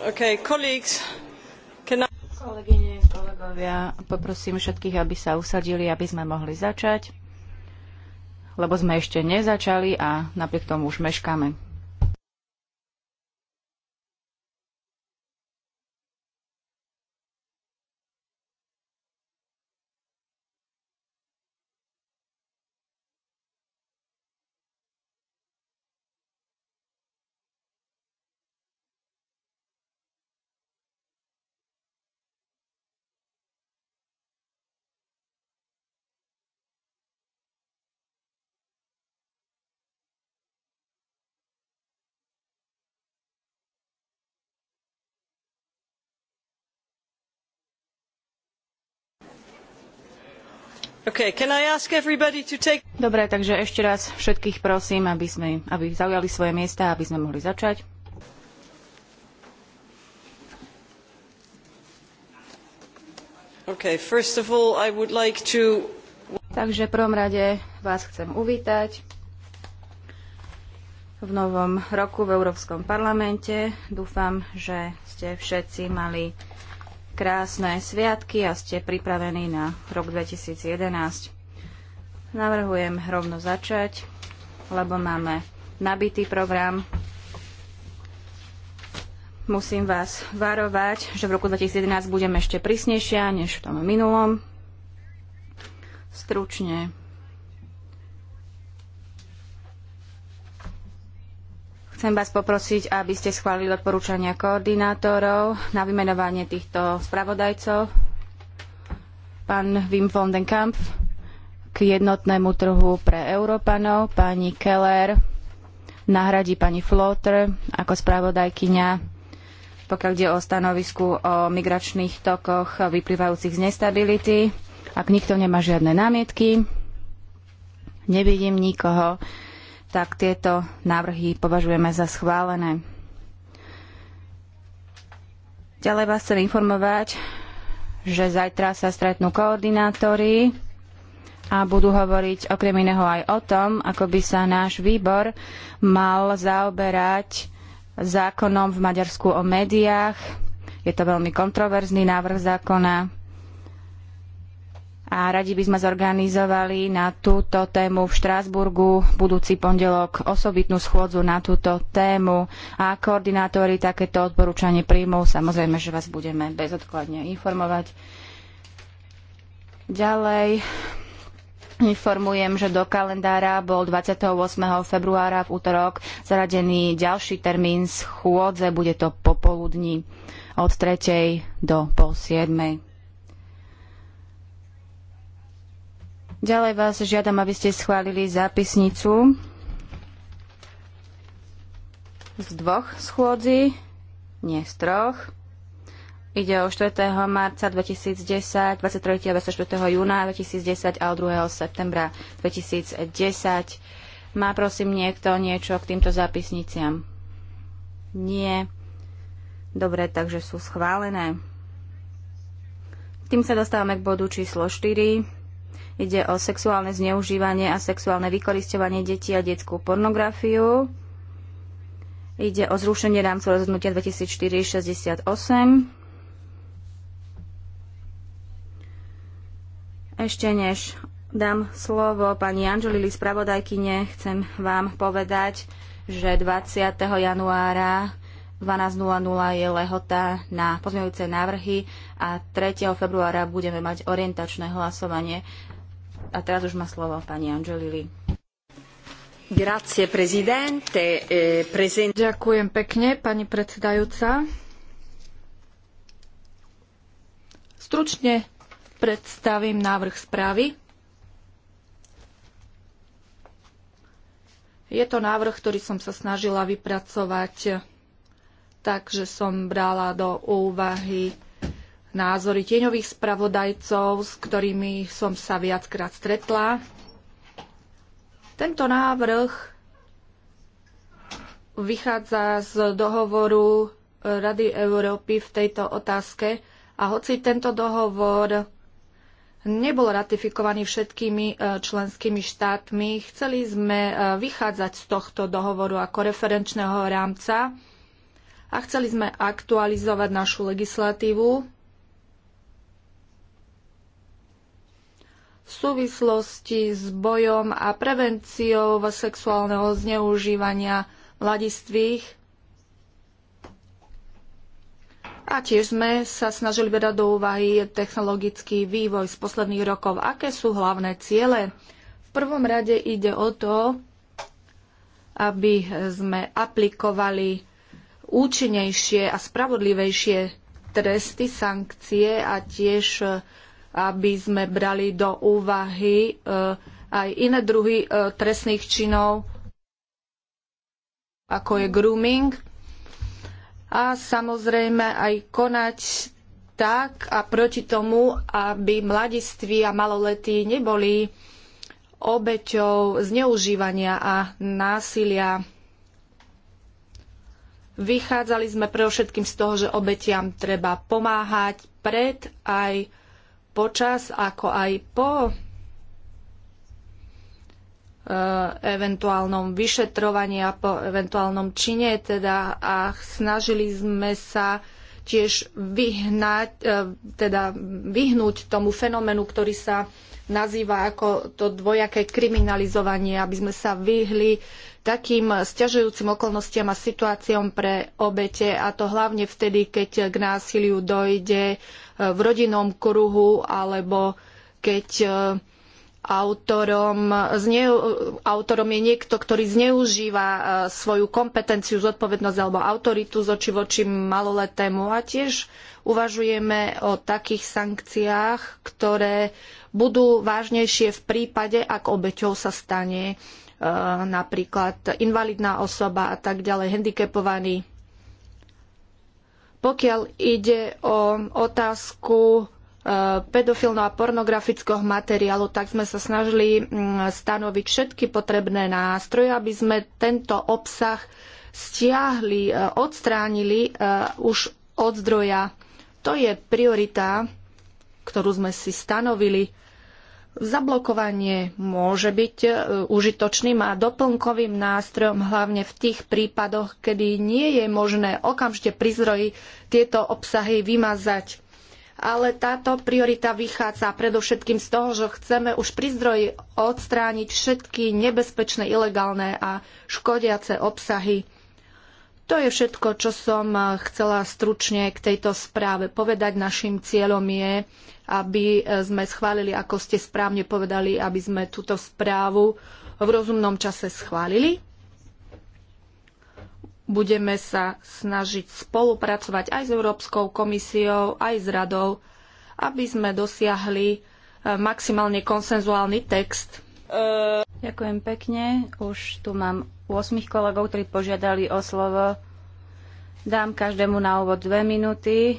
Kolegyne, kolegovia, poprosím všetkých, aby sa usadili, aby sme mohli začať, lebo sme ešte nezačali a napriek tomu už meškáme. Okay, take... Dobre, takže ešte raz všetkých prosím, aby, sme, aby zaujali svoje miesta, aby sme mohli začať. Okay, all, like to... Takže v prvom rade vás chcem uvítať v novom roku v Európskom parlamente. Dúfam, že ste všetci mali krásne sviatky a ste pripravení na rok 2011. Navrhujem rovno začať, lebo máme nabitý program. Musím vás varovať, že v roku 2011 budem ešte prísnejšia než v tom minulom. Stručne Chcem vás poprosiť, aby ste schválili odporúčania koordinátorov na vymenovanie týchto spravodajcov. Pán Wim von den Kamp k jednotnému trhu pre Európanov, pani Keller nahradí pani Flotter ako spravodajkyňa pokiaľ ide o stanovisku o migračných tokoch vyplývajúcich z nestability. Ak nikto nemá žiadne námietky, nevidím nikoho, tak tieto návrhy považujeme za schválené. Ďalej vás chcem informovať, že zajtra sa stretnú koordinátori a budú hovoriť okrem iného aj o tom, ako by sa náš výbor mal zaoberať zákonom v Maďarsku o médiách. Je to veľmi kontroverzný návrh zákona a radi by sme zorganizovali na túto tému v Štrásburgu budúci pondelok osobitnú schôdzu na túto tému a koordinátori takéto odporúčanie príjmú. Samozrejme, že vás budeme bezodkladne informovať. Ďalej informujem, že do kalendára bol 28. februára v útorok zaradený ďalší termín schôdze, bude to popoludní od 3. do pol 7. Ďalej vás žiadam, aby ste schválili zápisnicu z dvoch schôdzi, nie z troch. Ide o 4. marca 2010, 23. a 24. júna 2010 a 2. septembra 2010. Má prosím niekto niečo k týmto zápisniciam? Nie. Dobre, takže sú schválené. Tým sa dostávame k bodu číslo 4 Ide o sexuálne zneužívanie a sexuálne vykoristovanie detí a detskú pornografiu. Ide o zrušenie rámcu rozhodnutia 2468. Ešte než dám slovo pani Anželili spravodajkyne, chcem vám povedať, že 20. januára 12.00 je lehota na pozmeňujúce návrhy a 3. februára budeme mať orientačné hlasovanie. A teraz už má slovo pani Angelili. Grazie, e, Ďakujem pekne, pani predsedajúca. Stručne predstavím návrh správy. Je to návrh, ktorý som sa snažila vypracovať, takže som brala do úvahy názory tieňových spravodajcov, s ktorými som sa viackrát stretla. Tento návrh vychádza z dohovoru Rady Európy v tejto otázke a hoci tento dohovor nebol ratifikovaný všetkými e, členskými štátmi. Chceli sme e, vychádzať z tohto dohovoru ako referenčného rámca a chceli sme aktualizovať našu legislatívu v súvislosti s bojom a prevenciou sexuálneho zneužívania mladistvých. A tiež sme sa snažili vedať do úvahy technologický vývoj z posledných rokov. Aké sú hlavné ciele? V prvom rade ide o to, aby sme aplikovali účinnejšie a spravodlivejšie tresty, sankcie a tiež aby sme brali do úvahy e, aj iné druhy e, trestných činov, ako je grooming. A samozrejme aj konať tak a proti tomu, aby mladiství a maloletí neboli obeťou zneužívania a násilia. Vychádzali sme predovšetkým z toho, že obetiam treba pomáhať pred aj počas, ako aj po e, eventuálnom vyšetrovaní a po eventuálnom čine teda a snažili sme sa tiež vyhnať, e, teda vyhnúť tomu fenoménu, ktorý sa nazýva ako to dvojaké kriminalizovanie, aby sme sa vyhli takým sťažujúcim okolnostiam a situáciám pre obete a to hlavne vtedy, keď k násiliu dojde v rodinnom kruhu alebo keď e, autorom, zne, autorom je niekto, ktorý zneužíva e, svoju kompetenciu, zodpovednosť alebo autoritu zoči voči maloletému. A tiež uvažujeme o takých sankciách, ktoré budú vážnejšie v prípade, ak obeťou sa stane e, napríklad invalidná osoba a tak ďalej, handicapovaný pokiaľ ide o otázku e, pedofilného a pornografického materiálu, tak sme sa snažili mm, stanoviť všetky potrebné nástroje, aby sme tento obsah stiahli, e, odstránili e, už od zdroja. To je priorita, ktorú sme si stanovili Zablokovanie môže byť e, užitočným a doplnkovým nástrojom hlavne v tých prípadoch, kedy nie je možné okamžite pri zdroji tieto obsahy vymazať. Ale táto priorita vychádza predovšetkým z toho, že chceme už pri zdroji odstrániť všetky nebezpečné, ilegálne a škodiace obsahy. To je všetko, čo som e, chcela stručne k tejto správe povedať. Našim cieľom je aby e, sme schválili, ako ste správne povedali, aby sme túto správu v rozumnom čase schválili. Budeme sa snažiť spolupracovať aj s Európskou komisiou, aj s radou, aby sme dosiahli e, maximálne konsenzuálny text. Ďakujem pekne. Už tu mám 8 kolegov, ktorí požiadali o slovo. Dám každému na úvod dve minúty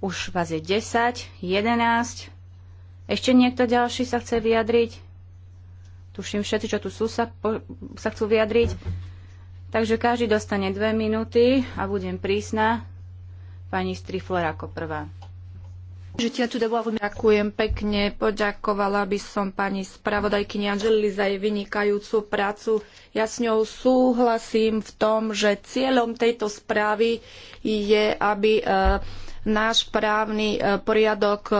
už vás je 10, 11. Ešte niekto ďalší sa chce vyjadriť? Tuším, všetci, čo tu sú, sa, po, sa chcú vyjadriť. Takže každý dostane dve minúty a budem prísna. Pani Strifler ako prvá. Ďakujem pekne. Poďakovala by som pani spravodajkyni Anželili za jej vynikajúcu prácu. Ja s ňou súhlasím v tom, že cieľom tejto správy je, aby uh, náš právny e, poriadok e,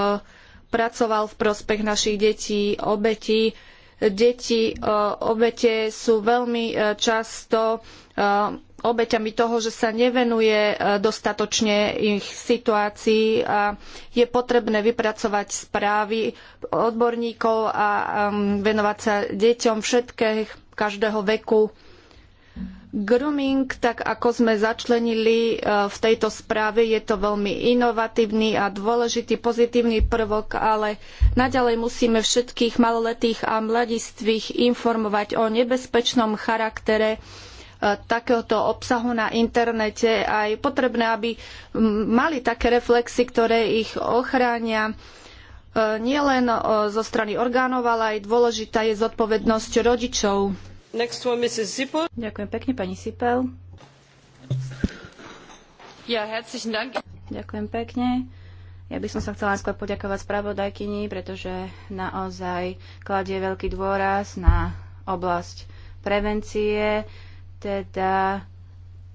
pracoval v prospech našich detí, obetí. Deti, e, obete sú veľmi často obeťami toho, že sa nevenuje dostatočne ich situácii a je potrebné vypracovať správy odborníkov a venovať sa deťom všetkých každého veku. Grooming, tak ako sme začlenili e, v tejto správe, je to veľmi inovatívny a dôležitý pozitívny prvok, ale naďalej musíme všetkých maloletých a mladistvých informovať o nebezpečnom charaktere e, takéhoto obsahu na internete a je potrebné, aby mali také reflexy, ktoré ich ochránia e, nielen zo strany orgánov, ale aj dôležitá je zodpovednosť rodičov. Next one, Mrs. Ďakujem pekne, pani Sipel. Ja, herzlichen Dank. Ďakujem pekne. Ja by som sa chcela skôr poďakovať spravodajkyni, pretože naozaj kladie veľký dôraz na oblasť prevencie, teda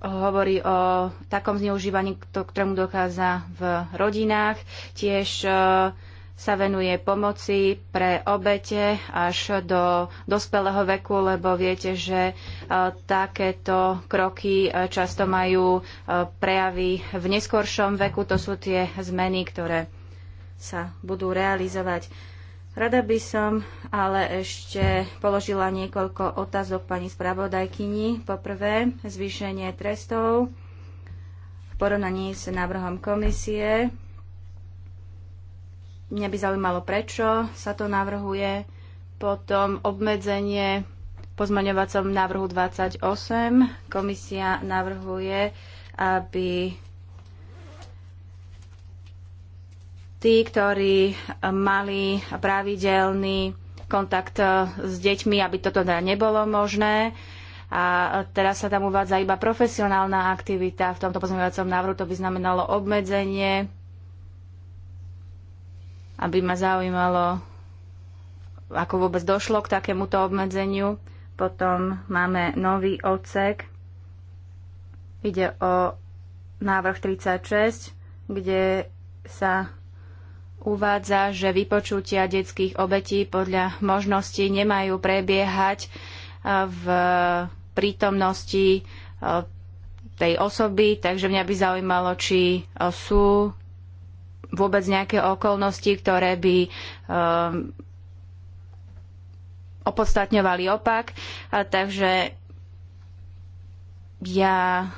hovorí o takom zneužívaní, ktorému dochádza v rodinách. Tiež uh, sa venuje pomoci pre obete až do dospelého veku, lebo viete, že e, takéto kroky e, často majú e, prejavy v neskoršom veku. To sú tie zmeny, ktoré sa budú realizovať. Rada by som ale ešte položila niekoľko otázok pani spravodajkyni. Poprvé, zvýšenie trestov v porovnaní s návrhom komisie Mňa by zaujímalo, prečo sa to navrhuje. Potom obmedzenie pozmaňovacom návrhu 28. Komisia navrhuje, aby tí, ktorí mali pravidelný kontakt s deťmi, aby toto teda nebolo možné. A teraz sa tam uvádza iba profesionálna aktivita. V tomto pozmeňovacom návrhu to by znamenalo obmedzenie aby ma zaujímalo, ako vôbec došlo k takémuto obmedzeniu. Potom máme nový odsek. Ide o návrh 36, kde sa uvádza, že vypočutia detských obetí podľa možností nemajú prebiehať e, v prítomnosti e, tej osoby, takže mňa by zaujímalo, či sú vôbec nejaké okolnosti, ktoré by ehm, opodstatňovali opak. A takže ja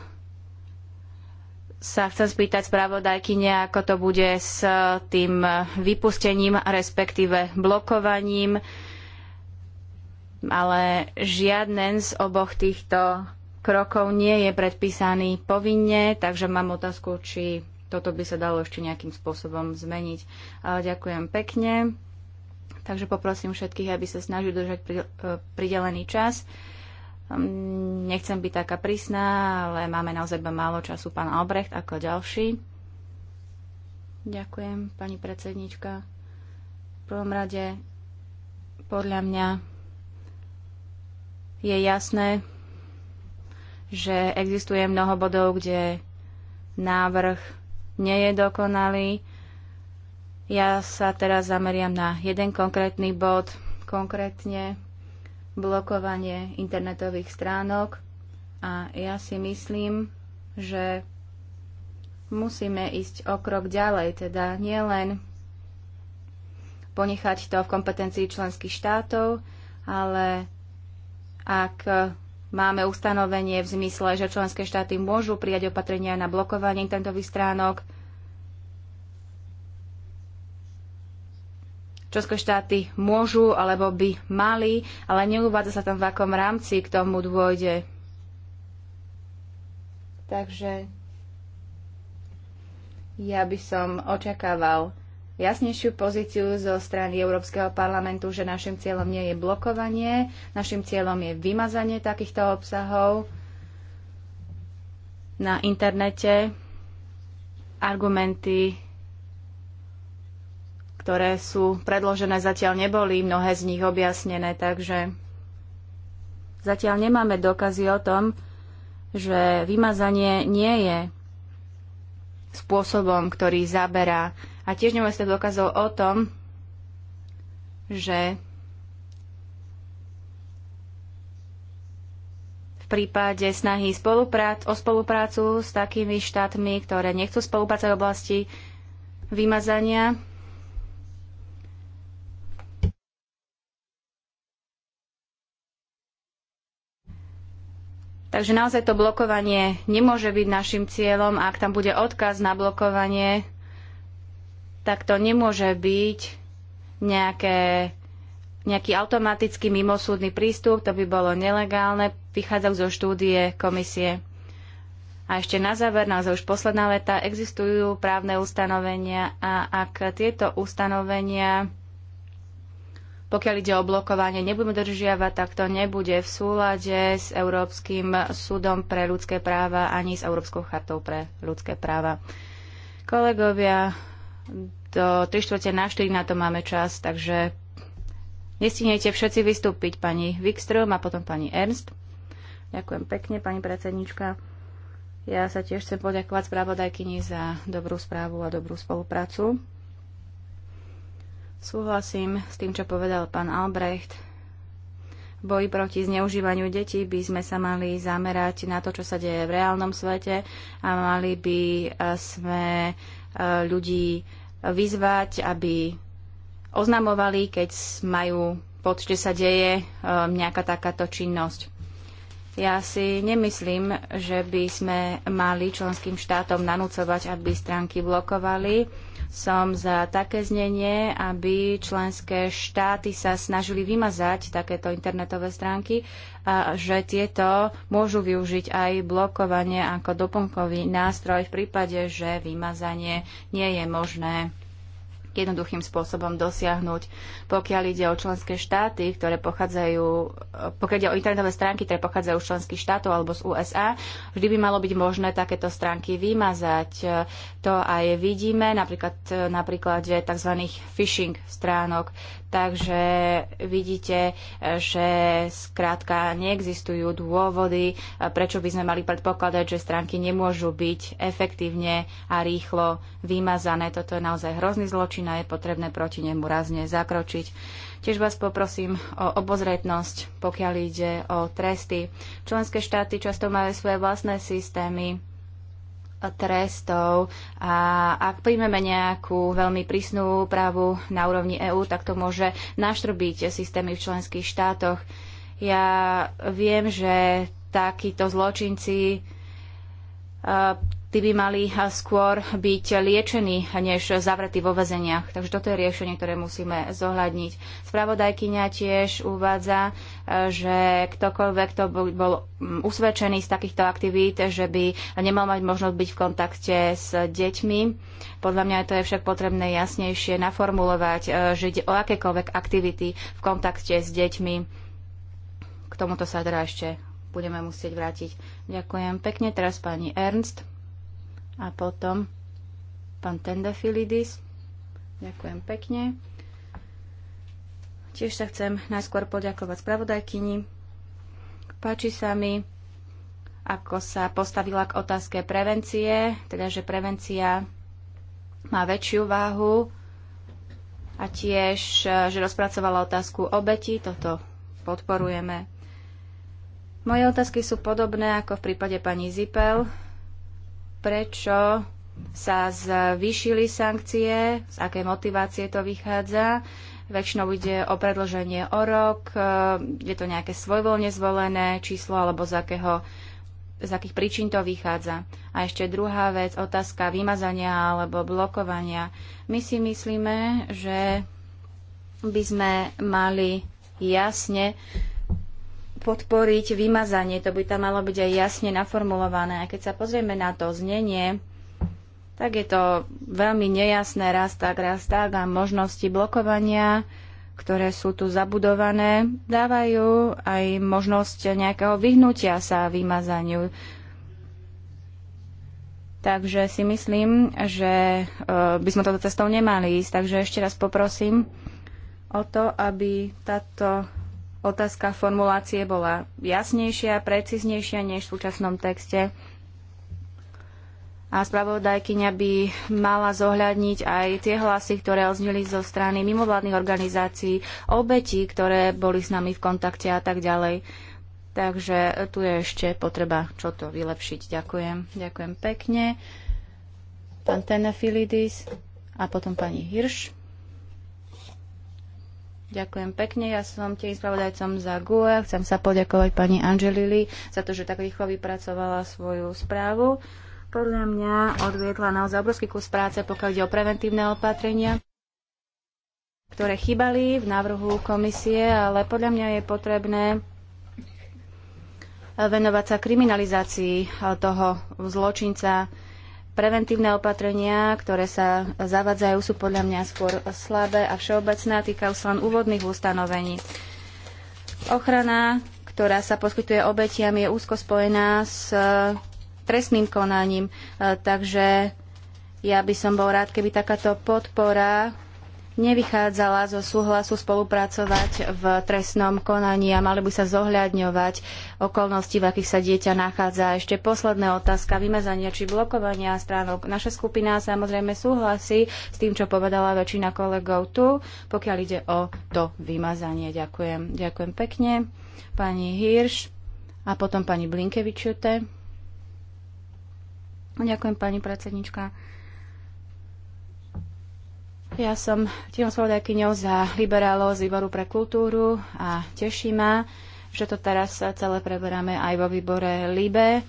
sa chcem spýtať spravodajkyne, ako to bude s tým vypustením, respektíve blokovaním, ale žiaden z oboch týchto krokov nie je predpísaný povinne, takže mám otázku, či toto by sa dalo ešte nejakým spôsobom zmeniť. Ďakujem pekne. Takže poprosím všetkých, aby sa snažili držať e, pridelený čas. Ehm, nechcem byť taká prísna, ale máme naozaj iba málo času. Pán Albrecht ako ďalší. Ďakujem, pani predsednička. V prvom rade, podľa mňa je jasné, že existuje mnoho bodov, kde návrh nie je dokonalý. Ja sa teraz zameriam na jeden konkrétny bod, konkrétne blokovanie internetových stránok a ja si myslím, že musíme ísť o krok ďalej, teda nielen ponechať to v kompetencii členských štátov, ale ak Máme ustanovenie v zmysle, že členské štáty môžu prijať opatrenia na blokovanie internetových stránok. Členské štáty môžu alebo by mali, ale neuvádza sa tam v akom rámci k tomu dôjde. Takže ja by som očakával jasnejšiu pozíciu zo strany Európskeho parlamentu, že našim cieľom nie je blokovanie, našim cieľom je vymazanie takýchto obsahov na internete. Argumenty, ktoré sú predložené, zatiaľ neboli mnohé z nich objasnené, takže zatiaľ nemáme dokazy o tom, že vymazanie nie je spôsobom, ktorý zaberá a tiež nemáte dokázov o tom, že v prípade snahy spoluprác- o spoluprácu s takými štátmi, ktoré nechcú spolupracovať v oblasti vymazania, Takže naozaj to blokovanie nemôže byť našim cieľom. Ak tam bude odkaz na blokovanie, tak to nemôže byť nejaké, nejaký automatický mimosúdny prístup, to by bolo nelegálne, vychádzajú zo štúdie komisie. A ešte na záver, naozaj už posledná veta, existujú právne ustanovenia a ak tieto ustanovenia, pokiaľ ide o blokovanie, nebudeme dodržiavať, tak to nebude v súlade s Európskym súdom pre ľudské práva ani s Európskou chartou pre ľudské práva. Kolegovia, do 3 čtvrte na 4 na to máme čas, takže nestihnete všetci vystúpiť, pani Wikström a potom pani Ernst. Ďakujem pekne, pani predsednička. Ja sa tiež chcem poďakovať spravodajkyni za dobrú správu a dobrú spoluprácu. Súhlasím s tým, čo povedal pán Albrecht. Boj proti zneužívaniu detí by sme sa mali zamerať na to, čo sa deje v reálnom svete a mali by eh, sme eh, ľudí vyzvať, aby oznamovali, keď majú pocit, že sa deje um, nejaká takáto činnosť. Ja si nemyslím, že by sme mali členským štátom nanúcovať, aby stránky blokovali som za také znenie, aby členské štáty sa snažili vymazať takéto internetové stránky a že tieto môžu využiť aj blokovanie ako doplnkový nástroj v prípade, že vymazanie nie je možné jednoduchým spôsobom dosiahnuť. Pokiaľ ide o členské štáty, ktoré pochádzajú, pokiaľ ide o internetové stránky, ktoré pochádzajú z členských štátov alebo z USA, vždy by malo byť možné takéto stránky vymazať. To aj vidíme napríklad na príklade tzv. phishing stránok. Takže vidíte, eh, že skrátka neexistujú dôvody, eh, prečo by sme mali predpokladať, že stránky nemôžu byť efektívne a rýchlo vymazané. Toto je naozaj hrozný zločin a je potrebné proti nemu razne zakročiť. Tiež vás poprosím o obozretnosť, pokiaľ ide o tresty. Členské štáty často majú svoje vlastné systémy trestov a ak príjmeme nejakú veľmi prísnu úpravu na úrovni EÚ, tak to môže naštrbiť systémy v členských štátoch. Ja viem, že takíto zločinci e, tí by mali skôr byť liečení, než zavretí vo väzeniach. Takže toto je riešenie, ktoré musíme zohľadniť. Spravodajkyňa tiež uvádza, že ktokoľvek, kto bol mm, usvedčený z takýchto aktivít, že by nemal mať možnosť byť v kontakte s deťmi. Podľa mňa to je však potrebné jasnejšie naformulovať, e, že ide o akékoľvek aktivity v kontakte s deťmi. K tomuto sa teda ešte budeme musieť vrátiť. Ďakujem pekne. Teraz pani Ernst a potom pán Tendafilidis. Ďakujem pekne. Tiež sa chcem najskôr poďakovať spravodajkyni. Páči sa mi, ako sa postavila k otázke prevencie, teda že prevencia má väčšiu váhu a tiež, že rozpracovala otázku obeti, toto podporujeme. Moje otázky sú podobné ako v prípade pani Zipel prečo sa zvýšili sankcie, z aké motivácie to vychádza. Väčšinou ide o predlženie o rok, e, je to nejaké svojvoľne zvolené číslo alebo z akého z akých príčin to vychádza. A ešte druhá vec, otázka vymazania alebo blokovania. My si myslíme, že by sme mali jasne podporiť vymazanie. To by tam malo byť aj jasne naformulované. A keď sa pozrieme na to znenie, tak je to veľmi nejasné raz tak, raz tak a možnosti blokovania, ktoré sú tu zabudované, dávajú aj možnosť nejakého vyhnutia sa vymazaniu. Takže si myslím, že e, by sme toto cestou nemali ísť. Takže ešte raz poprosím o to, aby táto otázka formulácie bola jasnejšia, preciznejšia než v súčasnom texte. A spravodajkyňa by mala zohľadniť aj tie hlasy, ktoré oznili zo strany mimovládnych organizácií, obetí, ktoré boli s nami v kontakte a tak ďalej. Takže tu je ešte potreba čo to vylepšiť. Ďakujem. Ďakujem pekne. Pán Tenefilidis a potom pani Hirš. Ďakujem pekne. Ja som tiež spravodajcom za GUE. Chcem sa poďakovať pani Angelili za to, že tak rýchlo vypracovala svoju správu. Podľa mňa odviedla naozaj obrovský kus práce, pokiaľ ide o preventívne opatrenia ktoré chýbali v návrhu komisie, ale podľa mňa je potrebné venovať sa kriminalizácii toho zločinca, preventívne opatrenia, ktoré sa zavadzajú, sú podľa mňa skôr slabé a všeobecné, týkajú sa len úvodných ustanovení. Ochrana, ktorá sa poskytuje obetiam, je úzko spojená s eh, trestným konaním, eh, takže ja by som bol rád, keby takáto podpora nevychádzala zo súhlasu spolupracovať v trestnom konaní a mali by sa zohľadňovať okolnosti, v akých sa dieťa nachádza. Ešte posledná otázka vymazania či blokovania stránok. Naša skupina samozrejme súhlasí s tým, čo povedala väčšina kolegov tu, pokiaľ ide o to vymazanie. Ďakujem. Ďakujem pekne. Pani Hirš a potom pani Blinkevičute. Ďakujem, pani predsednička. Ja som tým spravodajkyňou za liberálov z výboru pre kultúru a teší ma, že to teraz celé preberáme aj vo výbore LIBE.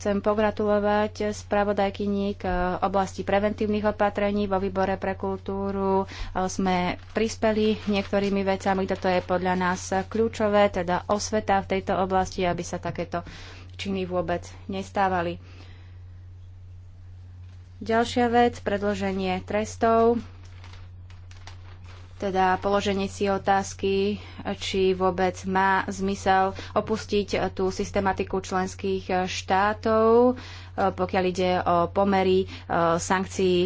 Chcem pogratulovať spravodajkyni k oblasti preventívnych opatrení vo výbore pre kultúru. Sme prispeli niektorými vecami, toto je podľa nás kľúčové, teda osveta v tejto oblasti, aby sa takéto činy vôbec nestávali. Ďalšia vec, predloženie trestov teda položenie si otázky, či vôbec má zmysel opustiť eh, tú systematiku členských eh, štátov, eh, pokiaľ ide o pomery sankcií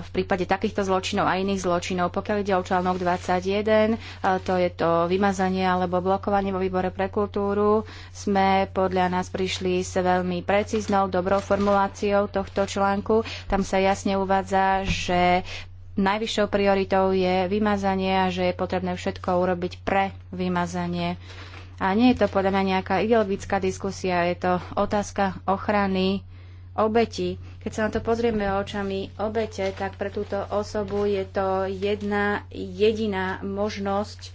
v prípade takýchto zločinov a iných zločinov. Pokiaľ ide o článok 21, to je to vymazanie alebo blokovanie vo výbore pre kultúru, sme podľa nás prišli s veľmi precíznou, dobrou formuláciou tohto článku. Tam sa jasne uvádza, že najvyššou prioritou je vymazanie a že je potrebné všetko urobiť pre vymazanie. A nie je to podľa mňa nejaká ideologická diskusia, je to otázka ochrany obeti. Keď sa na to pozrieme očami obete, tak pre túto osobu je to jedna jediná možnosť,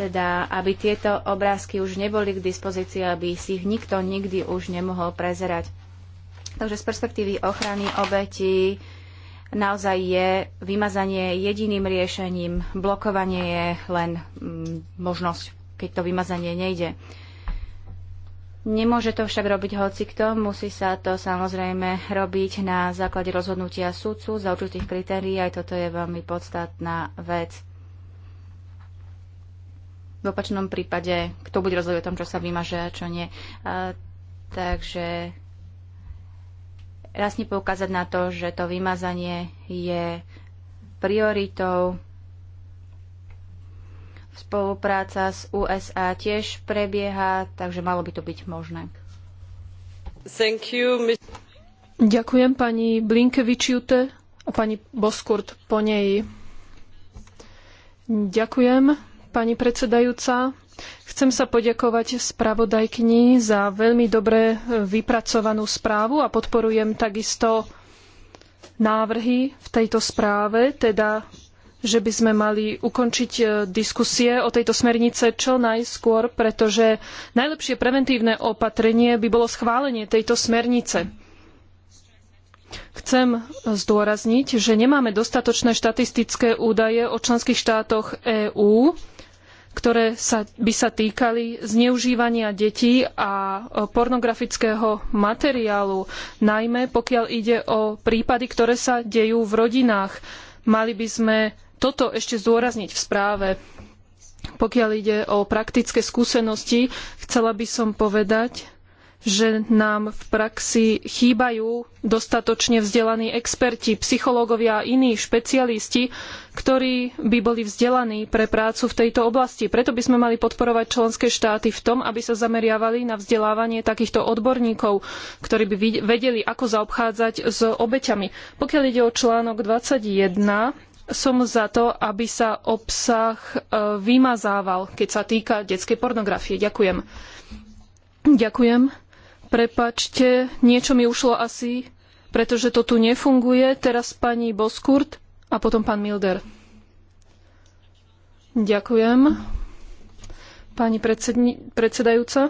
teda aby tieto obrázky už neboli k dispozícii, aby si ich nikto nikdy už nemohol prezerať. Takže z perspektívy ochrany obeti naozaj je vymazanie jediným riešením. Blokovanie je len mm, možnosť, keď to vymazanie nejde. Nemôže to však robiť hocikto, musí sa to samozrejme robiť na základe rozhodnutia súdcu za určitých kritérií, aj toto je veľmi podstatná vec. V opačnom prípade, kto bude rozhodovať o tom, čo sa vymaže a čo nie. A, takže jasne poukázať na to, že to vymazanie je prioritou. Spolupráca s USA tiež prebieha, takže malo by to byť možné. Thank you, Ms. Ďakujem pani Blinkevičiute a pani Boskurt po nej. Ďakujem, pani predsedajúca. Chcem sa poďakovať spravodajkni za veľmi dobre e, vypracovanú správu a podporujem takisto návrhy v tejto správe, teda že by sme mali ukončiť e, diskusie o tejto smernice čo najskôr, pretože najlepšie preventívne opatrenie by bolo schválenie tejto smernice. Chcem zdôrazniť, že nemáme dostatočné štatistické údaje o členských štátoch EÚ, ktoré sa, by sa týkali zneužívania detí a e, pornografického materiálu, najmä pokiaľ ide o prípady, ktoré sa dejú v rodinách. Mali by sme toto ešte zdôrazniť v správe. Pokiaľ ide o praktické skúsenosti, chcela by som povedať, že nám v praxi chýbajú dostatočne vzdelaní experti, psychológovia a iní špecialisti, ktorí by boli vzdelaní pre prácu v tejto oblasti. Preto by sme mali podporovať členské štáty v tom, aby sa zameriavali na vzdelávanie takýchto odborníkov, ktorí by vedeli, ako zaobchádzať s obeťami. Pokiaľ ide o článok 21, som za to, aby sa obsah e, vymazával, keď sa týka detskej pornografie. Ďakujem. Ďakujem. Prepačte, niečo mi ušlo asi, pretože to tu nefunguje. Teraz pani Boskurt a potom pán Milder. Ďakujem. Pani predsedajúca,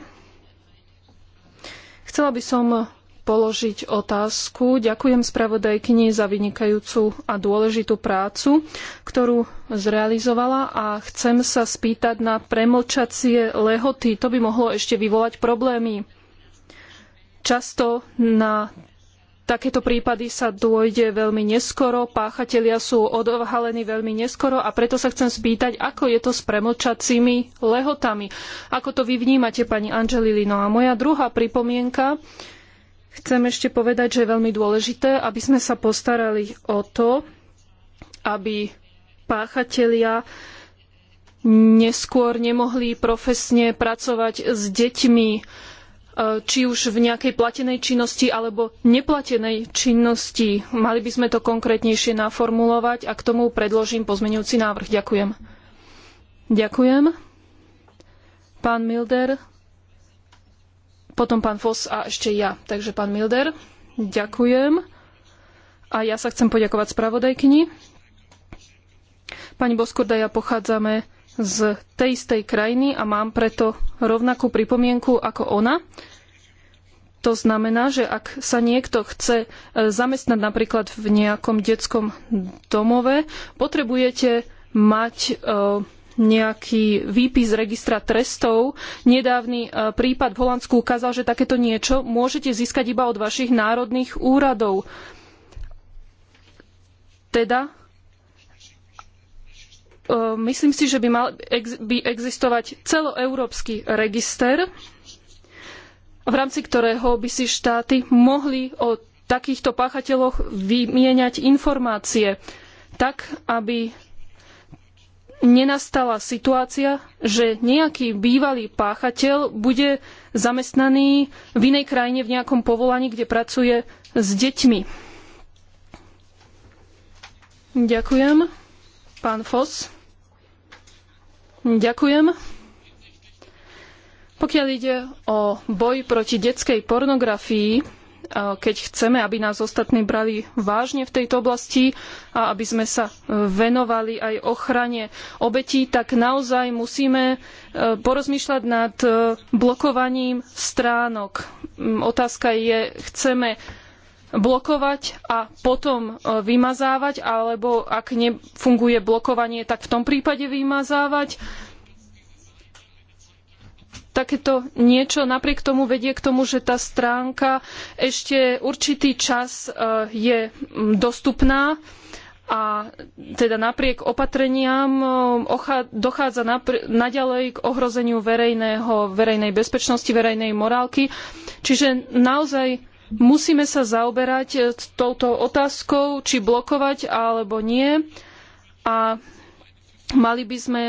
chcela by som položiť otázku. Ďakujem spravodajkyni za vynikajúcu a dôležitú prácu, ktorú zrealizovala a chcem sa spýtať na premlčacie lehoty. To by mohlo ešte vyvolať problémy. Často na takéto prípady sa dôjde veľmi neskoro, páchatelia sú odhalení veľmi neskoro a preto sa chcem spýtať, ako je to s premlčacími lehotami. Ako to vy vnímate, pani Angelilino? A moja druhá pripomienka, chcem ešte povedať, že je veľmi dôležité, aby sme sa postarali o to, aby páchatelia neskôr nemohli profesne pracovať s deťmi, E, či už v nejakej platenej činnosti alebo neplatenej činnosti. Mali by sme to konkrétnejšie naformulovať a k tomu predložím pozmeňujúci návrh. Ďakujem. Ďakujem. Pán Milder, potom pán fos a ešte ja. Takže pán Milder, ďakujem. A ja sa chcem poďakovať spravodajkyni. Pani Boskurda, ja pochádzame z tej istej krajiny a mám preto rovnakú pripomienku ako ona. To znamená, že ak sa niekto chce e, zamestnať napríklad v nejakom detskom domove, potrebujete mať e, nejaký výpis registra trestov. Nedávny e, prípad v Holandsku ukázal, že takéto niečo môžete získať iba od vašich národných úradov. Teda E, myslím si, že by mal by existovať celoeurópsky register, v rámci ktorého by si štáty mohli o takýchto páchateľoch vymieňať informácie tak, aby nenastala situácia, že nejaký bývalý páchateľ bude zamestnaný v inej krajine v nejakom povolaní, kde pracuje s deťmi. Ďakujem. Pán Foss. Ďakujem. Pokiaľ ide o boj proti detskej pornografii, keď chceme, aby nás ostatní brali vážne v tejto oblasti a aby sme sa venovali aj ochrane obetí, tak naozaj musíme e, porozmýšľať nad e, blokovaním stránok. Otázka je, chceme blokovať a potom e, vymazávať, alebo ak nefunguje blokovanie, tak v tom prípade vymazávať. Takéto niečo napriek tomu vedie k tomu, že tá stránka ešte určitý čas e, je dostupná a teda napriek opatreniam e, dochádza naďalej k ohrozeniu verejného, verejnej bezpečnosti, verejnej morálky. Čiže naozaj Musíme sa zaoberať e, touto otázkou, či blokovať alebo nie. A mali by sme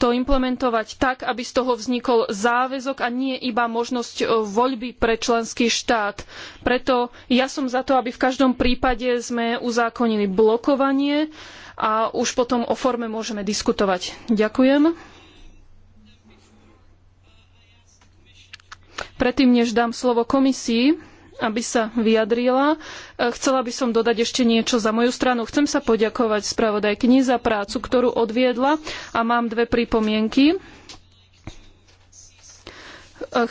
to implementovať tak, aby z toho vznikol záväzok a nie iba možnosť e, voľby pre členský štát. Preto ja som za to, aby v každom prípade sme uzákonili blokovanie a už potom o forme môžeme diskutovať. Ďakujem. Predtým, než dám slovo komisii, aby sa vyjadrila. E, chcela by som dodať ešte niečo za moju stranu. Chcem sa poďakovať spravodajkyni za prácu, ktorú odviedla a mám dve pripomienky. E,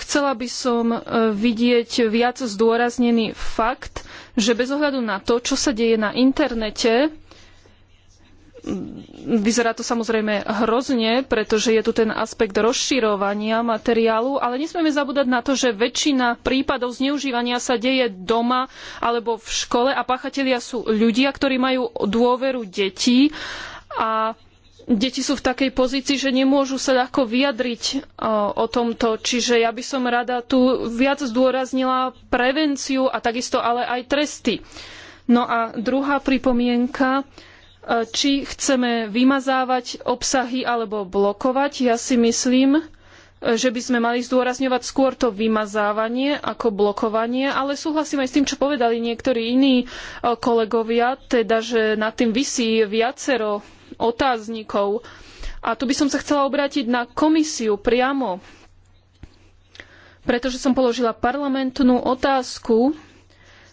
chcela by som e, vidieť viac zdôraznený fakt, že bez ohľadu na to, čo sa deje na internete, Vyzerá to samozrejme hrozne, pretože je tu ten aspekt rozširovania materiálu, ale nesmieme zabúdať na to, že väčšina prípadov zneužívania sa deje doma alebo v škole a páchatelia sú ľudia, ktorí majú dôveru detí a deti sú v takej pozícii, že nemôžu sa ľahko vyjadriť o, e, o tomto. Čiže ja by som rada tu viac zdôraznila prevenciu a takisto ale aj tresty. No a druhá pripomienka či chceme vymazávať obsahy alebo blokovať. Ja si myslím, že by sme mali zdôrazňovať skôr to vymazávanie ako blokovanie, ale súhlasím aj s tým, čo povedali niektorí iní e, kolegovia, teda, že nad tým visí viacero otáznikov. A tu by som sa chcela obrátiť na komisiu priamo, pretože som položila parlamentnú otázku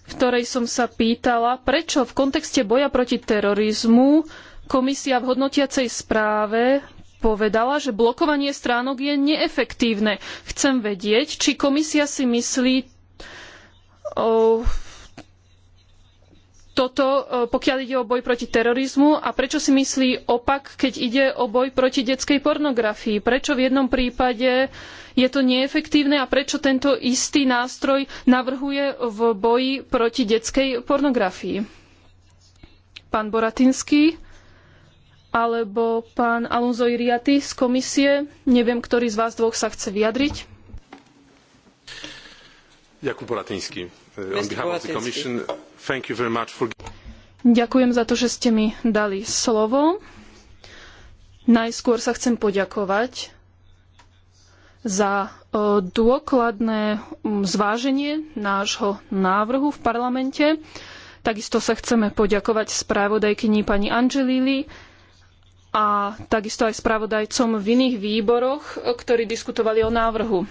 v ktorej som sa pýtala, prečo v kontexte boja proti terorizmu komisia v hodnotiacej správe povedala, že blokovanie stránok je neefektívne. Chcem vedieť, či komisia si myslí, oh, toto, e, pokiaľ ide o boj proti terorizmu a prečo si myslí opak, keď ide o boj proti detskej pornografii? Prečo v jednom prípade je to neefektívne a prečo tento istý nástroj navrhuje v boji proti detskej pornografii? Pán Boratinský alebo pán Alonso Iriaty z komisie, neviem, ktorý z vás dvoch sa chce vyjadriť. Jakub Boratinský, on behalf of the Commission, Ďakujem za to, že ste mi dali slovo. Najskôr sa chcem poďakovať za e, dôkladné zváženie nášho návrhu v parlamente. Takisto sa chceme poďakovať správodajkyni pani Angelili a takisto aj spravodajcom v iných výboroch, e, ktorí diskutovali o návrhu.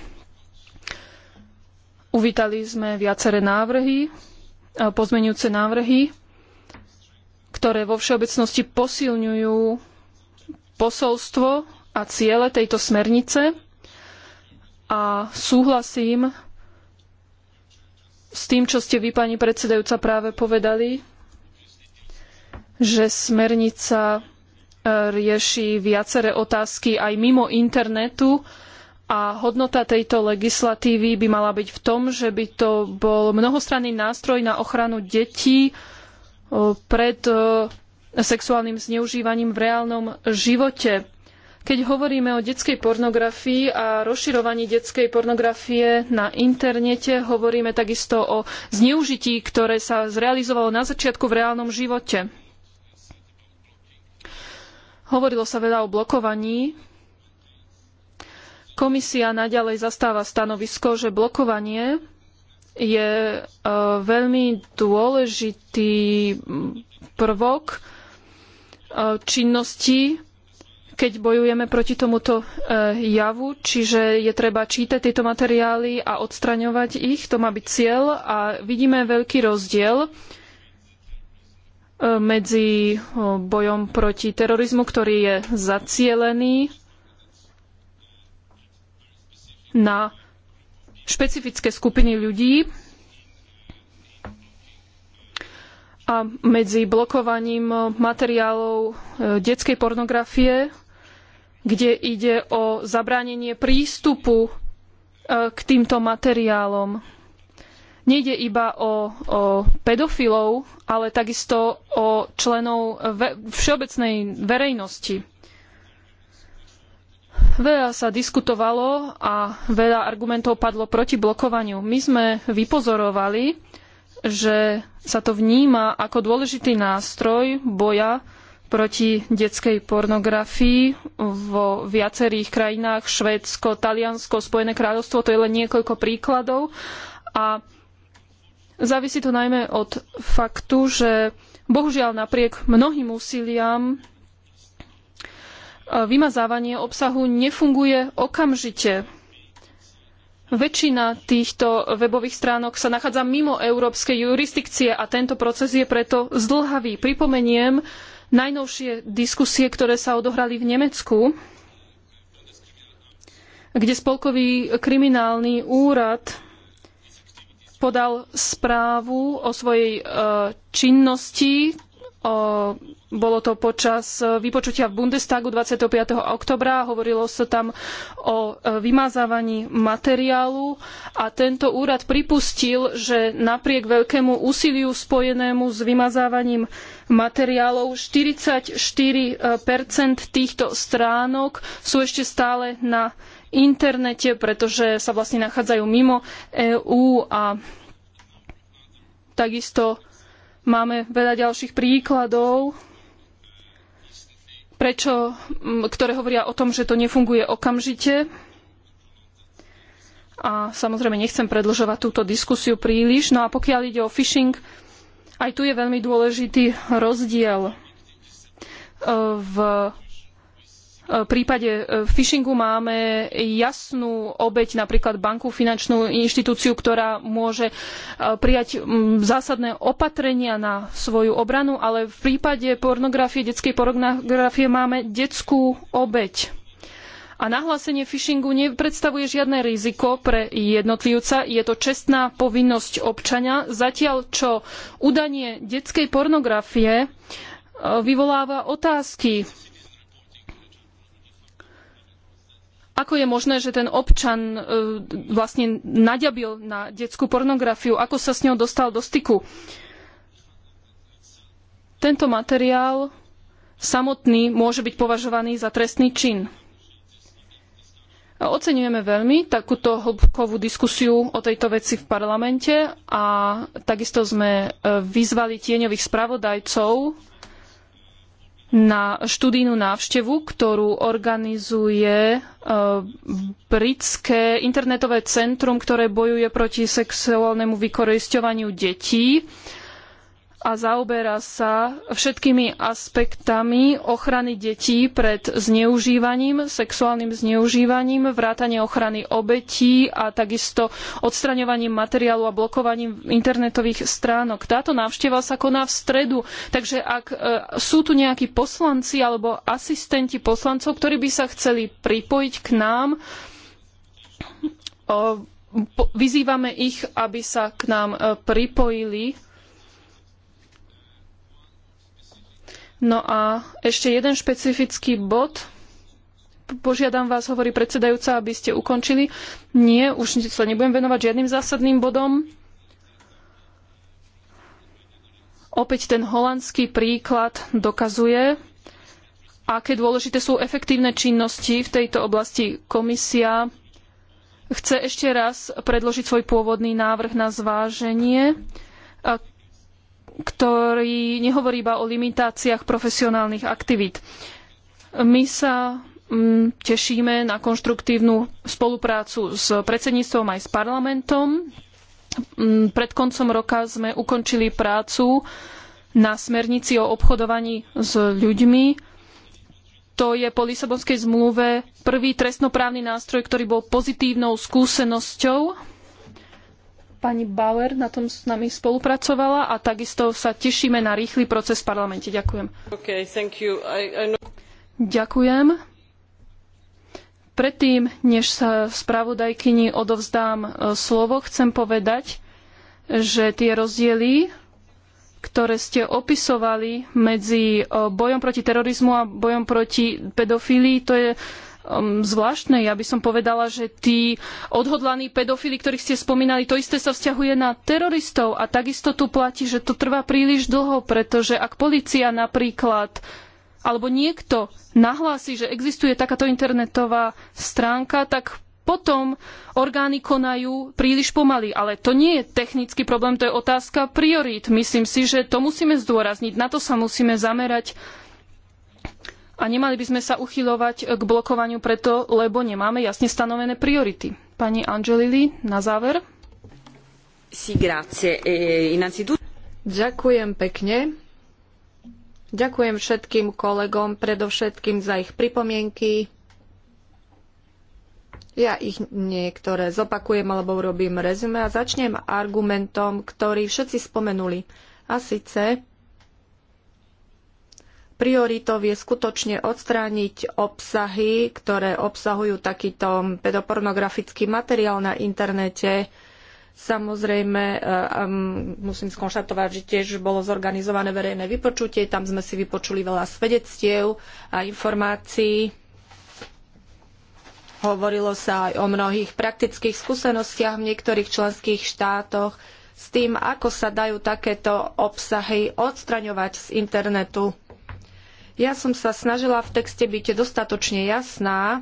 Uvítali sme viaceré návrhy, pozmeňujúce návrhy, ktoré vo všeobecnosti posilňujú posolstvo a ciele tejto smernice a súhlasím s tým, čo ste vy, pani predsedajúca, práve povedali, že smernica e, rieši viaceré otázky aj mimo internetu, a hodnota tejto legislatívy by mala byť v tom, že by to bol mnohostranný nástroj na ochranu detí pred sexuálnym zneužívaním v reálnom živote. Keď hovoríme o detskej pornografii a rozširovaní detskej pornografie na internete, hovoríme takisto o zneužití, ktoré sa zrealizovalo na začiatku v reálnom živote. Hovorilo sa veľa o blokovaní Komisia naďalej zastáva stanovisko, že blokovanie je e, veľmi dôležitý prvok e, činnosti, keď bojujeme proti tomuto e, javu, čiže je treba čítať tieto materiály a odstraňovať ich, to má byť cieľ a vidíme veľký rozdiel medzi bojom proti terorizmu, ktorý je zacielený na špecifické skupiny ľudí a medzi blokovaním materiálov e, detskej pornografie, kde ide o zabránenie prístupu e, k týmto materiálom. Nejde iba o, o pedofilov, ale takisto o členov ve, všeobecnej verejnosti. Veľa sa diskutovalo a veľa argumentov padlo proti blokovaniu. My sme vypozorovali, že sa to vníma ako dôležitý nástroj boja proti detskej pornografii vo viacerých krajinách Švédsko, Taliansko, Spojené kráľovstvo, to je len niekoľko príkladov. A závisí to najmä od faktu, že bohužiaľ napriek mnohým úsiliam vymazávanie obsahu nefunguje okamžite. Väčšina týchto webových stránok sa nachádza mimo európskej jurisdikcie a tento proces je preto zdlhavý. Pripomeniem najnovšie diskusie, ktoré sa odohrali v Nemecku, kde spolkový kriminálny úrad podal správu o svojej e, činnosti, bolo to počas e, vypočutia v Bundestagu 25. oktobra. Hovorilo sa tam o e, vymazávaní materiálu a tento úrad pripustil, že napriek veľkému úsiliu spojenému s vymazávaním materiálov 44 týchto stránok sú ešte stále na internete, pretože sa vlastne nachádzajú mimo EÚ a takisto Máme veľa ďalších príkladov, prečo, ktoré hovoria o tom, že to nefunguje okamžite. A samozrejme nechcem predlžovať túto diskusiu príliš. No a pokiaľ ide o phishing, aj tu je veľmi dôležitý rozdiel e, v prípade e, phishingu máme jasnú obeť, napríklad banku, finančnú inštitúciu, ktorá môže e, prijať zásadné opatrenia na svoju obranu, ale v prípade pornografie, detskej pornografie máme detskú obeť. A nahlásenie phishingu nepredstavuje žiadne riziko pre jednotlivca, je to čestná povinnosť občana, zatiaľ čo udanie detskej pornografie e, vyvoláva otázky Ako je možné, že ten občan e, vlastne naďabil na detskú pornografiu? Ako sa s ňou dostal do styku? Tento materiál samotný môže byť považovaný za trestný čin. Oceňujeme veľmi takúto hĺbkovú diskusiu o tejto veci v parlamente a takisto sme e, vyzvali tieňových spravodajcov na študijnú návštevu, ktorú organizuje e, britské internetové centrum, ktoré bojuje proti sexuálnemu vykorisťovaniu detí a zaoberá sa všetkými aspektami ochrany detí pred zneužívaním, sexuálnym zneužívaním, vrátane ochrany obetí a takisto odstraňovaním materiálu a blokovaním internetových stránok. Táto návšteva sa koná v stredu, takže ak e, sú tu nejakí poslanci alebo asistenti poslancov, ktorí by sa chceli pripojiť k nám, vyzývame ich, aby sa k nám e, pripojili No a ešte jeden špecifický bod. Požiadam vás, hovorí predsedajúca, aby ste ukončili. Nie, už sa nebudem venovať žiadnym zásadným bodom. Opäť ten holandský príklad dokazuje, aké dôležité sú efektívne činnosti v tejto oblasti. Komisia chce ešte raz predložiť svoj pôvodný návrh na zváženie ktorý nehovorí iba o limitáciách profesionálnych aktivít. My sa mm, tešíme na konštruktívnu spoluprácu s predsedníctvom aj s parlamentom. Mm, pred koncom roka sme ukončili prácu na smernici o obchodovaní s ľuďmi. To je po Lisabonskej zmluve prvý trestnoprávny nástroj, ktorý bol pozitívnou skúsenosťou Pani Bauer na tom s nami spolupracovala a takisto sa tešíme na rýchly proces v parlamente. Ďakujem. Okay, I, I Ďakujem. Predtým, než sa spravodajkyni odovzdám e, slovo, chcem povedať, že tie rozdiely, ktoré ste opisovali medzi e, bojom proti terorizmu a bojom proti pedofílii, to je um, zvláštne. Ja by som povedala, že tí odhodlaní pedofili, ktorých ste spomínali, to isté sa vzťahuje na teroristov a takisto tu platí, že to trvá príliš dlho, pretože ak polícia napríklad alebo niekto nahlási, že existuje takáto internetová stránka, tak potom orgány konajú príliš pomaly. Ale to nie je technický problém, to je otázka priorít. Myslím si, že to musíme zdôrazniť, na to sa musíme zamerať a nemali by sme sa uchyľovať k blokovaniu preto, lebo nemáme jasne stanovené priority. Pani Angelili, na záver. E, Ďakujem pekne. Ďakujem všetkým kolegom, predovšetkým za ich pripomienky. Ja ich niektoré zopakujem alebo urobím rezume a začnem argumentom, ktorý všetci spomenuli. A síce Prioritou je skutočne odstrániť obsahy, ktoré obsahujú takýto pedopornografický materiál na internete. Samozrejme, e, musím skonštatovať, že tiež bolo zorganizované verejné vypočutie, tam sme si vypočuli veľa svedectiev a informácií. Hovorilo sa aj o mnohých praktických skúsenostiach v niektorých členských štátoch s tým, ako sa dajú takéto obsahy odstraňovať z internetu ja som sa snažila v texte byť dostatočne jasná,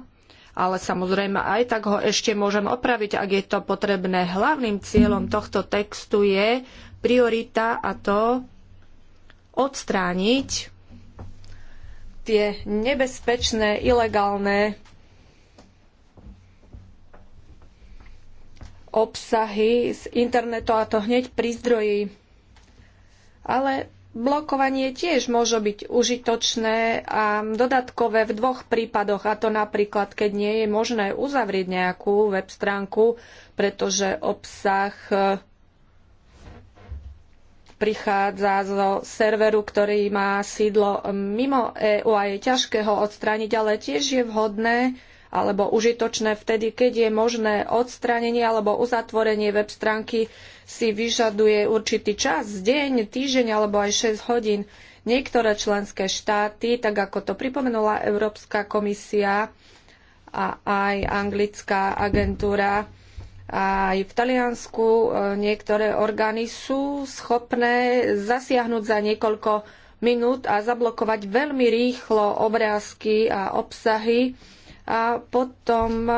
ale samozrejme aj tak ho ešte môžem opraviť, ak je to potrebné. Hlavným cieľom tohto textu je priorita a to odstrániť tie nebezpečné, ilegálne obsahy z internetu a to hneď pri zdroji. Ale Blokovanie tiež môže byť užitočné a dodatkové v dvoch prípadoch, a to napríklad, keď nie je možné uzavrieť nejakú web stránku, pretože obsah e, prichádza zo serveru, ktorý má sídlo mimo EU a je ťažké ho odstrániť, ale tiež je vhodné alebo užitočné vtedy, keď je možné odstránenie alebo uzatvorenie web stránky si vyžaduje určitý čas, deň, týždeň alebo aj 6 hodín. Niektoré členské štáty, tak ako to pripomenula Európska komisia a aj anglická agentúra, aj v Taliansku e, niektoré orgány sú schopné zasiahnuť za niekoľko minút a zablokovať veľmi rýchlo obrázky a obsahy, a potom e,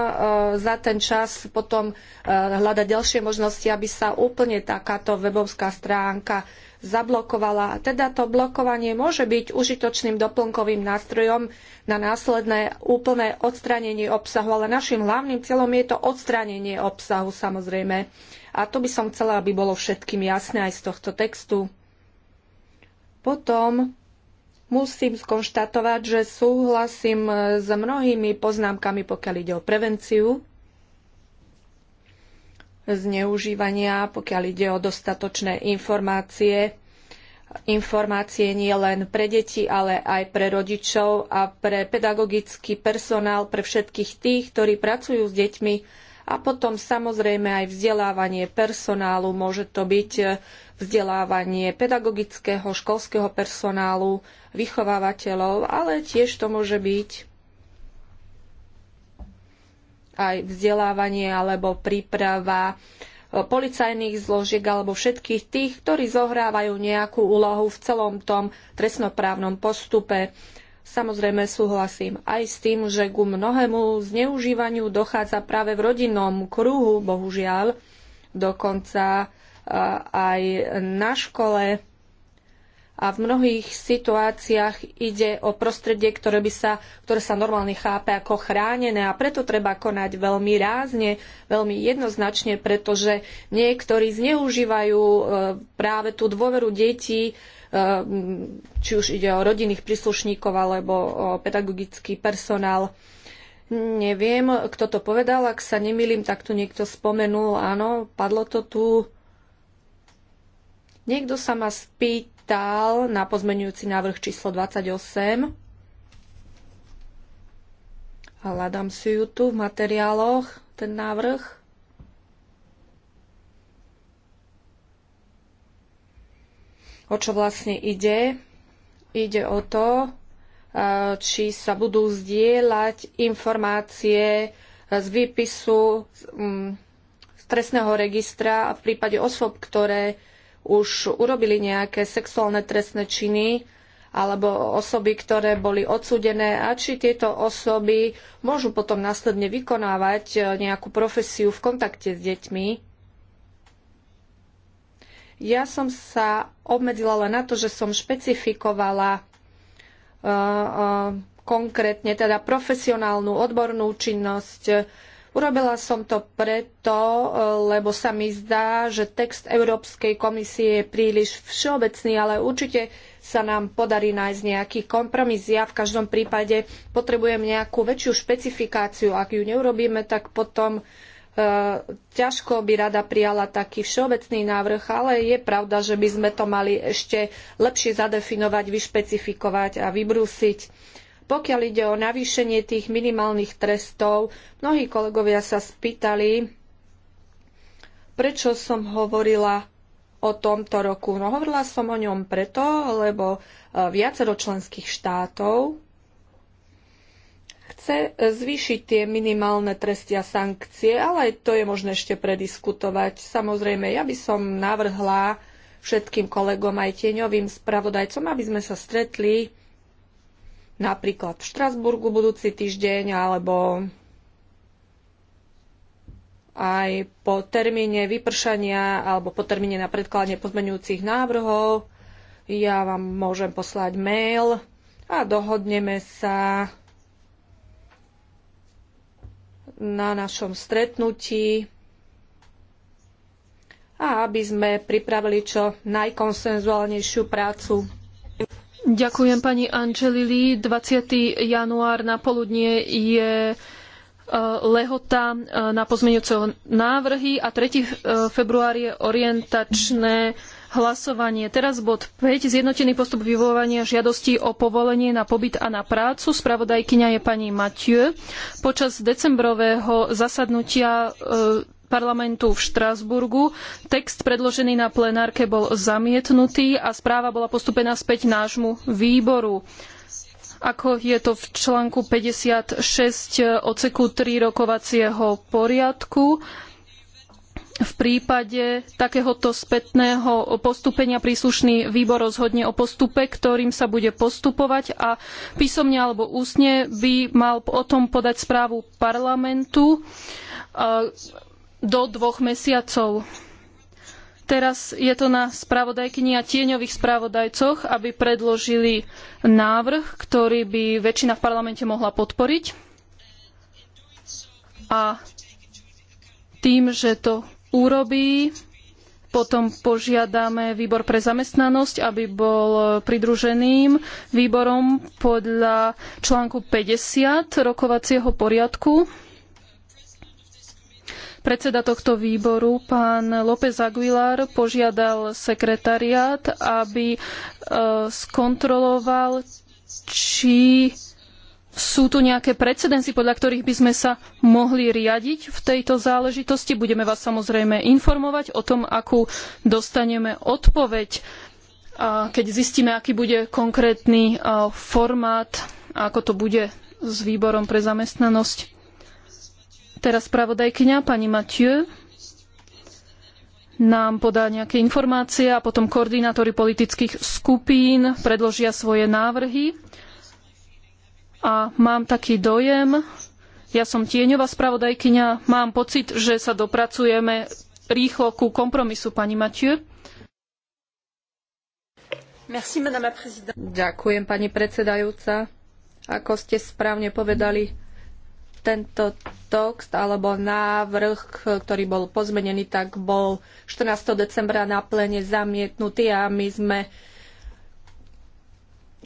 za ten čas potom e, hľadať ďalšie možnosti, aby sa úplne takáto webovská stránka zablokovala. Teda to blokovanie môže byť užitočným doplnkovým nástrojom na následné úplné odstránenie obsahu, ale našim hlavným cieľom je to odstránenie obsahu samozrejme. A to by som chcela, aby bolo všetkým jasné aj z tohto textu. Potom musím skonštatovať, že súhlasím s mnohými poznámkami, pokiaľ ide o prevenciu zneužívania, pokiaľ ide o dostatočné informácie. Informácie nie len pre deti, ale aj pre rodičov a pre pedagogický personál, pre všetkých tých, ktorí pracujú s deťmi. A potom samozrejme aj vzdelávanie personálu môže to byť vzdelávanie pedagogického, školského personálu, vychovávateľov, ale tiež to môže byť aj vzdelávanie alebo príprava e, policajných zložiek alebo všetkých tých, ktorí zohrávajú nejakú úlohu v celom tom trestnoprávnom postupe. Samozrejme súhlasím aj s tým, že ku mnohému zneužívaniu dochádza práve v rodinnom kruhu, bohužiaľ. Dokonca aj na škole. A v mnohých situáciách ide o prostredie, ktoré, by sa, ktoré sa normálne chápe ako chránené a preto treba konať veľmi rázne, veľmi jednoznačne, pretože niektorí zneužívajú e, práve tú dôveru detí, e, či už ide o rodinných príslušníkov alebo o pedagogický personál. Neviem, kto to povedal, ak sa nemýlim, tak tu niekto spomenul, áno, padlo to tu. Niekto sa ma spýtal na pozmenujúci návrh číslo 28. Hľadám si ju tu v materiáloch, ten návrh. O čo vlastne ide? Ide o to, e, či sa budú zdieľať informácie z výpisu z mm, trestného registra v prípade osôb, ktoré už urobili nejaké sexuálne trestné činy alebo osoby, ktoré boli odsúdené a či tieto osoby môžu potom následne vykonávať e, nejakú profesiu v kontakte s deťmi. Ja som sa obmedzila len na to, že som špecifikovala uh, uh, konkrétne teda profesionálnu odbornú činnosť, Urobila som to preto, lebo sa mi zdá, že text Európskej komisie je príliš všeobecný, ale určite sa nám podarí nájsť nejaký kompromis. Ja v každom prípade potrebujem nejakú väčšiu špecifikáciu. Ak ju neurobíme, tak potom e, ťažko by rada prijala taký všeobecný návrh, ale je pravda, že by sme to mali ešte lepšie zadefinovať, vyšpecifikovať a vybrúsiť. Pokiaľ ide o navýšenie tých minimálnych trestov, mnohí kolegovia sa spýtali, prečo som hovorila o tomto roku. No hovorila som o ňom preto, lebo e, viacero členských štátov chce e, zvýšiť tie minimálne tresty a sankcie, ale aj to je možné ešte prediskutovať. Samozrejme, ja by som navrhla všetkým kolegom aj tieňovým spravodajcom, aby sme sa stretli napríklad v Štrasburgu budúci týždeň alebo aj po termíne vypršania alebo po termíne na predkladanie pozmeňujúcich návrhov. Ja vám môžem poslať mail a dohodneme sa na našom stretnutí a aby sme pripravili čo najkonsenzuálnejšiu prácu Ďakujem pani Angelili. 20. január na poludnie je e, lehota e, na pozmeňujúce návrhy a 3. E, február je orientačné hlasovanie. Teraz bod 5. Zjednotený postup vyvolovania žiadosti o povolenie na pobyt a na prácu. Spravodajkyňa je pani Mathieu. Počas decembrového zasadnutia parlamentu v Štrasburgu. Text predložený na plenárke bol zamietnutý a správa bola postupená späť nášmu výboru ako je to v článku 56 odseku 3 rokovacieho poriadku. V prípade takéhoto spätného postúpenia príslušný výbor rozhodne o postupe, ktorým sa bude postupovať a písomne alebo ústne by mal o tom podať správu parlamentu do dvoch mesiacov. Teraz je to na spravodajkyni a tieňových spravodajcoch, aby predložili návrh, ktorý by väčšina v parlamente mohla podporiť. A tým, že to urobí, potom požiadame výbor pre zamestnanosť, aby bol pridruženým výborom podľa článku 50 rokovacieho poriadku. Predseda tohto výboru, pán López Aguilar, požiadal sekretariát, aby e, skontroloval, či sú tu nejaké precedency, podľa ktorých by sme sa mohli riadiť v tejto záležitosti? Budeme vás samozrejme informovať o tom, akú dostaneme odpoveď, keď zistíme, aký bude konkrétny formát, ako to bude s výborom pre zamestnanosť. Teraz spravodajkyňa pani Mathieu nám podá nejaké informácie a potom koordinátori politických skupín predložia svoje návrhy. A mám taký dojem, ja som tieňová spravodajkyňa, mám pocit, že sa dopracujeme rýchlo ku kompromisu, pani Mathieu. Merci, Ďakujem, pani predsedajúca. Ako ste správne povedali, tento text alebo návrh, ktorý bol pozmenený, tak bol 14. decembra na plene zamietnutý a my sme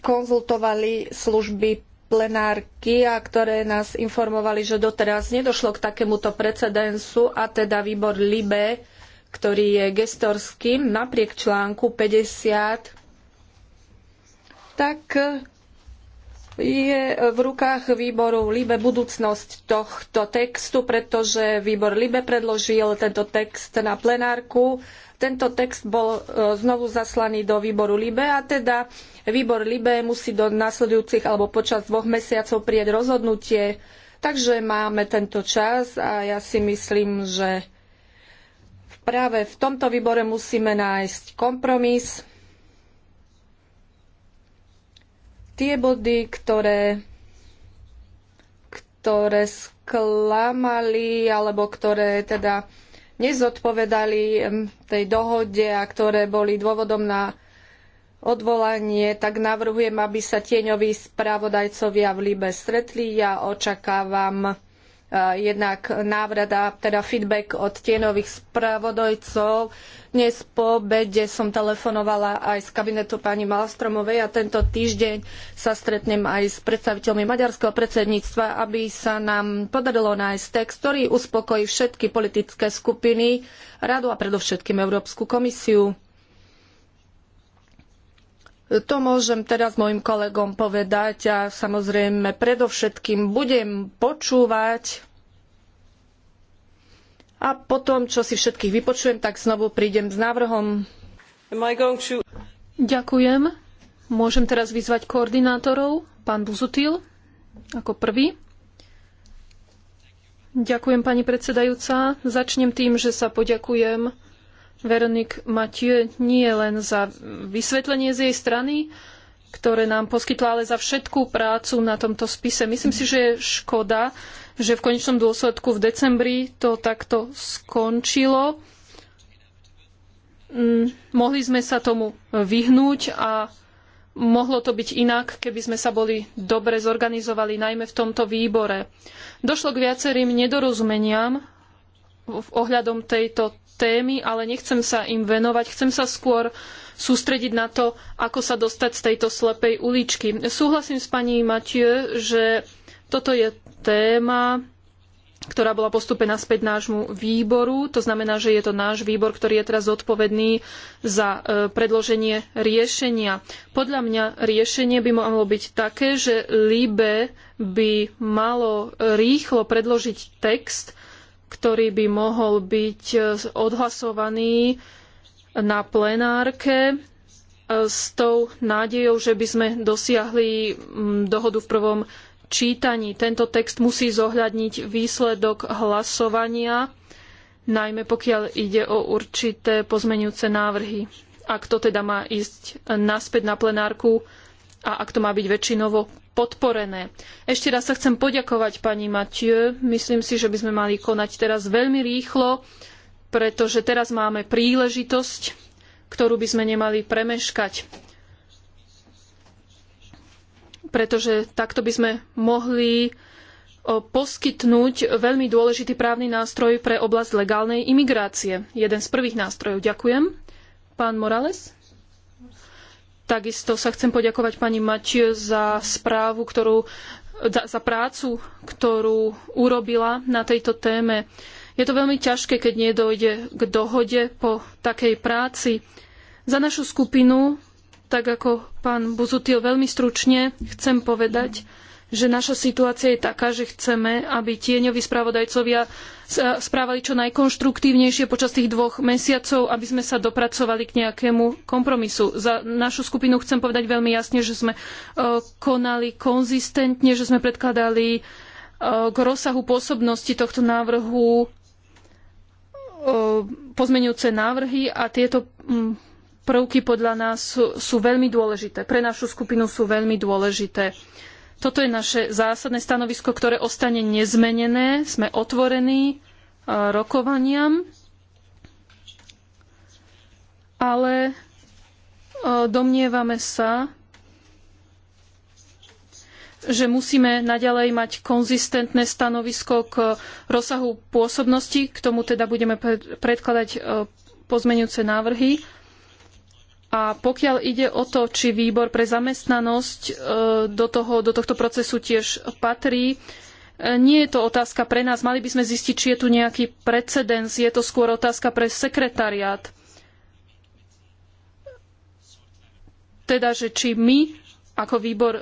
konzultovali služby plenárky a ktoré nás informovali, že doteraz nedošlo k takémuto precedensu a teda výbor LIBE, ktorý je gestorským napriek článku 50, tak je v rukách výboru LIBE budúcnosť tohto textu, pretože výbor LIBE predložil tento text na plenárku. Tento text bol e, znovu zaslaný do výboru LIBE a teda výbor LIBE musí do nasledujúcich alebo počas dvoch mesiacov prijať rozhodnutie. Takže máme tento čas a ja si myslím, že práve v tomto výbore musíme nájsť kompromis tie body, ktoré, ktoré sklamali alebo ktoré teda nezodpovedali tej dohode a ktoré boli dôvodom na odvolanie, tak navrhujem, aby sa tieňoví spravodajcovia v Libe stretli. Ja očakávam Eh, jednak návrat a teda feedback od tienových spravodajcov. Dnes po obede som telefonovala aj z kabinetu pani Malstromovej a tento týždeň sa stretnem aj s predstaviteľmi maďarského predsedníctva, aby sa nám podarilo nájsť text, ktorý uspokojí všetky politické skupiny, radu a predovšetkým Európsku komisiu. To môžem teraz mojim kolegom povedať a samozrejme predovšetkým budem počúvať a potom, čo si všetkých vypočujem, tak znovu prídem s návrhom. To... Ďakujem. Môžem teraz vyzvať koordinátorov, pán Buzutil, ako prvý. Ďakujem, pani predsedajúca. Začnem tým, že sa poďakujem Veronik Mathieu nie len za vysvetlenie z jej strany, ktoré nám poskytla, ale za všetkú prácu na tomto spise. Myslím si, že je škoda, že v konečnom dôsledku v decembri to takto skončilo. Mm, mohli sme sa tomu vyhnúť a mohlo to byť inak, keby sme sa boli dobre zorganizovali, najmä v tomto výbore. Došlo k viacerým nedorozumeniam ohľadom tejto témy, ale nechcem sa im venovať. Chcem sa skôr sústrediť na to, ako sa dostať z tejto slepej uličky. Súhlasím s pani Mathieu, že toto je téma, ktorá bola postupená späť nášmu výboru. To znamená, že je to náš výbor, ktorý je teraz zodpovedný za e, predloženie riešenia. Podľa mňa riešenie by malo byť také, že LIBE by malo rýchlo predložiť text, ktorý by mohol byť e, odhlasovaný na plenárke e, s tou nádejou, že by sme dosiahli dohodu v prvom čítaní. Tento text musí zohľadniť výsledok hlasovania, najmä pokiaľ ide o určité pozmenujúce návrhy. Ak to teda má ísť naspäť na plenárku a ak to má byť väčšinovo podporené. Ešte raz sa chcem poďakovať pani Mathieu. Myslím si, že by sme mali konať teraz veľmi rýchlo, pretože teraz máme príležitosť, ktorú by sme nemali premeškať. Pretože takto by sme mohli poskytnúť veľmi dôležitý právny nástroj pre oblasť legálnej imigrácie. Jeden z prvých nástrojov. Ďakujem. Pán Morales? Takisto sa chcem poďakovať pani Matie za správu, ktorú, za, za prácu, ktorú urobila na tejto téme. Je to veľmi ťažké, keď nedojde k dohode po takej práci. Za našu skupinu, tak ako pán Buzutil veľmi stručne, chcem povedať, mm že naša situácia je taká, že chceme, aby tieňoví spravodajcovia správali čo najkonštruktívnejšie počas tých dvoch mesiacov, aby sme sa dopracovali k nejakému kompromisu. Za našu skupinu chcem povedať veľmi jasne, že sme e, konali konzistentne, že sme predkladali e, k rozsahu pôsobnosti tohto návrhu e, pozmenujúce návrhy a tieto prvky podľa nás sú, sú veľmi dôležité. Pre našu skupinu sú veľmi dôležité. Uh, toto je naše zásadné stanovisko, ktoré ostane nezmenené. Sme otvorení e, rokovaniam, ale e, domnievame sa, že musíme naďalej mať konzistentné stanovisko k rozsahu pôsobnosti. K tomu teda budeme predkladať e, pozmenujúce návrhy. A pokiaľ ide o to, či výbor pre zamestnanosť e, do, toho, do tohto procesu tiež patrí, e, nie je to otázka pre nás. Mali by sme zistiť, či je tu nejaký precedens. Je to skôr otázka pre sekretariát. Teda, že či my ako výbor e,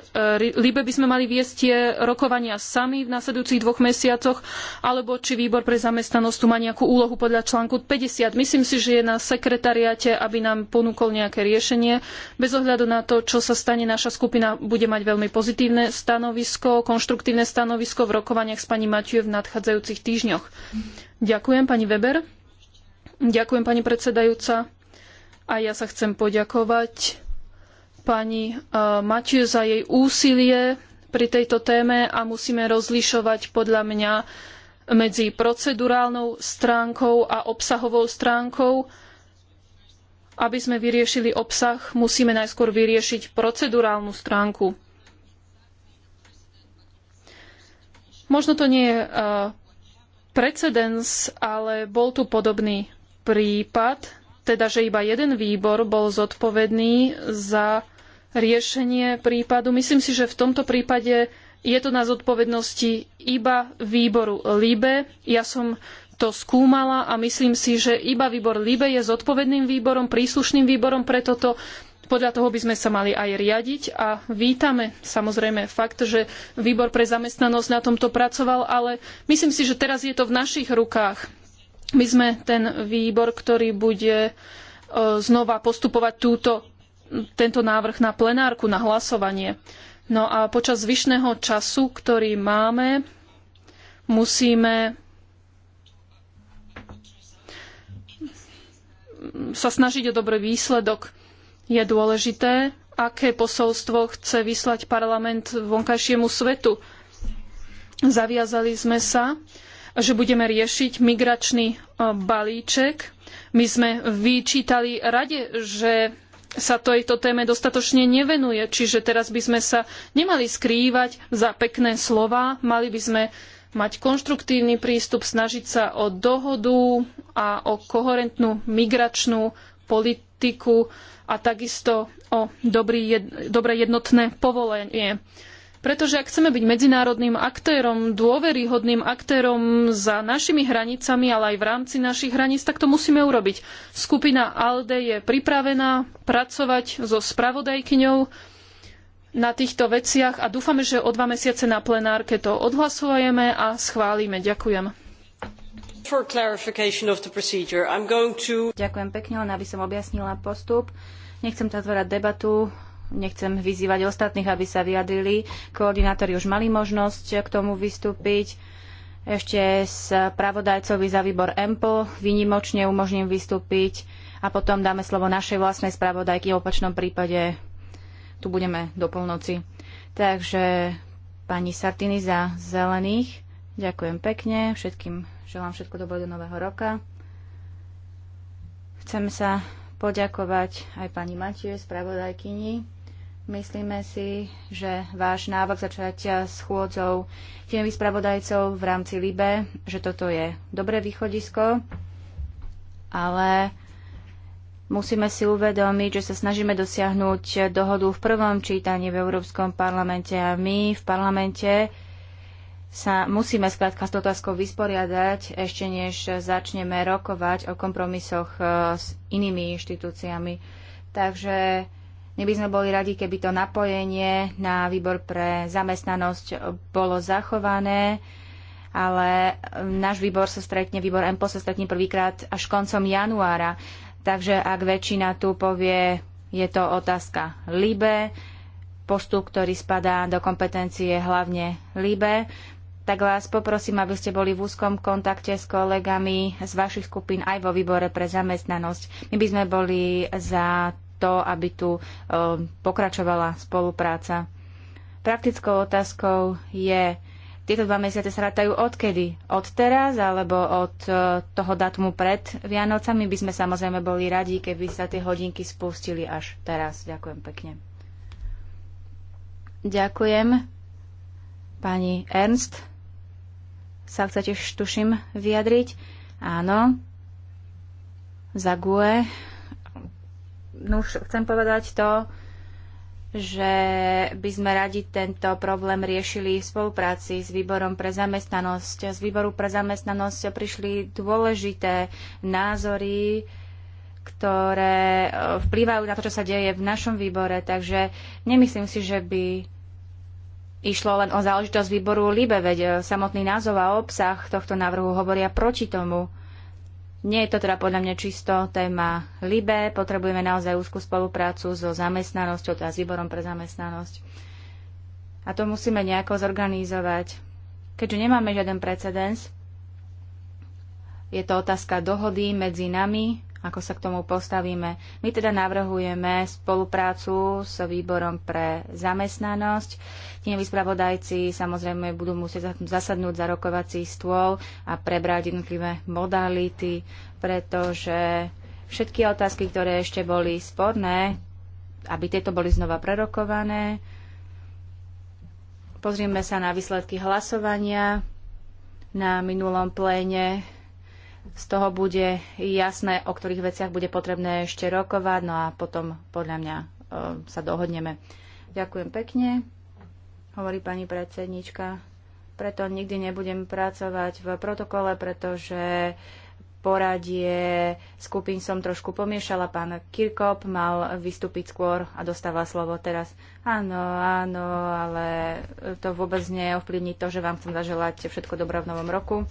LIBE by sme mali viesť tie rokovania sami v nasledujúcich dvoch mesiacoch, alebo či výbor pre zamestnanosť tu má nejakú úlohu podľa článku 50. Myslím si, že je na sekretariate, aby nám ponúkol nejaké riešenie. Bez ohľadu na to, čo sa stane, naša skupina bude mať veľmi pozitívne stanovisko, konštruktívne stanovisko v rokovaniach s pani Matiev v nadchádzajúcich týždňoch. Ďakujem, pani Weber. Ďakujem, pani predsedajúca. A ja sa chcem poďakovať pani eh, Matiu za jej úsilie pri tejto téme a musíme rozlišovať podľa mňa medzi procedurálnou stránkou a obsahovou stránkou. Aby sme vyriešili obsah, musíme najskôr vyriešiť procedurálnu stránku. Možno to nie je eh, precedens, ale bol tu podobný prípad, teda že iba jeden výbor bol zodpovedný za riešenie prípadu. Myslím si, že v tomto prípade je to na zodpovednosti iba výboru LIBE. Ja som to skúmala a myslím si, že iba výbor LIBE je zodpovedným výborom, príslušným výborom pre toto. Podľa toho by sme sa mali aj riadiť a vítame samozrejme fakt, že výbor pre zamestnanosť na tomto pracoval, ale myslím si, že teraz je to v našich rukách. My sme ten výbor, ktorý bude e, znova postupovať túto tento návrh na plenárku, na hlasovanie. No a počas zvyšného času, ktorý máme, musíme sa snažiť o dobrý výsledok. Je dôležité, aké posolstvo chce vyslať parlament vonkajšiemu svetu. Zaviazali sme sa, že budeme riešiť migračný e, balíček. My sme vyčítali rade, že sa tejto téme dostatočne nevenuje. Čiže teraz by sme sa nemali skrývať za pekné slová, mali by sme mať konštruktívny prístup, snažiť sa o dohodu a o koherentnú migračnú politiku a takisto o dobrý, dobré jednotné povolenie. Pretože ak chceme byť medzinárodným aktérom, dôveryhodným aktérom za našimi hranicami, ale aj v rámci našich hraníc, tak to musíme urobiť. Skupina ALDE je pripravená pracovať so spravodajkyňou na týchto veciach a dúfame, že o dva mesiace na plenárke to odhlasujeme a schválime. Ďakujem. To... Ďakujem pekne, len aby som objasnila postup. Nechcem tu debatu nechcem vyzývať ostatných, aby sa vyjadrili. Koordinátori už mali možnosť k tomu vystúpiť. Ešte s pravodajcovi za výbor EMPL vynimočne umožním vystúpiť a potom dáme slovo našej vlastnej spravodajky. V opačnom prípade tu budeme do polnoci. Takže pani Sartini za zelených. Ďakujem pekne. Všetkým želám všetko dobré do nového roka. Chcem sa poďakovať aj pani Matie, spravodajkyni Myslíme si, že váš návrh začať chôdzou tieňových spravodajcov v rámci LIBE, že toto je dobré východisko, ale musíme si uvedomiť, že sa snažíme dosiahnuť dohodu v prvom čítaní v Európskom parlamente a my v parlamente sa musíme skrátka s otázkou vysporiadať, ešte než začneme rokovať o kompromisoch e, s inými inštitúciami. Takže my by sme boli radi, keby to napojenie na výbor pre zamestnanosť bolo zachované, ale náš výbor sa stretne, výbor MPO sa stretne prvýkrát až koncom januára. Takže ak väčšina tu povie, je to otázka LIBE, postup, ktorý spadá do kompetencie hlavne LIBE, tak vás poprosím, aby ste boli v úzkom kontakte s kolegami z vašich skupín aj vo výbore pre zamestnanosť. My by sme boli za to, aby tu e, pokračovala spolupráca. Praktickou otázkou je, tieto dva mesiace sa rátajú odkedy? Od teraz alebo od e, toho datumu pred Vianocami? By sme samozrejme boli radi, keby sa tie hodinky spustili až teraz. Ďakujem pekne. Ďakujem. Pani Ernst, sa chcete, tuším, vyjadriť? Áno. Za no už chcem povedať to, že by sme radi tento problém riešili v spolupráci s výborom pre zamestnanosť. Z výboru pre zamestnanosť prišli dôležité názory, ktoré eh, vplývajú na to, čo sa deje v našom výbore, takže nemyslím si, že by išlo len o záležitosť výboru Libe, veď eh, samotný názov a obsah tohto návrhu hovoria proti tomu. Nie je to teda podľa mňa čisto téma LIBE, potrebujeme naozaj úzkú spoluprácu so zamestnanosťou, teda s výborom pre zamestnanosť. A to musíme nejako zorganizovať. Keďže nemáme žiaden precedens, je to otázka dohody medzi nami ako sa k tomu postavíme. My teda navrhujeme spoluprácu s výborom pre zamestnanosť. Tínoví spravodajci samozrejme budú musieť zasadnúť za rokovací stôl a prebrať jednotlivé modality, pretože všetky otázky, ktoré ešte boli sporné, aby tieto boli znova prerokované. Pozrieme sa na výsledky hlasovania na minulom pléne z toho bude jasné, o ktorých veciach bude potrebné ešte rokovať, no a potom podľa mňa e, sa dohodneme. Ďakujem pekne, hovorí pani predsednička. Preto nikdy nebudem pracovať v protokole, pretože poradie skupín som trošku pomiešala. Pán Kirkop mal vystúpiť skôr a dostáva slovo teraz. Áno, áno, ale to vôbec neovplyvní to, že vám chcem zaželať všetko dobré v novom roku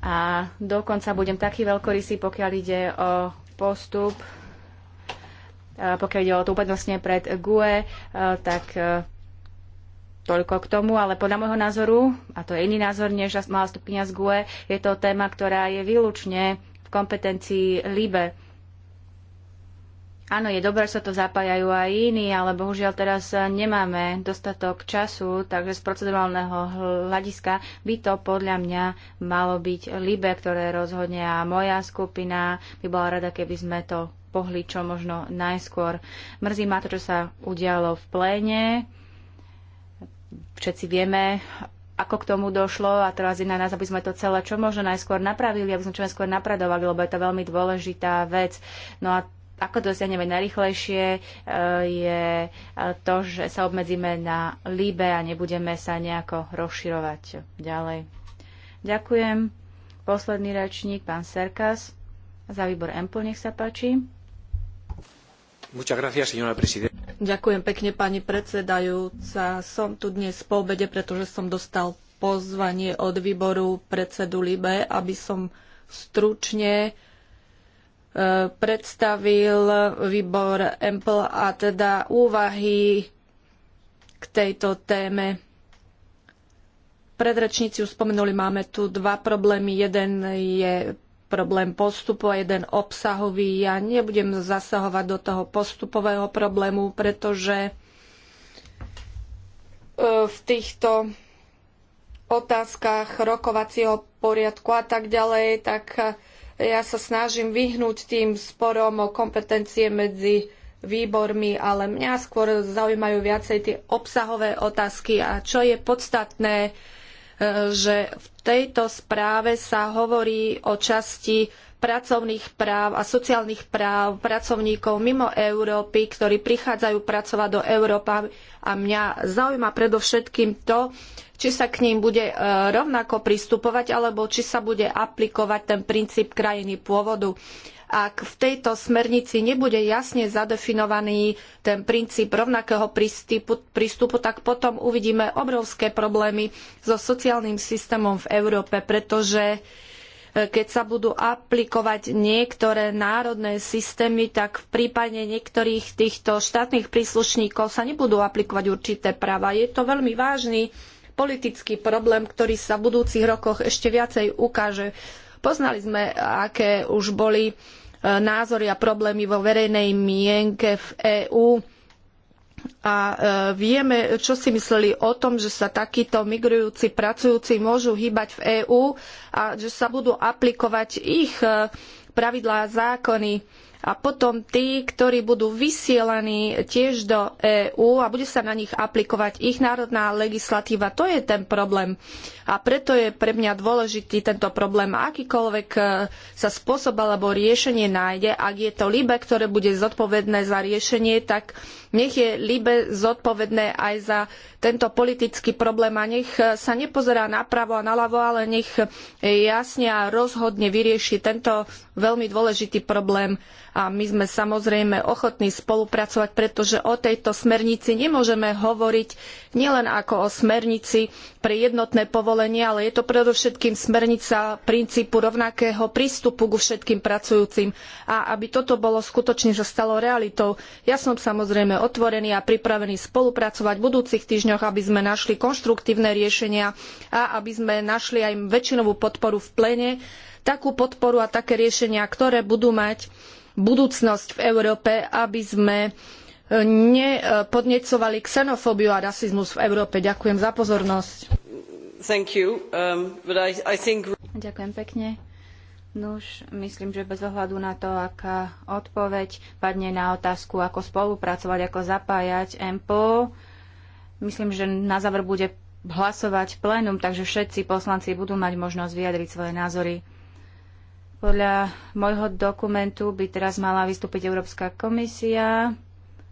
a dokonca budem taký veľkorysý, pokiaľ ide o postup, pokiaľ ide o to uprednostne pred GUE, tak e, toľko k tomu, ale podľa môjho názoru, a to je iný názor než malá stupňa z GUE, je to téma, ktorá je výlučne v kompetencii LIBE Áno, je dobré, že sa to zapájajú aj iní, ale bohužiaľ teraz eh, nemáme dostatok času, takže z procedurálneho hľadiska by to podľa mňa malo byť LIBE, ktoré rozhodne a moja skupina by bola rada, keby sme to pohli čo možno najskôr. Mrzí ma to, čo sa udialo v pléne. Všetci vieme, ako k tomu došlo a teraz je na nás, aby sme to celé čo možno najskôr napravili, aby sme čo najskôr napredovali, lebo je to veľmi dôležitá vec. No a ako dosiahneme najrychlejšie, e, je e, to, že sa obmedzíme na líbe a nebudeme sa nejako rozširovať ďalej. Ďakujem. Posledný rečník, pán Serkas, za výbor EMPL, nech sa páči. Ďakujem pekne, pani predsedajúca. Som tu dnes po obede, pretože som dostal pozvanie od výboru predsedu Libe, aby som stručne predstavil výbor EMPL a teda úvahy k tejto téme. Predrečníci už spomenuli, máme tu dva problémy. Jeden je problém postupu a jeden obsahový. Ja nebudem zasahovať do toho postupového problému, pretože e, v týchto otázkach rokovacieho poriadku a tak ďalej, tak ja sa snažím vyhnúť tým sporom o kompetencie medzi výbormi, ale mňa skôr zaujímajú viacej tie obsahové otázky a čo je podstatné, e, že v tejto správe sa hovorí o časti pracovných práv a sociálnych práv pracovníkov mimo Európy, ktorí prichádzajú pracovať do Európy. A mňa zaujíma predovšetkým to, či sa k ním bude e, rovnako pristupovať, alebo či sa bude aplikovať ten princíp krajiny pôvodu. Ak v tejto smernici nebude jasne zadefinovaný ten princíp rovnakého prístupu, prístupu tak potom uvidíme obrovské problémy so sociálnym systémom v Európe, pretože uh, keď sa budú aplikovať niektoré národné systémy, tak v prípade niektorých týchto štátnych príslušníkov sa nebudú aplikovať určité práva. Je to veľmi vážny politický problém, ktorý sa v budúcich rokoch ešte viacej ukáže. Poznali sme, aké už boli e, názory a problémy vo verejnej mienke v EÚ a e, vieme, čo si mysleli o tom, že sa takíto migrujúci pracujúci môžu hýbať v EÚ a že sa budú aplikovať ich e, pravidlá a zákony. A potom tí, ktorí budú vysielaní tiež do EÚ a bude sa na nich aplikovať ich národná legislatíva, to je ten problém. A preto je pre mňa dôležitý tento problém. Akýkoľvek e, sa spôsob alebo riešenie nájde, ak je to LIBE, ktoré bude zodpovedné za riešenie, tak nech je Libe zodpovedné aj za tento politický problém a nech sa nepozerá napravo a naľavo, ale nech jasne a rozhodne vyrieši tento veľmi dôležitý problém. A my sme samozrejme ochotní spolupracovať, pretože o tejto smernici nemôžeme hovoriť nielen ako o smernici pre jednotné povolenie, ale je to predovšetkým smernica princípu rovnakého prístupu ku všetkým pracujúcim. A aby toto bolo skutočne sa stalo realitou, ja som samozrejme otvorení a pripravení spolupracovať v budúcich týždňoch, aby sme našli konštruktívne riešenia a aby sme našli aj väčšinovú podporu v plene, takú podporu a také riešenia, ktoré budú mať budúcnosť v Európe, aby sme e, nepodnecovali xenofóbiu a rasizmus v Európe. Ďakujem za pozornosť. Um, I, I think... Ďakujem pekne. Nuž, myslím, že bez ohľadu na to, aká odpoveď padne na otázku, ako spolupracovať, ako zapájať MPO, myslím, že na záver bude hlasovať plénum, takže všetci poslanci budú mať možnosť vyjadriť svoje názory. Podľa môjho dokumentu by teraz mala vystúpiť Európska komisia,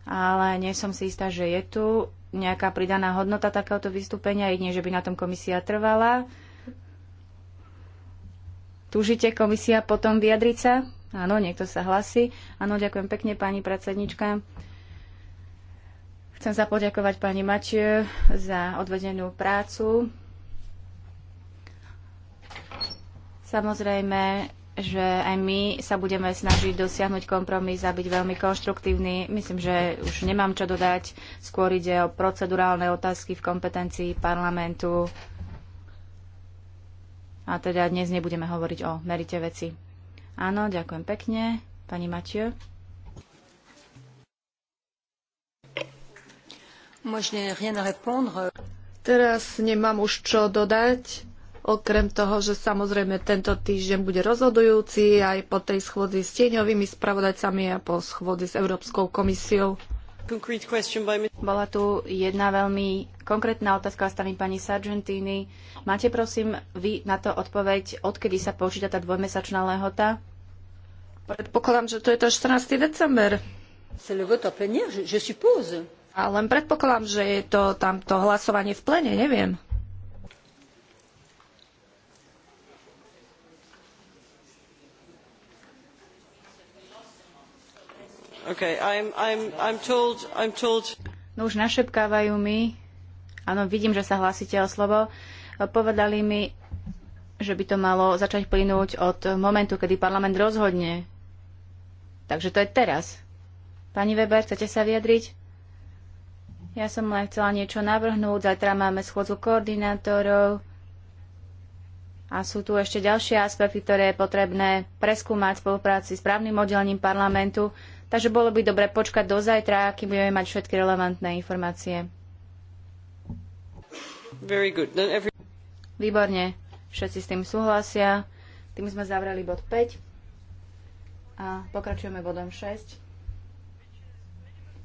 ale nie som si istá, že je tu nejaká pridaná hodnota takéhoto vystúpenia, jedine, že by na tom komisia trvala. Túžite komisia potom vyjadriť sa? Áno, niekto sa hlasí. Áno, ďakujem pekne, pani predsednička. Chcem sa poďakovať pani Mačiu za odvedenú prácu. Samozrejme, že aj my sa budeme snažiť dosiahnuť kompromis a byť veľmi konštruktívny. Myslím, že už nemám čo dodať. Skôr ide o procedurálne otázky v kompetencii parlamentu. A teda dnes nebudeme hovoriť o merite veci. Áno, ďakujem pekne. Pani Mathieu. Teraz nemám už čo dodať, okrem toho, že samozrejme tento týždeň bude rozhodujúci aj po tej schôdzi s tieňovými spravodajcami a po schôdzi s Európskou komisiou. Bola tu jedna veľmi konkrétna otázka strany pani Sargentini. Máte prosím vy na to odpoveď, odkedy sa počíta tá dvojmesačná lehota? Predpokladám, že to je to 14. december. A len predpokladám, že je to tamto hlasovanie v plene, neviem. Okay, I'm, I'm, I'm told, I'm told... No už našepkávajú mi, áno, vidím, že sa hlásite o slovo, povedali mi, že by to malo začať plynúť od momentu, kedy parlament rozhodne. Takže to je teraz. Pani Weber, chcete sa vyjadriť? Ja som len chcela niečo navrhnúť. Zajtra máme schôdzu koordinátorov. A sú tu ešte ďalšie aspekty, ktoré je potrebné preskúmať v spolupráci s právnym oddelením parlamentu Takže bolo by dobre počkať do zajtra, aký budeme mať všetky relevantné informácie. Every... Výborne, všetci s tým súhlasia. Tým sme zavreli bod 5 a pokračujeme bodom 6.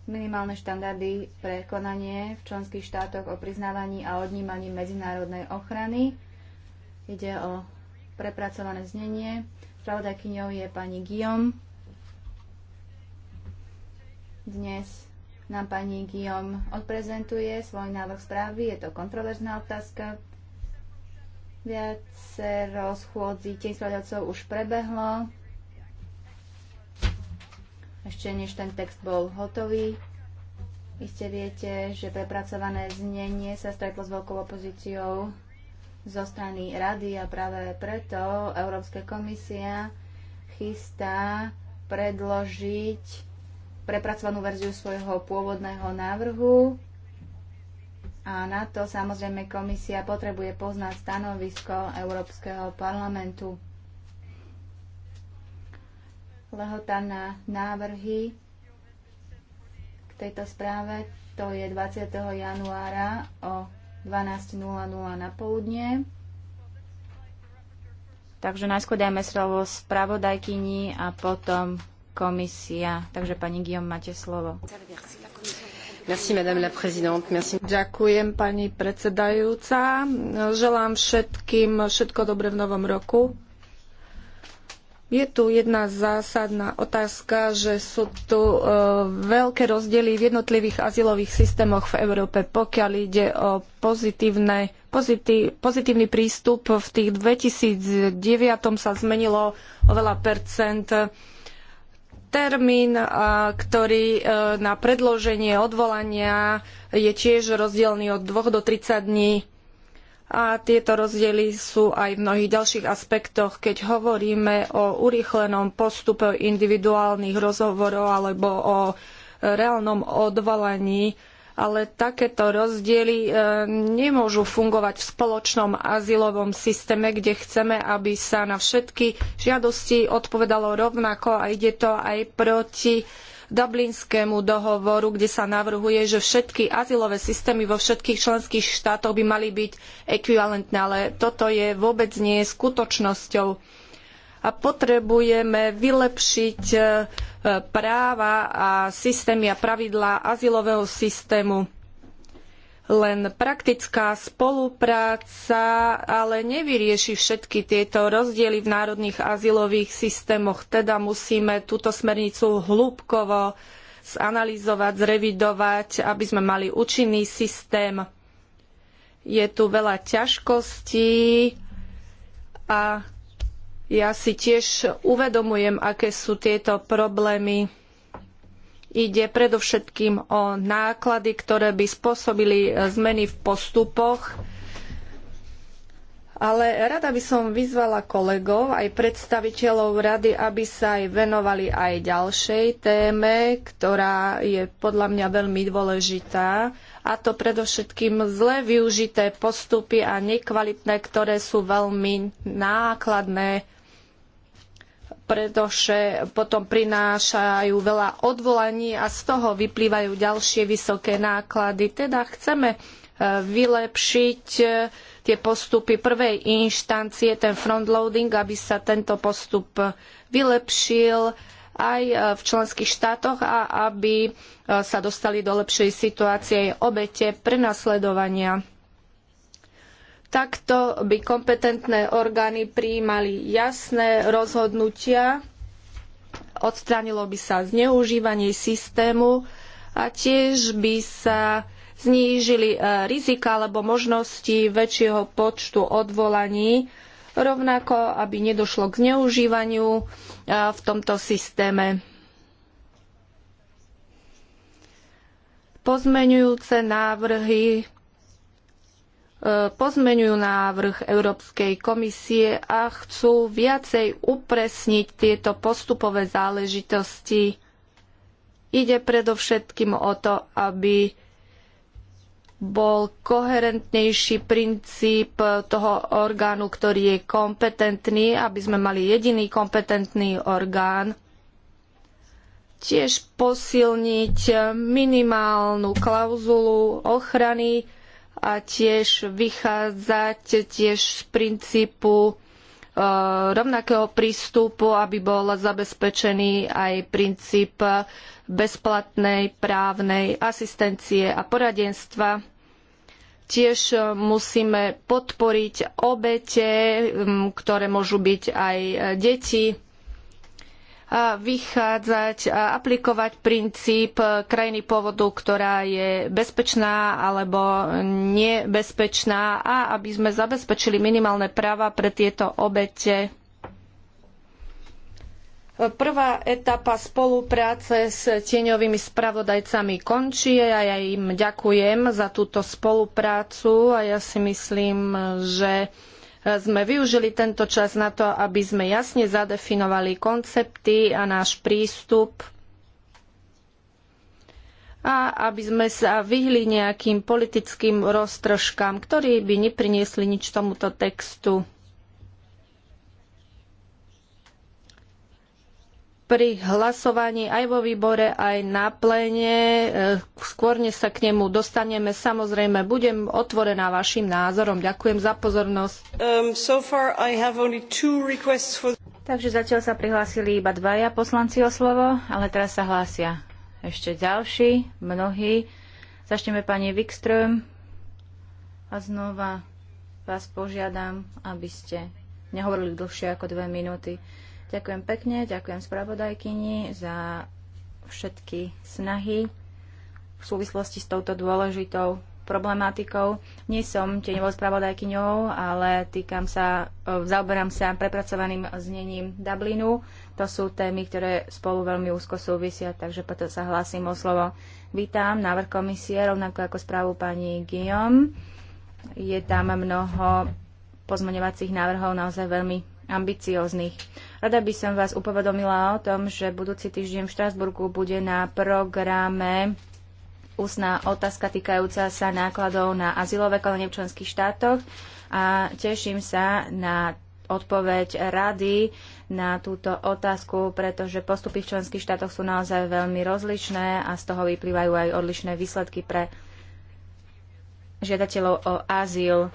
Minimálne štandardy pre konanie v členských štátoch o priznávaní a odnímaní medzinárodnej ochrany. Ide o prepracované znenie. Spravodajkyňou je pani Guillaume. Dnes nám pani Guillaume odprezentuje svoj návrh správy. Je to kontroverzná otázka. Viacero tých tisľadacov už prebehlo. Ešte než ten text bol hotový. Iste viete, že prepracované znenie sa stretlo s veľkou opozíciou zo strany rady a práve preto Európska komisia chystá predložiť prepracovanú verziu svojho pôvodného návrhu a na to samozrejme komisia potrebuje poznať stanovisko Európskeho parlamentu. Lehota na návrhy k tejto správe to je 20. januára o 12.00 na poludne. Takže najskôr dajme slovo spravodajkyni a potom komisia. Takže pani Guillaume, máte slovo. Merci, madame la présidente. Merci. Ďakujem, pani predsedajúca. Želám všetkým všetko dobre v novom roku. Je tu jedna zásadná otázka, že sú tu e, veľké rozdiely v jednotlivých azylových systémoch v Európe, pokiaľ ide o pozitívne, pozitív, pozitívny prístup. V tých 2009 sa zmenilo o veľa percent termín, ktorý e, na predloženie odvolania je tiež rozdielný od 2 do 30 dní. A tieto rozdiely sú aj v mnohých ďalších aspektoch, keď hovoríme o urýchlenom postupe individuálnych rozhovorov alebo o e, reálnom odvolaní ale takéto rozdiely e, nemôžu fungovať v spoločnom azylovom systéme, kde chceme, aby sa na všetky žiadosti odpovedalo rovnako a ide to aj proti Dublinskému dohovoru, kde sa navrhuje, že všetky azylové systémy vo všetkých členských štátoch by mali byť ekvivalentné, ale toto je vôbec nie skutočnosťou a potrebujeme vylepšiť e, práva a systémy a pravidlá azylového systému. Len praktická spolupráca ale nevyrieši všetky tieto rozdiely v národných azylových systémoch. Teda musíme túto smernicu hĺbkovo zanalizovať, zrevidovať, aby sme mali účinný systém. Je tu veľa ťažkostí a ja si tiež uvedomujem, aké sú tieto problémy. Ide predovšetkým o náklady, ktoré by spôsobili e, zmeny v postupoch. Ale rada by som vyzvala kolegov, aj predstaviteľov rady, aby sa aj venovali aj ďalšej téme, ktorá je podľa mňa veľmi dôležitá, a to predovšetkým zle využité postupy a nekvalitné, ktoré sú veľmi nákladné pretože potom prinášajú veľa odvolaní a z toho vyplývajú ďalšie vysoké náklady. Teda chceme e, vylepšiť e, tie postupy prvej inštancie, ten frontloading, aby sa tento postup e, vylepšil aj v členských štátoch a aby sa dostali do lepšej situácie obete prenasledovania. Takto by kompetentné orgány prijímali jasné rozhodnutia, odstránilo by sa zneužívanie systému a tiež by sa znížili e, rizika alebo možnosti väčšieho počtu odvolaní, rovnako aby nedošlo k zneužívaniu e, v tomto systéme. Pozmeňujúce návrhy pozmeňujú návrh Európskej komisie a chcú viacej upresniť tieto postupové záležitosti. Ide predovšetkým o to, aby bol koherentnejší princíp toho orgánu, ktorý je kompetentný, aby sme mali jediný kompetentný orgán. Tiež posilniť minimálnu klauzulu ochrany a tiež vychádzať tiež z princípu e, rovnakého prístupu, aby bol zabezpečený aj princíp bezplatnej právnej asistencie a poradenstva. Tiež e, musíme podporiť obete, ktoré môžu byť aj e, deti vychádzať a aplikovať princíp e, krajiny pôvodu, ktorá je bezpečná alebo nebezpečná a aby sme zabezpečili minimálne práva pre tieto obete. Prvá etapa spolupráce s tieňovými spravodajcami končí a ja im ďakujem za túto spoluprácu a ja si myslím, že sme využili tento čas na to, aby sme jasne zadefinovali koncepty a náš prístup a aby sme sa vyhli nejakým politickým roztržkám, ktorí by nepriniesli nič tomuto textu. pri hlasovaní aj vo výbore, aj na plene. E, skôr než sa k nemu dostaneme, samozrejme, budem otvorená vašim názorom. Ďakujem za pozornosť. Um, so for... Takže zatiaľ sa prihlásili iba dvaja poslanci o slovo, ale teraz sa hlásia ešte ďalší, mnohí. Začneme pani Wikström a znova vás požiadam, aby ste nehovorili dlhšie ako dve minúty. Ďakujem pekne, ďakujem spravodajkyni za všetky snahy v súvislosti s touto dôležitou problematikou. Nie som tieňovou spravodajkyňou, ale týkam sa, e, zaoberám sa prepracovaným znením Dublinu. To sú témy, ktoré spolu veľmi úzko súvisia, takže preto sa hlásim o slovo. Vítam návrh komisie, rovnako ako správu pani Guillaume. Je tam mnoho pozmeňovacích návrhov, naozaj veľmi ambicióznych. Rada by som vás upovedomila o tom, že budúci týždeň v Štrasburgu bude na programe ústná otázka týkajúca sa nákladov na azylové konanie v členských štátoch a teším sa na odpoveď rady na túto otázku, pretože postupy v členských štátoch sú naozaj veľmi rozličné a z toho vyplývajú aj odlišné výsledky pre žiadateľov o azyl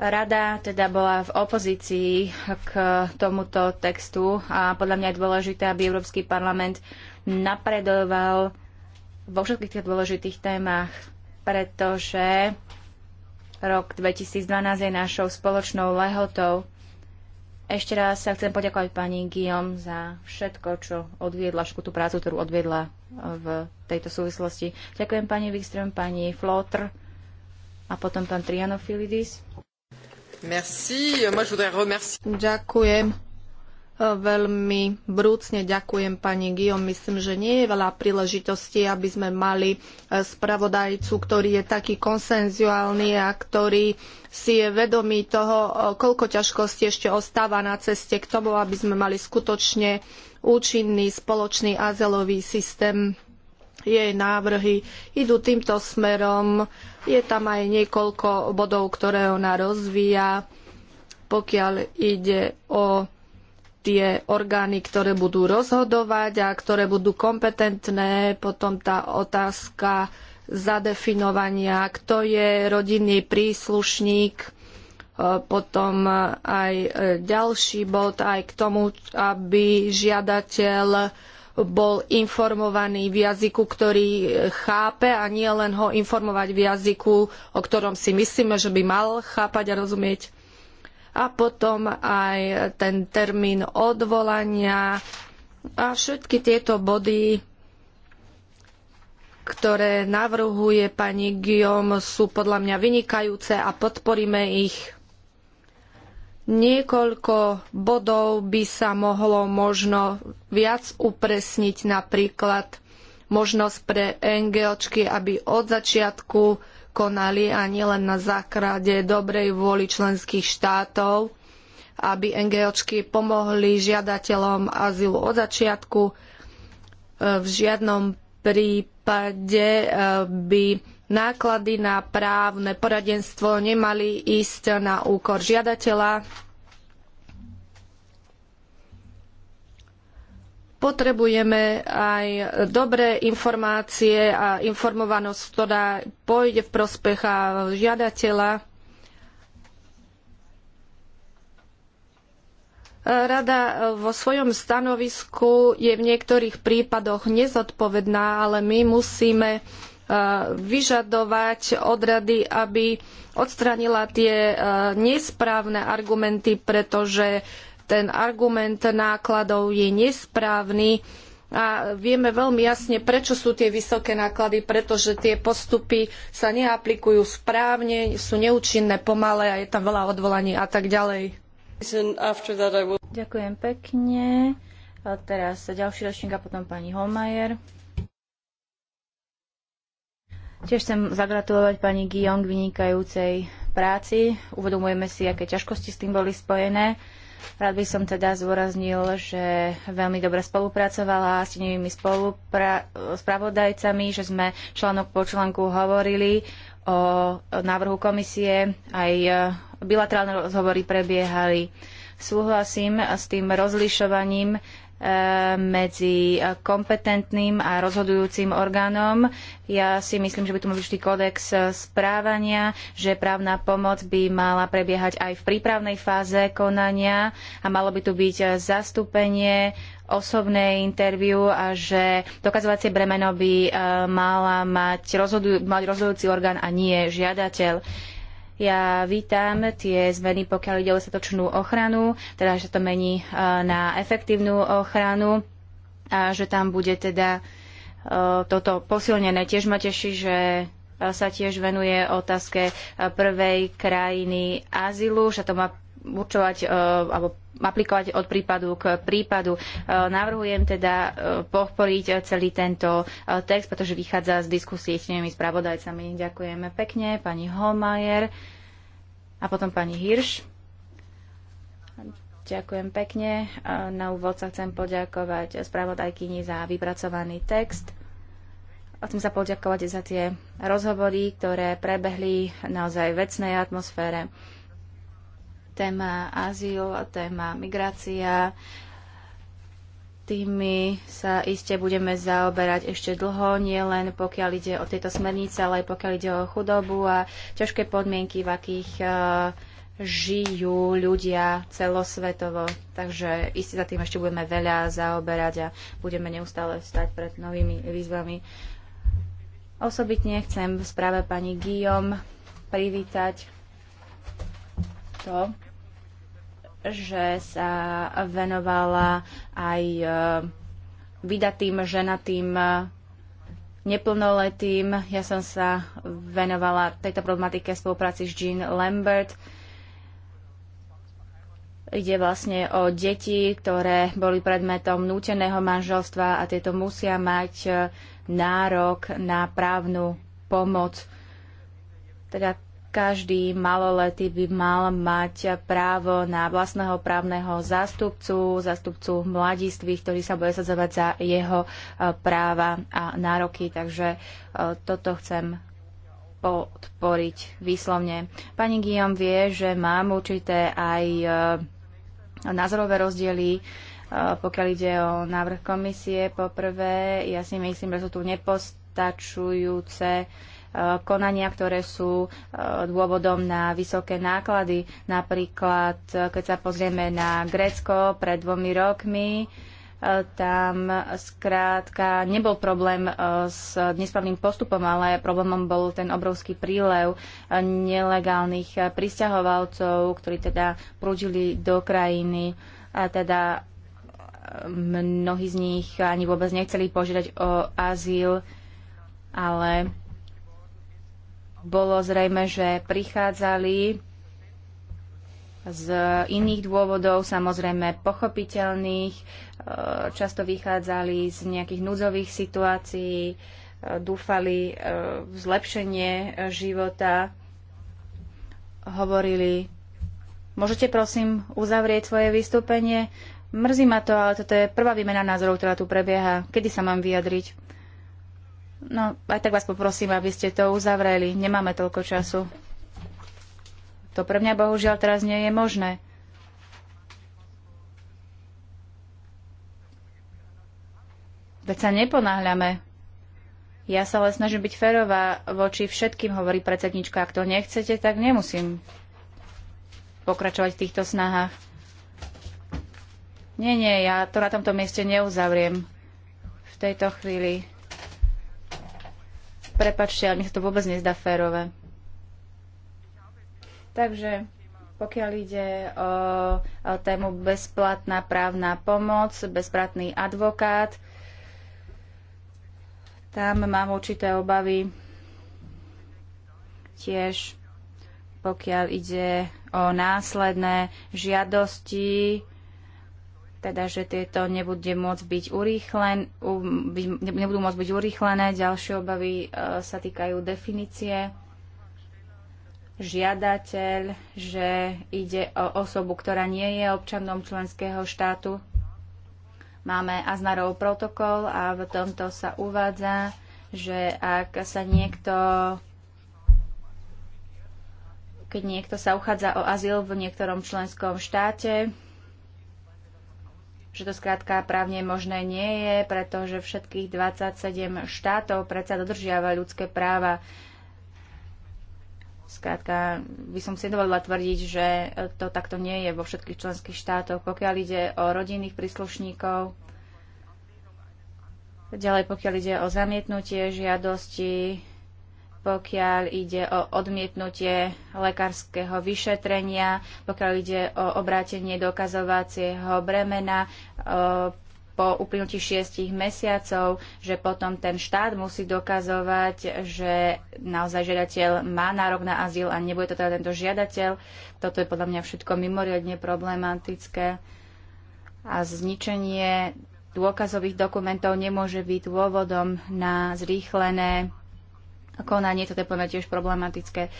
Rada teda bola v opozícii k tomuto textu a podľa mňa je dôležité, aby Európsky parlament napredoval vo všetkých tých dôležitých témach, pretože rok 2012 je našou spoločnou lehotou. Ešte raz sa chcem poďakovať pani Guillaume za všetko, čo odviedla, všetku tú prácu, ktorú odviedla v tejto súvislosti. Ďakujem pani Wikström, pani Flotr a potom pán Trianofilidis. Merci. Moi, je voudrais remercier... Ďakujem. E, veľmi brúcne ďakujem pani Guillaume. Myslím, že nie je veľa príležitostí, aby sme mali e, spravodajcu, ktorý je taký konsenzuálny a ktorý si je vedomý toho, e, koľko ťažkostí ešte ostáva na ceste k tomu, aby sme mali skutočne účinný spoločný azylový systém jej návrhy idú týmto smerom. Je tam aj niekoľko bodov, ktoré ona rozvíja, pokiaľ ide o tie orgány, ktoré budú rozhodovať a ktoré budú kompetentné. Potom tá otázka zadefinovania, kto je rodinný príslušník, e, potom aj e, ďalší bod aj k tomu, aby žiadateľ bol informovaný v jazyku, ktorý chápe a nie len ho informovať v jazyku, o ktorom si myslíme, že by mal chápať a rozumieť. A potom aj ten termín odvolania a všetky tieto body ktoré navrhuje pani Guillaume, sú podľa mňa vynikajúce a podporíme ich. Niekoľko bodov by sa mohlo možno viac upresniť, napríklad možnosť pre NGOčky, aby od začiatku konali a nielen na základe dobrej vôli členských štátov, aby NGOčky pomohli žiadateľom azylu od začiatku. V žiadnom prípade eh, by náklady na právne poradenstvo nemali ísť na úkor žiadateľa. Potrebujeme aj dobré informácie a informovanosť, ktorá pôjde v prospech žiadateľa. Rada vo svojom stanovisku je v niektorých prípadoch nezodpovedná, ale my musíme vyžadovať od rady, aby odstranila tie nesprávne argumenty, pretože ten argument nákladov je nesprávny a vieme veľmi jasne, prečo sú tie vysoké náklady, pretože tie postupy sa neaplikujú správne, sú neúčinné, pomalé a je tam veľa odvolaní a tak ďalej. Ďakujem pekne. A teraz ďalší ročník a potom pani Holmajer. Tiež chcem zagratulovať pani Guillaume k vynikajúcej práci. Uvedomujeme si, aké ťažkosti s tým boli spojené. Rád by som teda zdôraznil, že veľmi dobre spolupracovala s tenými spolupra- spravodajcami, že sme článok po článku hovorili o návrhu komisie, aj e, bilaterálne rozhovory prebiehali. Súhlasím s tým rozlišovaním medzi kompetentným a rozhodujúcim orgánom. Ja si myslím, že by tu mal byť vždy kódex správania, že právna pomoc by mala prebiehať aj v prípravnej fáze konania a malo by tu byť zastúpenie osobné interviu a že dokazovacie bremeno by eh, mala mať, mať rozhodujúci orgán a nie žiadateľ. Ja vítam tie zmeny, pokiaľ ide o dostatočnú ochranu, teda že to mení e, na efektívnu ochranu a že tam bude teda e, toto posilnené. Tiež ma teší, že e, sa tiež venuje otázke prvej krajiny azylu, že to má určovať e, alebo aplikovať od prípadu k prípadu. E, navrhujem teda e, podporiť celý tento text, pretože vychádza z diskusie s tými spravodajcami. Ďakujeme pekne, pani Holmajer a potom pani Hirš. Ďakujem pekne. Na úvod sa chcem poďakovať spravodajkyni za vypracovaný text. Chcem sa poďakovať za tie rozhovory, ktoré prebehli naozaj vecnej atmosfére téma azyl, téma migrácia. Tými sa iste budeme zaoberať ešte dlho, nie len pokiaľ ide o tieto smernice, ale aj pokiaľ ide o chudobu a ťažké podmienky, v akých uh, žijú ľudia celosvetovo. Takže iste za tým ešte budeme veľa zaoberať a budeme neustále stať pred novými výzvami. Osobitne chcem v správe pani Guillaume privítať to, že sa venovala aj eh, vydatým, ženatým, eh, neplnoletým. Ja som sa venovala tejto problematike v spolupráci s Jean Lambert. Ide vlastne o deti, ktoré boli predmetom núteného manželstva a tieto musia mať eh, nárok na právnu pomoc. Teda každý maloletý by mal mať právo na vlastného právneho zástupcu, zástupcu mladiství, ktorý sa bude sadzovať za jeho e, práva a nároky. Takže e, toto chcem podporiť výslovne. Pani Guillaume vie, že mám určité aj e, názorové rozdiely, pokiaľ ide o návrh komisie. Poprvé, ja si myslím, že sú tu nepostačujúce konania, ktoré sú e, dôvodom na vysoké náklady. Napríklad, e, keď sa pozrieme na Grécko pred dvomi rokmi, e, tam skrátka nebol problém s nesprávnym postupom, ale problémom bol ten obrovský prílev nelegálnych pristahovalcov, ktorí teda prúdili do krajiny a teda mnohí z nich ani vôbec nechceli požiadať o azyl, ale bolo zrejme, že prichádzali z iných dôvodov, samozrejme pochopiteľných, e, často vychádzali z nejakých núdzových situácií, e, dúfali e, v zlepšenie života, hovorili, môžete prosím uzavrieť svoje vystúpenie? Mrzí ma to, ale toto je prvá výmena názorov, ktorá tu prebieha. Kedy sa mám vyjadriť? No, aj tak vás poprosím, aby ste to uzavreli. Nemáme toľko času. To pre mňa bohužiaľ teraz nie je možné. Veď sa neponáhľame. Ja sa ale snažím byť férová voči všetkým, hovorí predsednička. Ak to nechcete, tak nemusím pokračovať v týchto snahách. Nie, nie, ja to na tomto mieste neuzavriem v tejto chvíli. Prepačte, ale mi sa to vôbec nezdá férové. Takže pokiaľ ide o, o tému bezplatná právna pomoc, bezplatný advokát, tam mám určité obavy tiež, pokiaľ ide o následné žiadosti teda že tieto nebude môcť byť urýchlen, nebudú môcť byť urýchlené. Ďalšie obavy e, sa týkajú definície. Žiadateľ, že ide o osobu, ktorá nie je občanom členského štátu. Máme Aznarov protokol a v tomto sa uvádza, že ak sa niekto keď niekto sa uchádza o azyl v niektorom členskom štáte, že to skrátka právne možné nie je, pretože všetkých 27 štátov predsa dodržiava ľudské práva. Skrátka, by som si dovolila tvrdiť, že to takto nie je vo všetkých členských štátoch, pokiaľ ide o rodinných príslušníkov. Ďalej, pokiaľ ide o zamietnutie žiadosti pokiaľ ide o odmietnutie lekárskeho vyšetrenia, pokiaľ ide o obrátenie dokazovacieho bremena po uplynutí šiestich mesiacov, že potom ten štát musí dokazovať, že naozaj žiadateľ má nárok na azyl a nebude to teda tento žiadateľ. Toto je podľa mňa všetko mimoriadne problematické. A zničenie dôkazových dokumentov nemôže byť dôvodom na zrýchlené konanie, toto je podľa tiež problematické.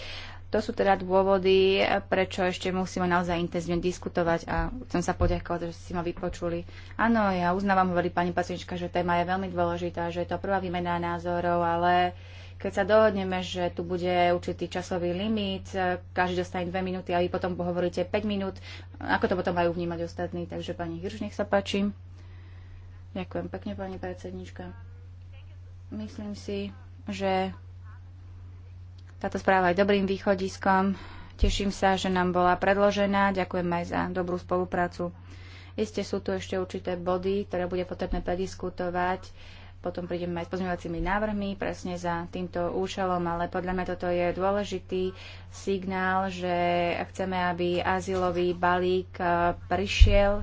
To sú teda dôvody, prečo ešte musíme naozaj intenzívne diskutovať a chcem sa poďakovať, že ste ma vypočuli. Áno, ja uznávam, hovorí pani pacientka, že téma je veľmi dôležitá, že je to prvá výmena názorov, ale keď sa dohodneme, že tu bude určitý časový limit, každý dostane dve minúty a vy potom pohovoríte 5 minút, ako to potom majú vnímať ostatní. Takže pani Hirš, nech sa páči. Ďakujem pekne, pani predsednička. Myslím si, že táto správa je dobrým východiskom. Teším sa, že nám bola predložená. Ďakujem aj za dobrú spoluprácu. Isté sú tu ešte určité body, ktoré bude potrebné prediskutovať. Potom prídeme aj s pozmeňovacími návrhmi presne za týmto účelom, ale podľa mňa toto je dôležitý signál, že chceme, aby azylový balík eh, prišiel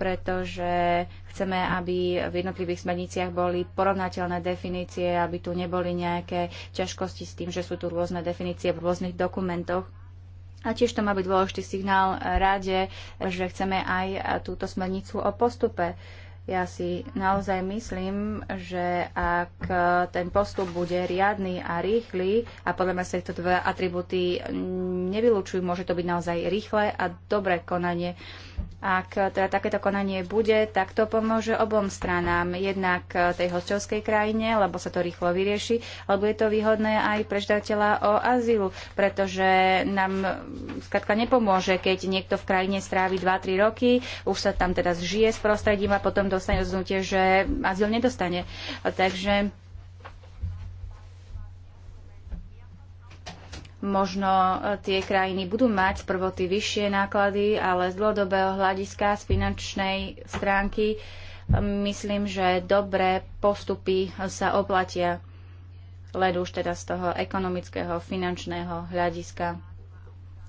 pretože chceme, aby v jednotlivých smerniciach boli porovnateľné definície, aby tu neboli nejaké ťažkosti s tým, že sú tu rôzne definície v rôznych dokumentoch. A tiež to má byť dôležitý signál rade, že chceme aj túto smernicu o postupe ja si naozaj myslím, že ak ten postup bude riadny a rýchly, a podľa mňa sa tieto dve atributy nevylučujú, môže to byť naozaj rýchle a dobré konanie. Ak teda takéto konanie bude, tak to pomôže obom stranám. Jednak tej hostovskej krajine, lebo sa to rýchlo vyrieši, lebo je to výhodné aj pre žiadateľa o azyl, pretože nám skladka nepomôže, keď niekto v krajine strávi 2-3 roky, už sa tam teda zžije s prostredím a potom dostane rozhodnutie, že azyl nedostane. Takže možno eh, tie krajiny budú mať prvoty vyššie náklady, ale z dlhodobého hľadiska, z finančnej stránky, eh, myslím, že dobré postupy sa oplatia len už teda z toho ekonomického, finančného hľadiska.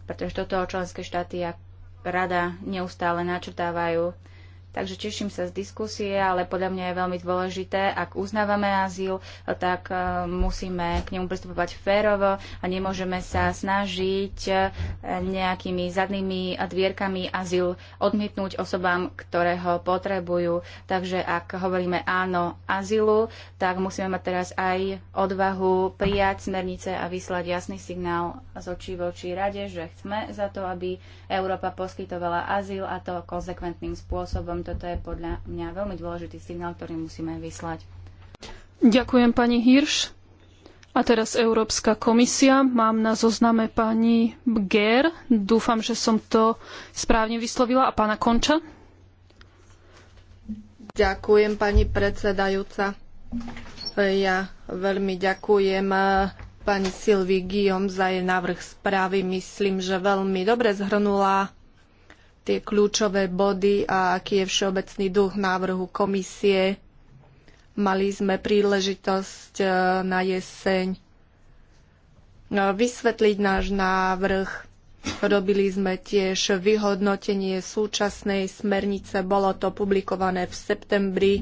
Pretože toto členské štáty a rada neustále načrtávajú. Takže teším sa z diskusie, ale podľa mňa je veľmi dôležité, ak uznávame azyl, tak e, musíme k nemu pristupovať férovo a nemôžeme sa snažiť e, nejakými zadnými dvierkami azyl odmietnúť osobám, ktoré ho potrebujú. Takže ak hovoríme áno azylu, tak musíme mať teraz aj odvahu prijať smernice a vyslať jasný signál z očí voči rade, že chceme za to, aby Európa poskytovala azyl a to konsekventným spôsobom toto je podľa mňa veľmi dôležitý signál, ktorý musíme vyslať. Ďakujem pani Hirš. A teraz Európska komisia. Mám na zozname pani Ger. Dúfam, že som to správne vyslovila. A pána Konča. Ďakujem, pani predsedajúca. Ja veľmi ďakujem eh, pani Silvi Guillaume za jej návrh správy. Myslím, že veľmi dobre zhrnula tie kľúčové body a aký je všeobecný duch návrhu komisie. Mali sme príležitosť e, na jeseň e, vysvetliť náš návrh. Robili sme tiež vyhodnotenie súčasnej smernice, bolo to publikované v septembri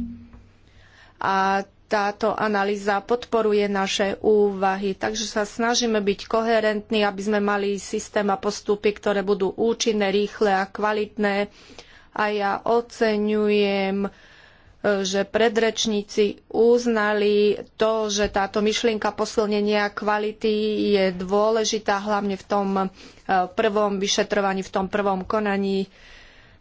a táto analýza podporuje naše úvahy. Takže sa snažíme byť koherentní, aby sme mali systém a postupy, ktoré budú účinné, rýchle a kvalitné. A ja oceňujem, e, že predrečníci uznali to, že táto myšlienka posilnenia kvality je dôležitá, hlavne v tom e, prvom vyšetrovaní, v tom prvom konaní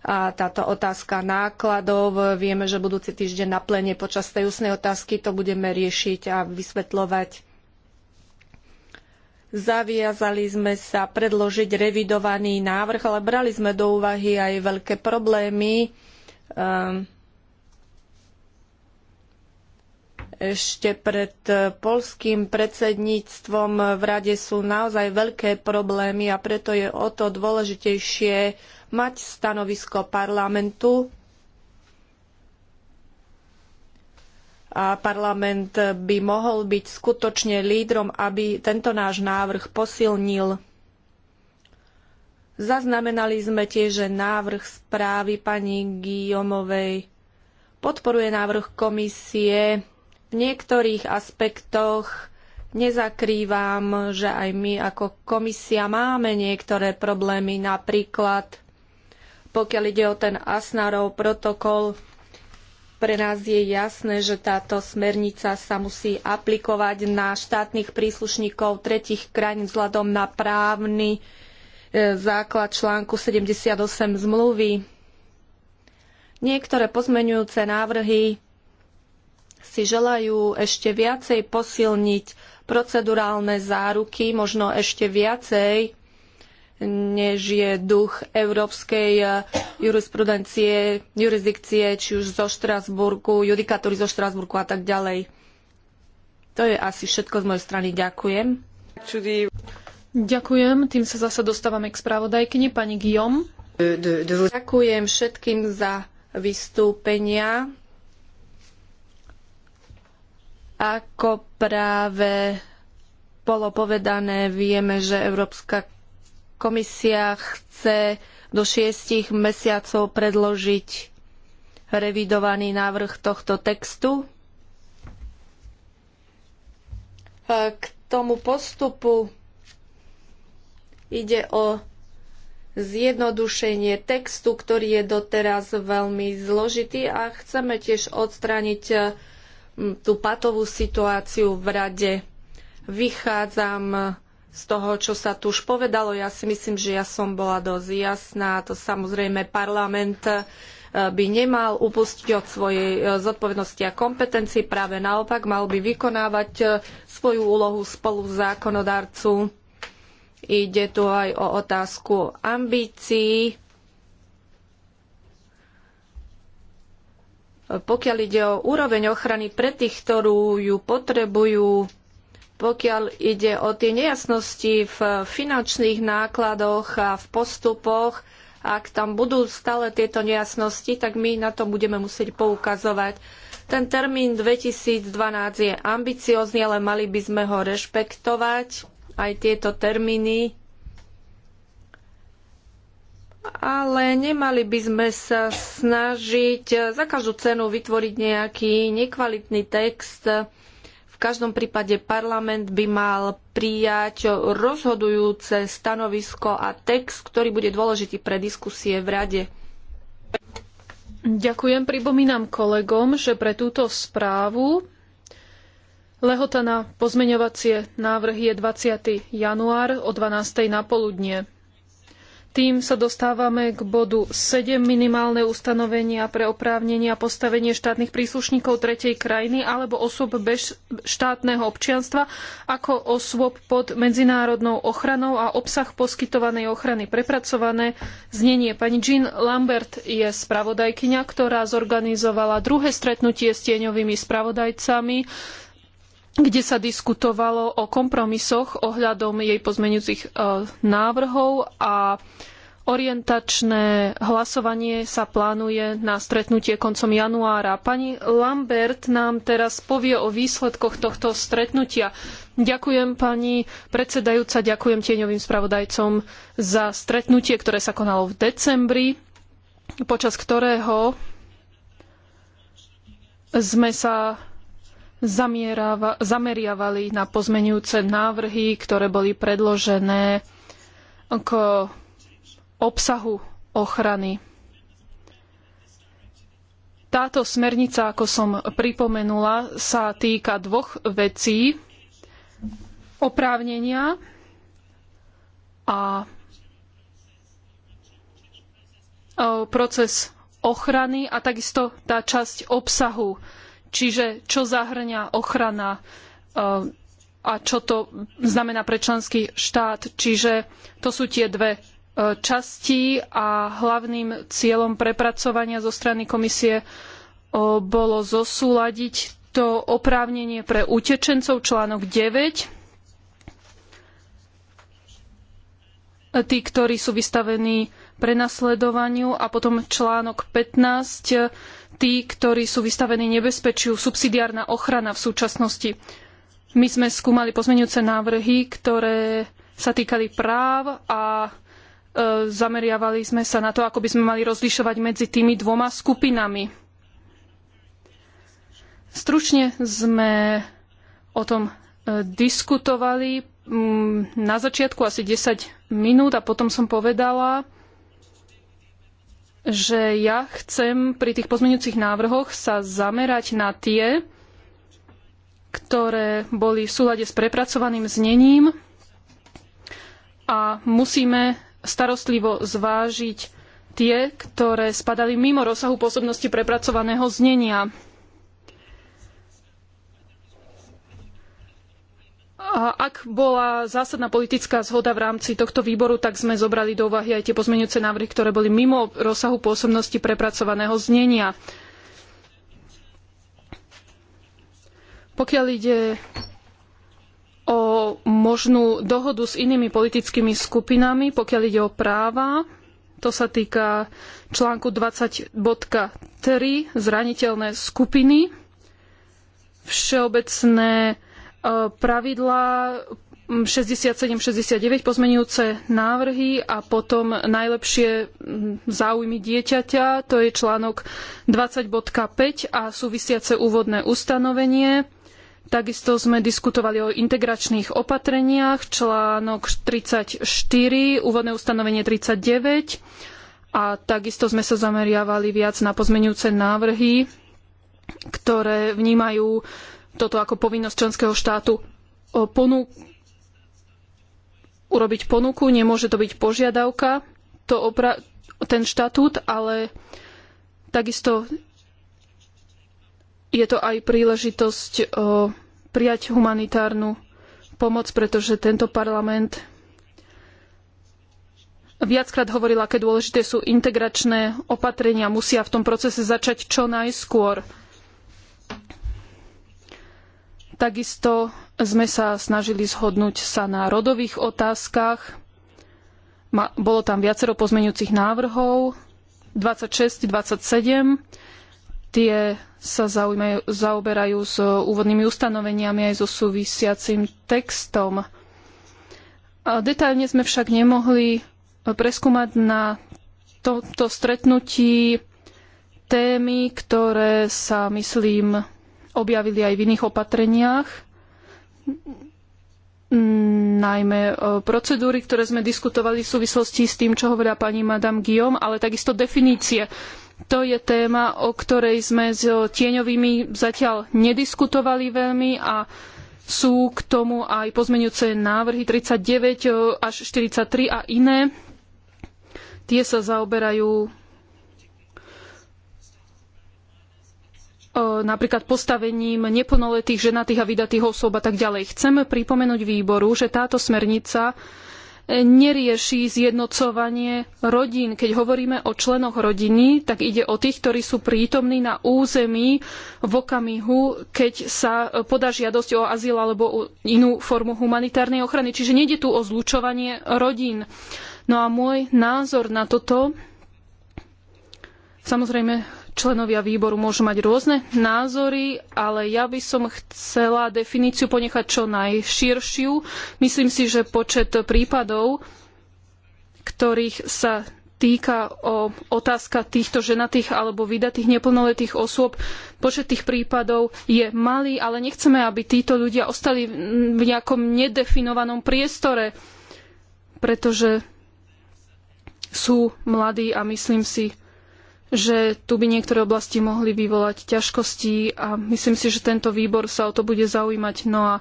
a táto otázka nákladov, vieme, že budúci týždeň na plene počas tej ústnej otázky to budeme riešiť a vysvetľovať. Zaviazali sme sa predložiť revidovaný návrh, ale brali sme do úvahy aj veľké problémy. Um, ešte pred e, polským predsedníctvom v rade sú naozaj veľké problémy a preto je o to dôležitejšie mať stanovisko parlamentu. A parlament by mohol byť skutočne lídrom, aby tento náš návrh posilnil. Zaznamenali sme tiež, že návrh správy pani Guillaumovej podporuje návrh komisie v niektorých aspektoch nezakrývam, že aj my ako komisia máme niektoré problémy, napríklad pokiaľ ide o ten Asnarov protokol, pre nás je jasné, že táto smernica sa musí aplikovať na štátnych príslušníkov tretich krajín vzhľadom na právny e, základ článku 78 zmluvy. Niektoré pozmenujúce návrhy si želajú ešte viacej posilniť procedurálne záruky, možno ešte viacej, než je duch európskej eh, jurisprudencie, jurisdikcie, či už zo Štrasburgu, judikatúry zo Štrasburgu a tak ďalej. To je asi všetko z mojej strany. Ďakujem. Ďakujem. Tým sa zase dostávame k spravodajkyni, pani Guillaume. Ďakujem všetkým za vystúpenia. Ako práve bolo povedané, vieme, že Európska komisia chce do šiestich mesiacov predložiť revidovaný návrh tohto textu. K tomu postupu ide o zjednodušenie textu, ktorý je doteraz veľmi zložitý a chceme tiež odstrániť tú patovú situáciu v rade. Vychádzam z toho, čo sa tu už povedalo. Ja si myslím, že ja som bola dosť jasná. To samozrejme parlament eh, by nemal upustiť od svojej eh, zodpovednosti a kompetencií. Práve naopak, mal by vykonávať eh, svoju úlohu spolu zákonodarcu. Ide tu aj o otázku ambícií pokiaľ ide o úroveň ochrany pre tých, ktorú ju potrebujú, pokiaľ ide o tie nejasnosti v finančných nákladoch a v postupoch, ak tam budú stále tieto nejasnosti, tak my na to budeme musieť poukazovať. Ten termín 2012 je ambiciózny, ale mali by sme ho rešpektovať, aj tieto termíny ale nemali by sme sa snažiť za každú cenu vytvoriť nejaký nekvalitný text. V každom prípade parlament by mal prijať rozhodujúce stanovisko a text, ktorý bude dôležitý pre diskusie v rade. Ďakujem. Pripomínam kolegom, že pre túto správu lehota na pozmeňovacie návrhy je 20. január o 12. na poludnie. Tým sa dostávame k bodu 7 minimálne ustanovenia pre oprávnenie a postavenie štátnych príslušníkov tretej krajiny alebo osôb bez štátneho občianstva ako osôb pod medzinárodnou ochranou a obsah poskytovanej ochrany prepracované znenie. Pani Jean Lambert je spravodajkyňa, ktorá zorganizovala druhé stretnutie s tieňovými spravodajcami kde sa diskutovalo o kompromisoch ohľadom jej pozmeňujúcich e, návrhov a orientačné hlasovanie sa plánuje na stretnutie koncom januára. Pani Lambert nám teraz povie o výsledkoch tohto stretnutia. Ďakujem pani predsedajúca, ďakujem tieňovým spravodajcom za stretnutie, ktoré sa konalo v decembri, počas ktorého sme sa zameriavali na pozmenujúce návrhy, ktoré boli predložené k obsahu ochrany. Táto smernica, ako som pripomenula, sa týka dvoch vecí. Oprávnenia a proces ochrany a takisto tá časť obsahu Čiže čo zahrňa ochrana eh, a čo to znamená pre členský štát. Čiže to sú tie dve eh, časti a hlavným cieľom prepracovania zo strany komisie eh, bolo zosúladiť to oprávnenie pre utečencov článok 9 tí, ktorí sú vystavení prenasledovaniu a potom článok 15 tí, ktorí sú vystavení nebezpečiu, subsidiárna ochrana v súčasnosti. My sme skúmali pozmeňujúce návrhy, ktoré sa týkali práv a e, zameriavali sme sa na to, ako by sme mali rozlišovať medzi tými dvoma skupinami. Stručne sme o tom e, diskutovali mm, na začiatku asi 10 minút a potom som povedala, že ja chcem pri tých pozmeňujúcich návrhoch sa zamerať na tie, ktoré boli v súlade s prepracovaným znením a musíme starostlivo zvážiť tie, ktoré spadali mimo rozsahu pôsobnosti prepracovaného znenia. ak bola zásadná politická zhoda v rámci tohto výboru, tak sme zobrali do úvahy aj tie pozmeňujúce návrhy, ktoré boli mimo rozsahu pôsobnosti prepracovaného znenia. Pokiaľ ide o možnú dohodu s inými politickými skupinami, pokiaľ ide o práva, to sa týka článku 20.3 zraniteľné skupiny, všeobecné E, pravidlá 67-69 pozmenujúce návrhy a potom najlepšie mm, záujmy dieťaťa, to je článok 20.5 a súvisiace úvodné ustanovenie. Takisto sme diskutovali o integračných opatreniach, článok 34, úvodné ustanovenie 39 a takisto sme sa zameriavali viac na pozmenujúce návrhy, ktoré vnímajú toto ako povinnosť členského štátu ponú... urobiť ponuku, nemôže to byť požiadavka, to opra- ten štatút, ale takisto je to aj príležitosť o, prijať humanitárnu pomoc, pretože tento parlament viackrát hovoril, aké dôležité sú integračné opatrenia, musia v tom procese začať čo najskôr. Takisto sme sa snažili zhodnúť sa na rodových otázkach. Bolo tam viacero pozmeňujúcich návrhov, 26, 27. Tie sa zaoberajú s úvodnými ustanoveniami aj so súvisiacim textom. Detailne sme však nemohli preskúmať na tomto stretnutí témy, ktoré sa, myslím, objavili aj v iných opatreniach, najmä e, procedúry, ktoré sme diskutovali v súvislosti s tým, čo hovorila pani Madame Guillaume, ale takisto definície. To je téma, o ktorej sme s tieňovými zatiaľ nediskutovali veľmi a sú k tomu aj pozmeňujúce návrhy 39 e, až 43 a iné. Tie sa zaoberajú E, napríklad postavením neplnoletých, ženatých a vydatých osôb a tak ďalej. Chcem pripomenúť výboru, že táto smernica nerieši zjednocovanie rodín. Keď hovoríme o členoch rodiny, tak ide o tých, ktorí sú prítomní na území v okamihu, keď sa podá žiadosť o azyl alebo o inú formu humanitárnej ochrany. Čiže nejde tu o zlučovanie rodín. No a môj názor na toto Samozrejme, členovia výboru môžu mať rôzne názory, ale ja by som chcela definíciu ponechať čo najširšiu. Myslím si, že počet prípadov, ktorých sa týka o otázka týchto ženatých alebo vydatých neplnoletých osôb. Počet tých prípadov je malý, ale nechceme, aby títo ľudia ostali v nejakom nedefinovanom priestore, pretože sú mladí a myslím si, že tu by niektoré oblasti mohli vyvolať ťažkosti a myslím si, že tento výbor sa o to bude zaujímať. No a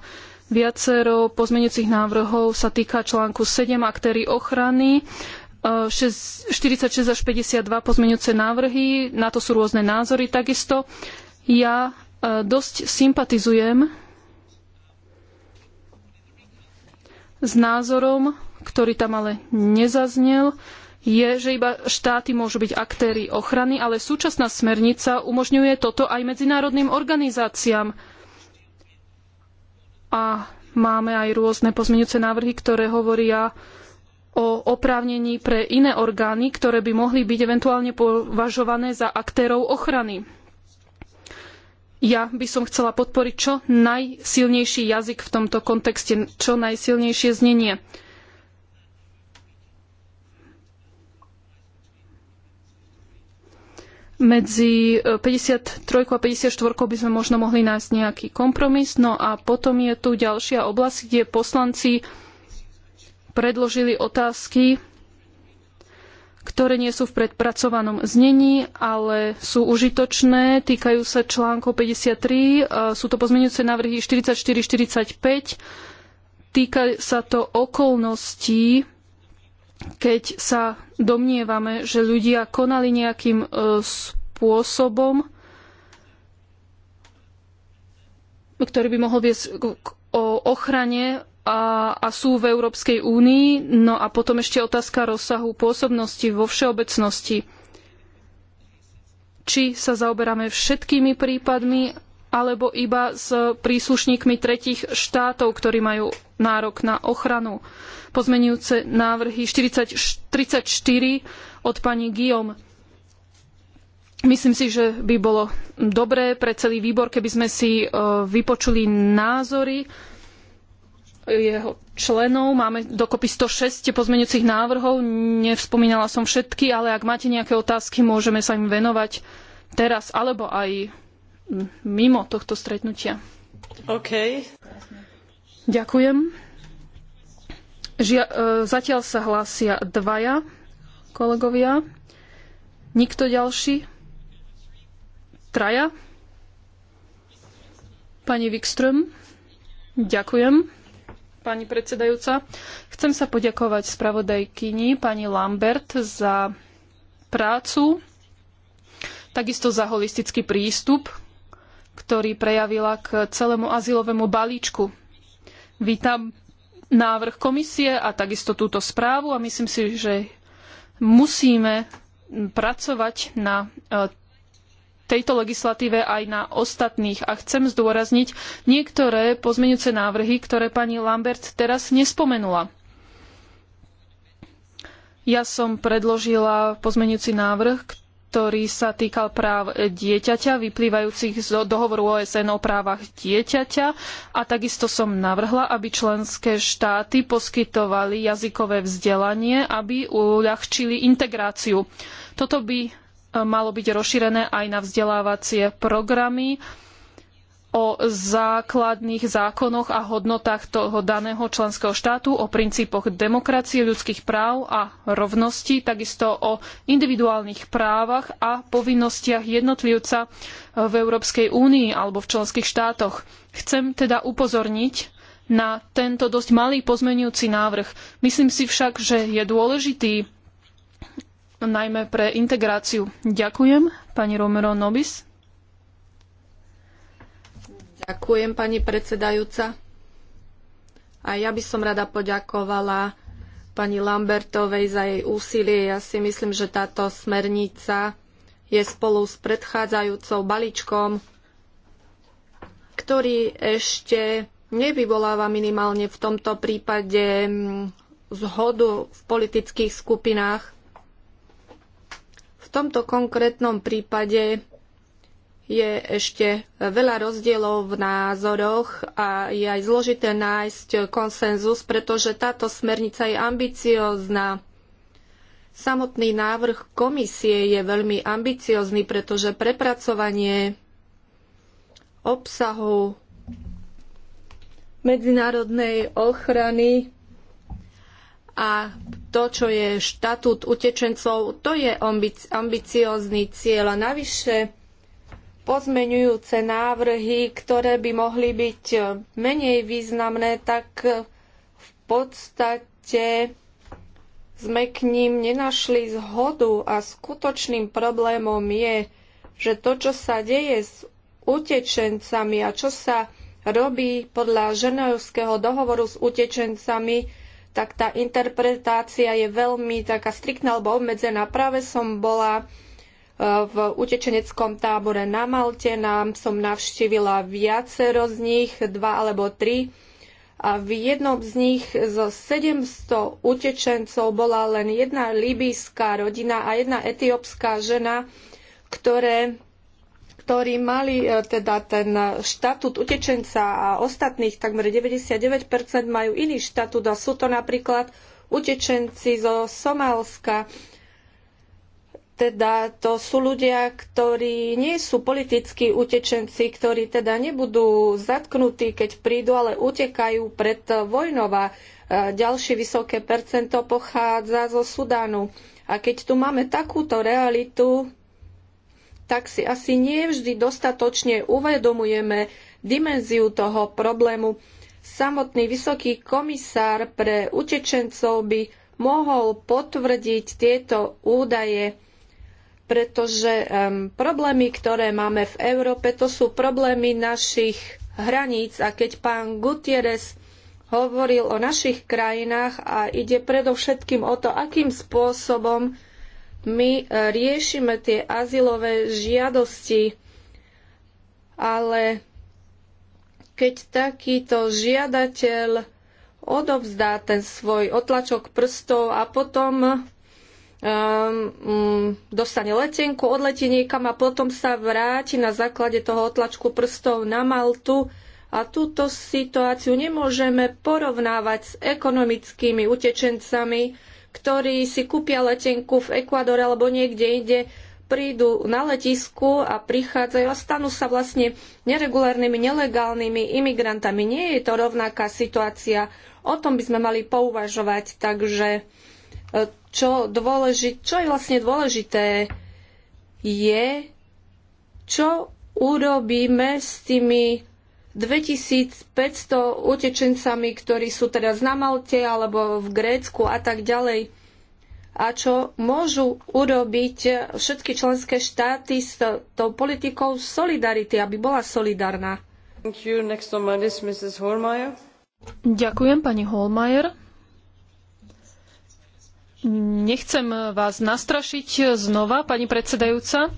viacero pozmeňujúcich návrhov sa týka článku 7 aktéry ochrany, 46 e, až 52 pozmeňujúce návrhy, na to sú rôzne názory takisto. Ja e, dosť sympatizujem s názorom, ktorý tam ale nezaznel, je, že iba štáty môžu byť aktéri ochrany, ale súčasná smernica umožňuje toto aj medzinárodným organizáciám. A máme aj rôzne pozmeňujúce návrhy, ktoré hovoria o oprávnení pre iné orgány, ktoré by mohli byť eventuálne považované za aktérov ochrany. Ja by som chcela podporiť čo najsilnejší jazyk v tomto kontexte, čo najsilnejšie znenie. medzi 53 e, a 54 by sme možno mohli nájsť nejaký kompromis. No a potom je tu ďalšia oblasť, kde poslanci predložili otázky, ktoré nie sú v predpracovanom znení, ale sú užitočné. Týkajú sa článkov 53, e, sú to pozmeňujúce návrhy 44-45. Týka sa to okolností, keď sa domnievame, že ľudia konali nejakým e, spôsobom, ktorý by mohol viesť k ochrane a, a sú v Európskej únii. No a potom ešte otázka rozsahu pôsobnosti vo všeobecnosti. Či sa zaoberáme všetkými prípadmi alebo iba s príslušníkmi tretích štátov, ktorí majú nárok na ochranu. Pozmenujúce návrhy 40, 34 od pani Guillaume. Myslím si, že by bolo dobré pre celý výbor, keby sme si e, vypočuli názory jeho členov. Máme dokopy 106 pozmeňujúcich návrhov. Nevspomínala som všetky, ale ak máte nejaké otázky, môžeme sa im venovať teraz alebo aj mimo tohto stretnutia. OK. Ďakujem. Žia- e, zatiaľ sa hlásia dvaja kolegovia. Nikto ďalší? Traja? Pani Wikström? Ďakujem, pani predsedajúca. Chcem sa poďakovať spravodajkyni pani Lambert za prácu, takisto za holistický prístup ktorý prejavila k celému azylovému balíčku. Vítam návrh komisie a takisto túto správu a myslím si, že musíme pracovať na e, tejto legislatíve aj na ostatných. A chcem zdôrazniť niektoré pozmeňujúce návrhy, ktoré pani Lambert teraz nespomenula. Ja som predložila pozmeňujúci návrh, ktorý sa týkal práv dieťaťa, vyplývajúcich z dohovoru OSN o právach dieťaťa a takisto som navrhla, aby členské štáty poskytovali jazykové vzdelanie, aby uľahčili integráciu. Toto by e, malo byť rozšírené aj na vzdelávacie programy, o základných zákonoch a hodnotách toho daného členského štátu, o princípoch demokracie, ľudských práv a rovnosti, takisto o individuálnych právach a povinnostiach jednotlivca v Európskej únii alebo v členských štátoch. Chcem teda upozorniť na tento dosť malý pozmenujúci návrh. Myslím si však, že je dôležitý najmä pre integráciu. Ďakujem, pani Romero Nobis. Ďakujem, pani predsedajúca. A ja by som rada poďakovala pani Lambertovej za jej úsilie. Ja si myslím, že táto smernica je spolu s predchádzajúcou balíčkom, ktorý ešte nevyvoláva minimálne v tomto prípade mm, zhodu v politických skupinách. V tomto konkrétnom prípade je ešte veľa rozdielov v názoroch a je aj zložité nájsť konsenzus, pretože táto smernica je ambiciózna. Samotný návrh komisie je veľmi ambiciózny, pretože prepracovanie obsahu medzinárodnej ochrany a to, čo je štatút utečencov, to je ambiciózny cieľ. A navyše pozmeňujúce návrhy, ktoré by mohli byť menej významné, tak v podstate sme k ním nenašli zhodu a skutočným problémom je, že to, čo sa deje s utečencami a čo sa robí podľa ženevského dohovoru s utečencami, tak tá interpretácia je veľmi taká striktná alebo obmedzená. Práve som bola v utečeneckom tábore na Malte. Nám som navštívila viacero z nich, dva alebo tri. A v jednom z nich zo 700 utečencov bola len jedna libijská rodina a jedna etiópska žena, ktoré, ktorí mali e, teda ten štatút utečenca a ostatných takmer 99% majú iný štatút a sú to napríklad utečenci zo Somálska, teda to sú ľudia, ktorí nie sú politickí utečenci, ktorí teda nebudú zatknutí, keď prídu, ale utekajú pred vojnou a e, ďalšie vysoké percento pochádza zo Sudánu. A keď tu máme takúto realitu, tak si asi nie vždy dostatočne uvedomujeme dimenziu toho problému. Samotný vysoký komisár pre utečencov by mohol potvrdiť tieto údaje pretože um, problémy, ktoré máme v Európe, to sú problémy našich hraníc. A keď pán Gutierrez hovoril o našich krajinách a ide predovšetkým o to, akým spôsobom my eh, riešime tie azylové žiadosti, ale keď takýto žiadateľ odovzdá ten svoj otlačok prstov a potom um, dostane letenku, odletí niekam a potom sa vráti na základe toho otlačku prstov na Maltu. A túto situáciu nemôžeme porovnávať s ekonomickými utečencami, ktorí si kúpia letenku v Ekvadore alebo niekde inde, prídu na letisku a prichádzajú a stanú sa vlastne neregulárnymi, nelegálnymi imigrantami. Nie je to rovnaká situácia. O tom by sme mali pouvažovať, takže čo, dôleži- čo je vlastne dôležité, je, čo urobíme s tými 2500 utečencami, ktorí sú teraz na Malte alebo v Grécku a tak ďalej. A čo môžu urobiť všetky členské štáty s tou politikou solidarity, aby bola solidárna. Ďakujem, pani Holmajer. Nechcem vás nastrašiť znova, pani predsedajúca,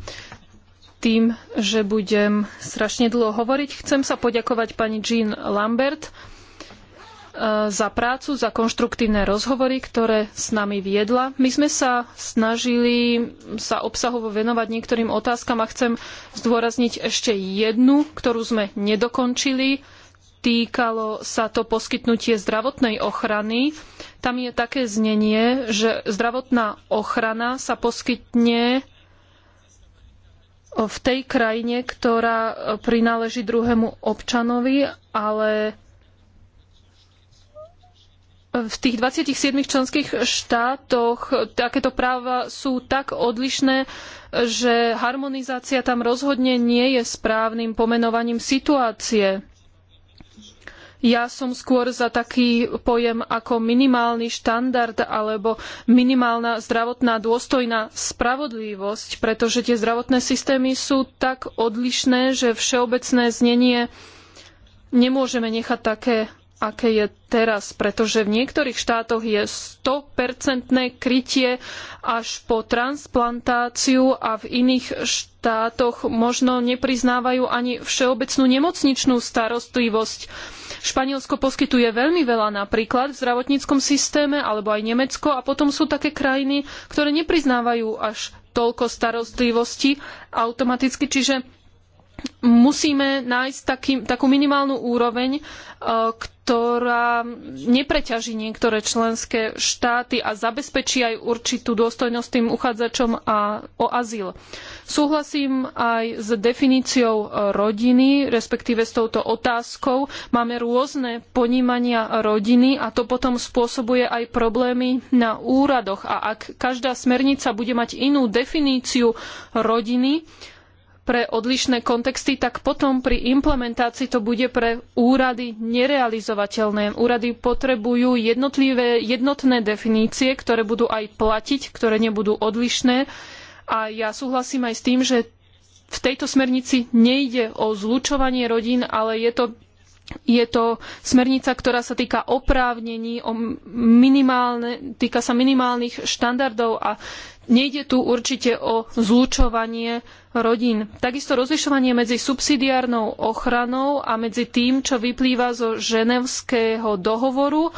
tým, že budem strašne dlho hovoriť. Chcem sa poďakovať pani Jean Lambert eh, za prácu, za konštruktívne rozhovory, ktoré s nami viedla. My sme sa snažili sa obsahovo venovať niektorým otázkam a chcem zdôrazniť ešte jednu, ktorú sme nedokončili týkalo sa to poskytnutie zdravotnej ochrany. Tam je také znenie, že zdravotná ochrana sa poskytne v tej krajine, ktorá prináleží druhému občanovi, ale v tých 27 členských štátoch takéto práva sú tak odlišné, že harmonizácia tam rozhodne nie je správnym pomenovaním situácie. Ja som skôr za taký pojem ako minimálny štandard alebo minimálna zdravotná dôstojná spravodlivosť, pretože tie zdravotné systémy sú tak odlišné, že všeobecné znenie nemôžeme nechať také, aké je teraz, pretože v niektorých štátoch je 100% krytie až po transplantáciu a v iných štátoch možno nepriznávajú ani všeobecnú nemocničnú starostlivosť. Španielsko poskytuje veľmi veľa napríklad v zdravotníckom systéme alebo aj Nemecko a potom sú také krajiny, ktoré nepriznávajú až toľko starostlivosti automaticky, čiže musíme nájsť taký, takú minimálnu úroveň, e, ktorá nepreťaží niektoré členské štáty a zabezpečí aj určitú dôstojnosť tým uchádzačom a, o azyl. Súhlasím aj s definíciou e, rodiny, respektíve s touto otázkou. Máme rôzne ponímania rodiny a to potom spôsobuje aj problémy na úradoch. A ak každá smernica bude mať inú definíciu rodiny, pre odlišné kontexty, tak potom pri implementácii to bude pre úrady nerealizovateľné. Úrady potrebujú jednotlivé, jednotné definície, ktoré budú aj platiť, ktoré nebudú odlišné. A ja súhlasím aj s tým, že v tejto smernici nejde o zlučovanie rodín, ale je to, je to smernica, ktorá sa týka oprávnení, týka sa minimálnych štandardov a Nejde tu určite o zlučovanie rodín. Takisto rozlišovanie medzi subsidiárnou ochranou a medzi tým, čo vyplýva zo ženevského dohovoru.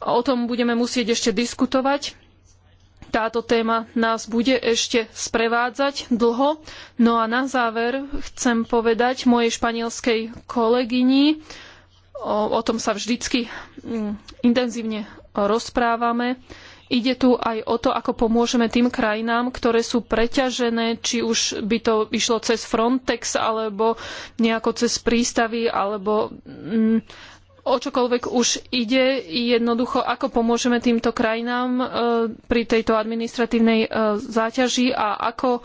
O tom budeme musieť ešte diskutovať. Táto téma nás bude ešte sprevádzať dlho. No a na záver chcem povedať mojej španielskej kolegyni, o, o tom sa vždycky mm, intenzívne rozprávame, Ide tu aj o to, ako pomôžeme tým krajinám, ktoré sú preťažené, či už by to išlo cez Frontex, alebo nejako cez prístavy, alebo mm, o čokoľvek už ide. Jednoducho, ako pomôžeme týmto krajinám e, pri tejto administratívnej e, záťaži a ako e,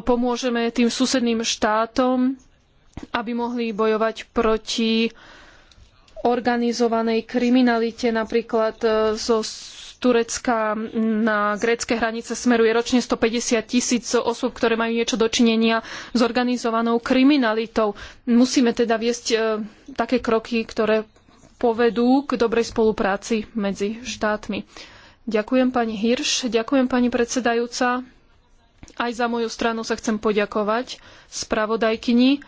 pomôžeme tým susedným štátom, aby mohli bojovať proti organizovanej kriminalite, napríklad e, so Turecka na grécké hranice smeruje ročne 150 tisíc osôb, ktoré majú niečo dočinenia s organizovanou kriminalitou. Musíme teda viesť e, také kroky, ktoré povedú k dobrej spolupráci medzi štátmi. Ďakujem pani Hirš, ďakujem pani predsedajúca. Aj za moju stranu sa chcem poďakovať spravodajkyni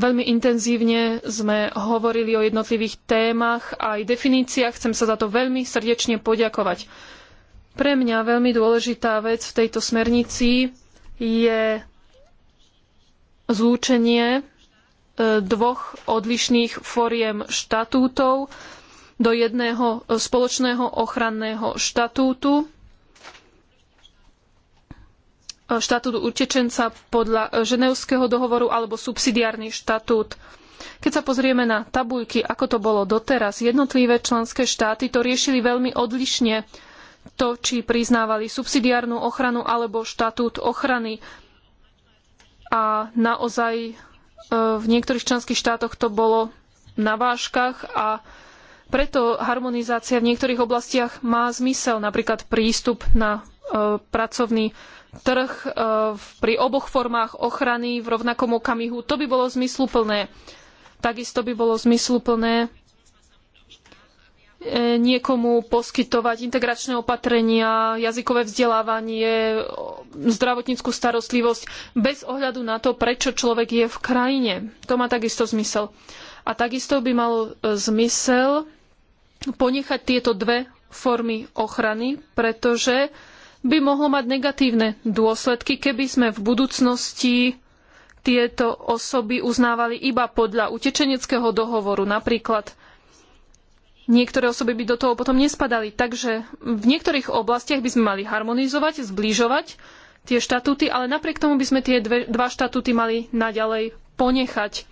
Veľmi intenzívne sme hovorili o jednotlivých témach a aj definíciách. Chcem sa za to veľmi srdečne poďakovať. Pre mňa veľmi dôležitá vec v tejto smernici je zlúčenie e, dvoch odlišných foriem štatútov do jedného spoločného ochranného štatútu štatút utečenca podľa e, Ženevského dohovoru alebo subsidiárny štatút. Keď sa pozrieme na tabuľky, ako to bolo doteraz, jednotlivé členské štáty to riešili veľmi odlišne. To, či priznávali subsidiárnu ochranu alebo štatút ochrany. A naozaj e, v niektorých členských štátoch to bolo na váškach a preto harmonizácia v niektorých oblastiach má zmysel, napríklad prístup na e, pracovný trh trh e, pri oboch formách ochrany v rovnakom okamihu. To by bolo zmysluplné. Takisto by bolo zmysluplné e, niekomu poskytovať integračné opatrenia, jazykové vzdelávanie, zdravotníckú starostlivosť bez ohľadu na to, prečo človek je v krajine. To má takisto zmysel. A takisto by malo e, zmysel ponechať tieto dve formy ochrany, pretože by mohlo mať negatívne dôsledky, keby sme v budúcnosti tieto osoby uznávali iba podľa utečeneckého dohovoru. Napríklad niektoré osoby by do toho potom nespadali. Takže v niektorých oblastiach by sme mali harmonizovať, zbližovať tie štatúty, ale napriek tomu by sme tie dve, dva štatúty mali naďalej ponechať.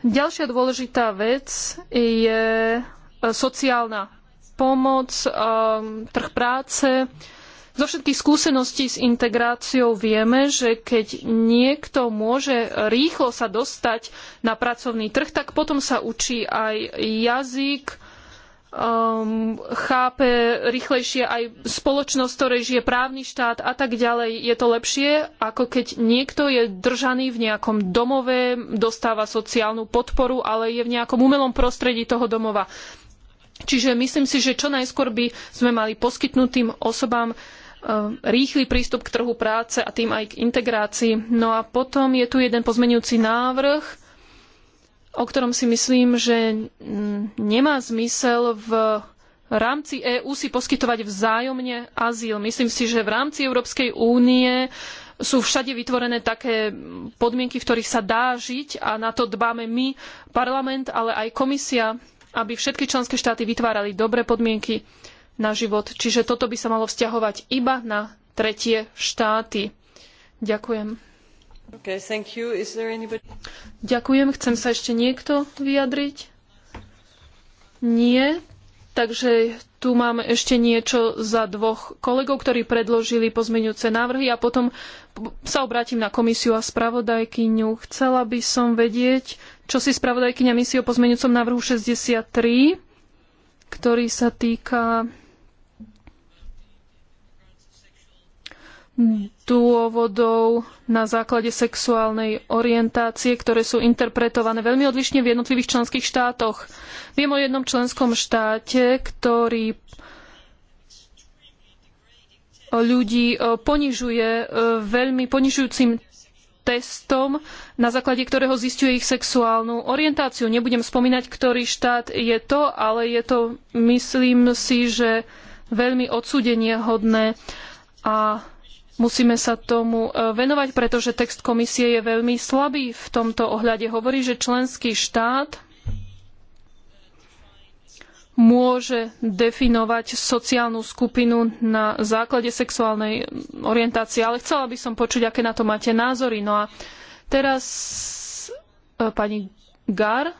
Ďalšia dôležitá vec je e, sociálna pomoc, e, trh práce, zo všetkých skúseností s integráciou vieme, že keď niekto môže rýchlo sa dostať na pracovný trh, tak potom sa učí aj jazyk, um, chápe rýchlejšie aj spoločnosť, ktorej žije právny štát a tak ďalej. Je to lepšie, ako keď niekto je držaný v nejakom domove, dostáva sociálnu podporu, ale je v nejakom umelom prostredí toho domova. Čiže myslím si, že čo najskôr by sme mali poskytnúť tým osobám E, rýchly prístup k trhu práce a tým aj k integrácii. No a potom je tu jeden pozmenujúci návrh, o ktorom si myslím, že nemá zmysel v rámci EÚ si poskytovať vzájomne azyl. Myslím si, že v rámci Európskej únie sú všade vytvorené také podmienky, v ktorých sa dá žiť a na to dbáme my, parlament, ale aj komisia, aby všetky členské štáty vytvárali dobré podmienky na život. Čiže toto by sa malo vzťahovať iba na tretie štáty. Ďakujem. Okay, anybody... Ďakujem. Chcem sa ešte niekto vyjadriť? Nie. Takže tu mám ešte niečo za dvoch kolegov, ktorí predložili pozmeňujúce návrhy a potom sa obrátim na komisiu a spravodajkyňu. Chcela by som vedieť, čo si spravodajkyňa myslí o pozmeňujúcom návrhu 63, ktorý sa týka dôvodov na základe sexuálnej orientácie, ktoré sú interpretované veľmi odlišne v jednotlivých členských štátoch. Viem o jednom členskom štáte, ktorý ľudí e, ponižuje e, veľmi ponižujúcim testom, na základe ktorého zisťuje ich sexuálnu orientáciu. Nebudem spomínať, ktorý štát je to, ale je to, myslím si, že veľmi odsúdenie hodné a Musíme sa tomu e, venovať, pretože text komisie je veľmi slabý v tomto ohľade. Hovorí, že členský štát môže definovať sociálnu skupinu na základe sexuálnej orientácie. Ale chcela by som počuť, aké na to máte názory. No a teraz e, pani Gar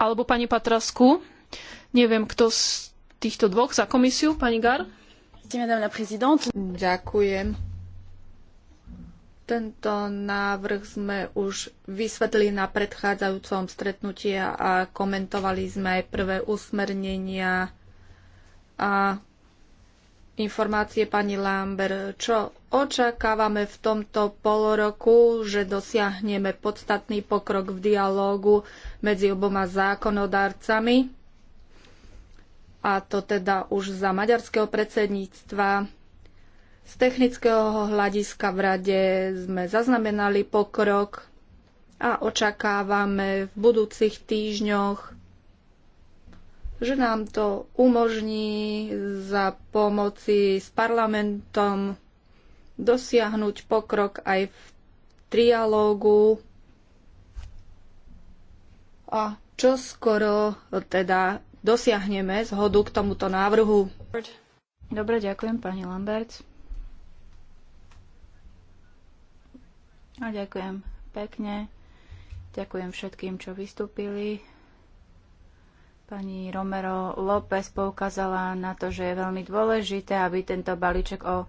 alebo pani Patrasku, neviem kto z týchto dvoch za komisiu, pani Gar. Ďakujem. Tento návrh sme už vysvetlili na predchádzajúcom stretnutí a komentovali sme aj prvé usmernenia a informácie pani Lambert. Čo očakávame v tomto poloroku, že dosiahneme podstatný pokrok v dialógu medzi oboma zákonodárcami? a to teda už za maďarského predsedníctva. Z technického hľadiska v rade sme zaznamenali pokrok a očakávame v budúcich týždňoch, že nám to umožní za pomoci s parlamentom dosiahnuť pokrok aj v trialógu a čo skoro teda dosiahneme zhodu k tomuto návrhu. Dobre, ďakujem pani Lambert. A ďakujem pekne. Ďakujem všetkým, čo vystúpili. Pani Romero López poukázala na to, že je veľmi dôležité, aby tento balíček o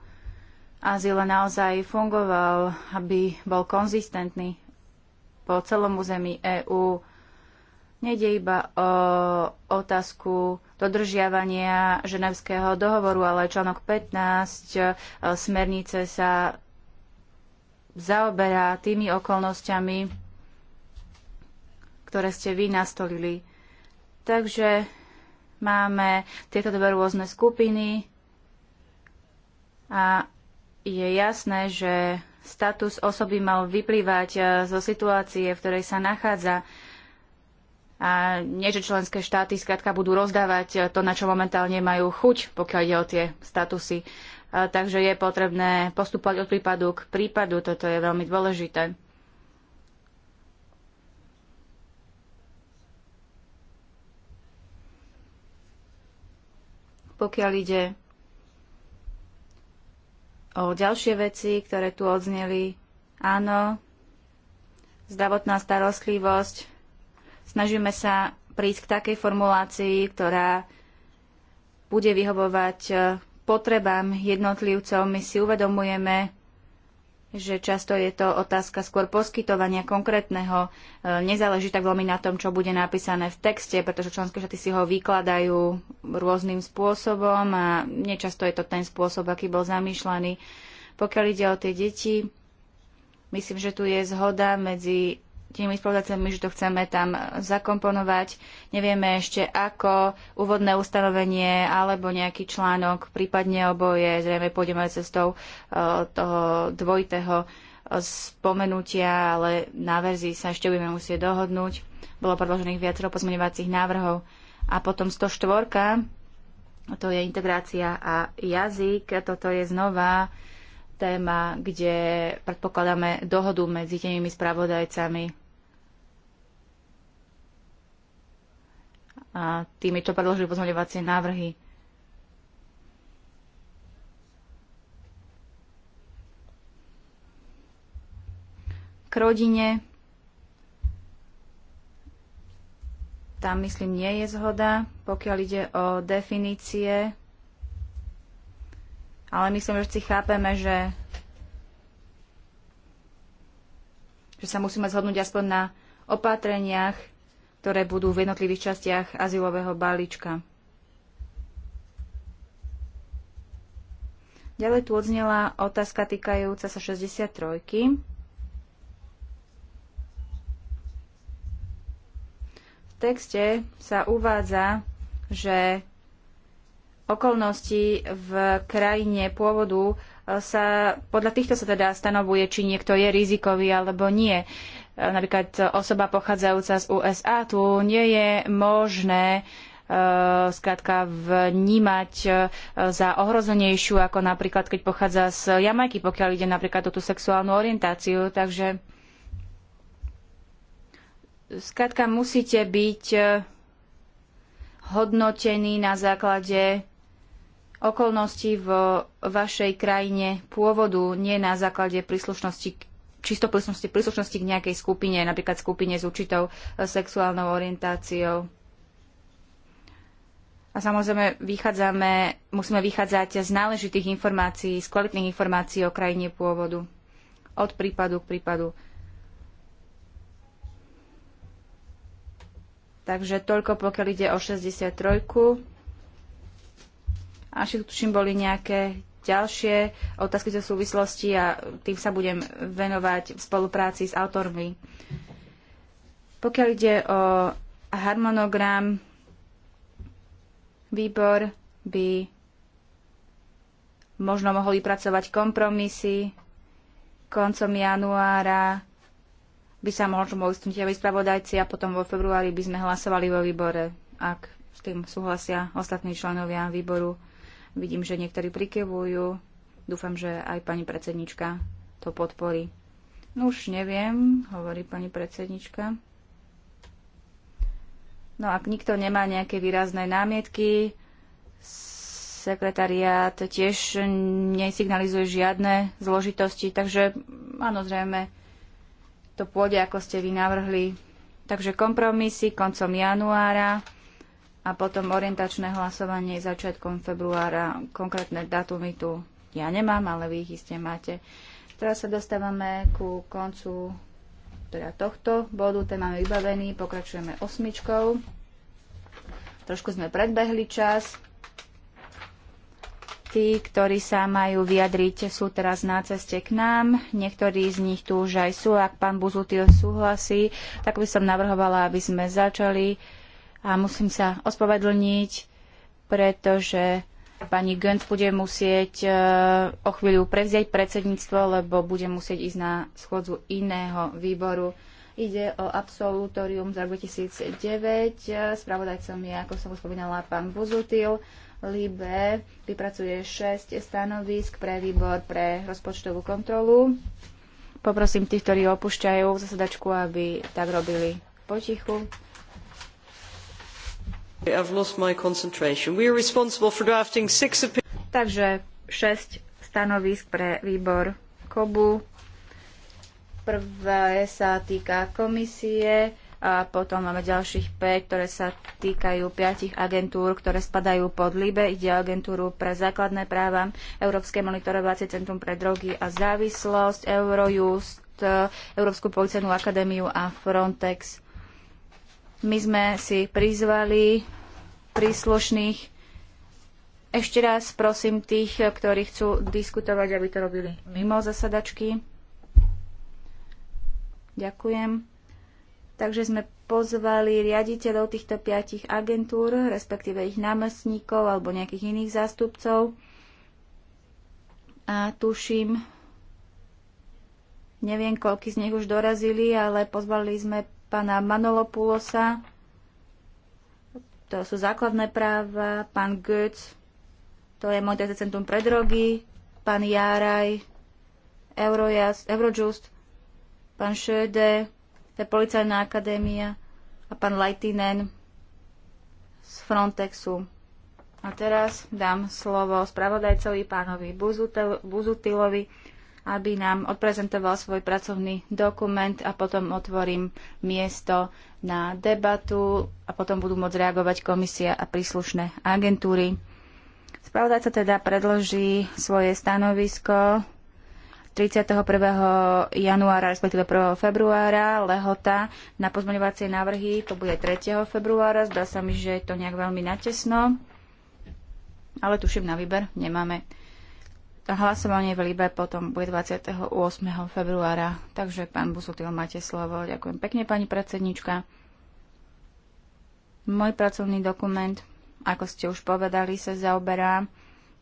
azyle naozaj fungoval, aby bol konzistentný po celom území EÚ Nejde iba o otázku dodržiavania ženevského dohovoru, ale článok 15 e, smernice sa zaoberá tými okolnostiami, ktoré ste vy nastolili. Takže máme tieto dve rôzne skupiny a je jasné, že status osoby mal vyplývať e, zo situácie, v ktorej sa nachádza a nie, že členské štáty skrátka budú rozdávať to, na čo momentálne majú chuť, pokiaľ ide o tie statusy. Takže je potrebné postupovať od prípadu k prípadu, toto je veľmi dôležité. Pokiaľ ide o ďalšie veci, ktoré tu odzneli, áno, zdravotná starostlivosť, Snažíme sa prísť k takej formulácii, ktorá bude vyhovovať e, potrebám jednotlivcov. My si uvedomujeme, že často je to otázka skôr poskytovania konkrétneho. E, nezáleží tak veľmi na tom, čo bude napísané v texte, pretože členské štáty si ho vykladajú rôznym spôsobom a nečasto je to ten spôsob, aký bol zamýšľaný. Pokiaľ ide o tie deti, myslím, že tu je zhoda medzi tými spoludacemi, že to chceme tam zakomponovať. Nevieme ešte ako, úvodné ustanovenie alebo nejaký článok, prípadne oboje, zrejme pôjdeme cestou e, toho dvojitého spomenutia, ale na verzii sa ešte budeme musieť dohodnúť. Bolo predložených viacero pozmeňovacích návrhov. A potom 104, to je integrácia a jazyk, toto je znova téma, kde predpokladáme dohodu medzi tými spravodajcami a týmito predložili pozmeňovacie návrhy. K rodine tam myslím nie je zhoda, pokiaľ ide o definície, ale myslím, že si chápeme, že, že sa musíme zhodnúť aspoň na opatreniach, ktoré budú v jednotlivých častiach azylového balíčka. Ďalej tu odznela otázka týkajúca sa 63. V texte sa uvádza, že okolnosti v krajine pôvodu e, sa, podľa týchto sa teda stanovuje, či niekto je rizikový alebo nie napríklad osoba pochádzajúca z USA, tu nie je možné e, skrátka vnímať e, za ohrozenejšiu, ako napríklad keď pochádza z Jamajky, pokiaľ ide napríklad o tú sexuálnu orientáciu. Takže skrátka musíte byť e, hodnotení na základe okolností vo vašej krajine pôvodu, nie na základe príslušnosti k čisto príslušnosti k nejakej skupine, napríklad skupine s určitou e, sexuálnou orientáciou. A samozrejme, vychádzame, musíme vychádzať z náležitých informácií, z kvalitných informácií o krajine pôvodu. Od prípadu k prípadu. Takže toľko, pokiaľ ide o 63. A ešte tu tuším boli nejaké ďalšie otázky zo súvislosti a tým sa budem venovať v spolupráci s autormi. Pokiaľ ide o harmonogram, výbor by možno mohol vypracovať kompromisy koncom januára by sa možno mohli stnúť aj spravodajci a potom vo februári by sme hlasovali vo výbore, ak s tým súhlasia ostatní členovia výboru. Vidím, že niektorí prikevujú. Dúfam, že aj pani predsednička to podporí. No už neviem, hovorí pani predsednička. No ak nikto nemá nejaké výrazné námietky, sekretariát tiež nesignalizuje žiadne zložitosti, takže áno, zrejme to pôjde, ako ste vy navrhli. Takže kompromisy koncom januára a potom orientačné hlasovanie začiatkom februára. Konkrétne datumy tu ja nemám, ale vy ich iste máte. Teraz sa dostávame ku koncu teda tohto bodu, ten máme vybavený, pokračujeme osmičkou. Trošku sme predbehli čas. Tí, ktorí sa majú vyjadriť, sú teraz na ceste k nám. Niektorí z nich tu už aj sú. Ak pán Buzutil súhlasí, tak by som navrhovala, aby sme začali a musím sa ospovedlniť, pretože pani Gönc bude musieť e, o chvíľu prevziať predsedníctvo, lebo bude musieť ísť na schodzu iného výboru. Ide o absolutorium za 2009. Spravodajcom je, ako som už spomínala, pán Buzutil. Libe vypracuje 6 stanovisk pre výbor pre rozpočtovú kontrolu. Poprosím tých, ktorí opúšťajú zasadačku, aby tak robili potichu. Takže 6 stanovisk pre výbor KOBU. Prvé sa týka komisie, a potom máme ďalších 5, ktoré sa týkajú 5 agentúr, ktoré spadajú pod LIBE. Ide o agentúru pre základné práva, Európske monitorovacie centrum pre drogy a závislosť, Eurojust, Európsku policajnú akadémiu a Frontex. My sme si prizvali príslušných. Ešte raz prosím tých, ktorí chcú diskutovať, aby to robili mimo zasadačky. Ďakujem. Takže sme pozvali riaditeľov týchto piatich agentúr, respektíve ich námestníkov alebo nejakých iných zástupcov. A tuším, neviem, koľko z nich už dorazili, ale pozvali sme pána Manolopulosa, to sú základné práva, pán Goetz, to je Montaze Centrum pre drogy, pán Járaj, Eurojust, Eurojust, pán Schöde, to je Policajná akadémia a pán Leitinen z Frontexu. A teraz dám slovo spravodajcovi pánovi Buzutilovi, aby nám odprezentoval svoj pracovný dokument a potom otvorím miesto na debatu a potom budú môcť reagovať komisia a príslušné agentúry. Spravodajca teda predloží svoje stanovisko 31. januára, respektíve 1. februára, lehota na pozmeňovacie návrhy, to bude 3. februára, zdá sa mi, že je to nejak veľmi natesno, ale tuším na výber nemáme hlasovanie v Libe potom bude 28. februára. Takže, pán Busutil, máte slovo. Ďakujem pekne, pani predsednička. Môj pracovný dokument, ako ste už povedali, sa zaoberá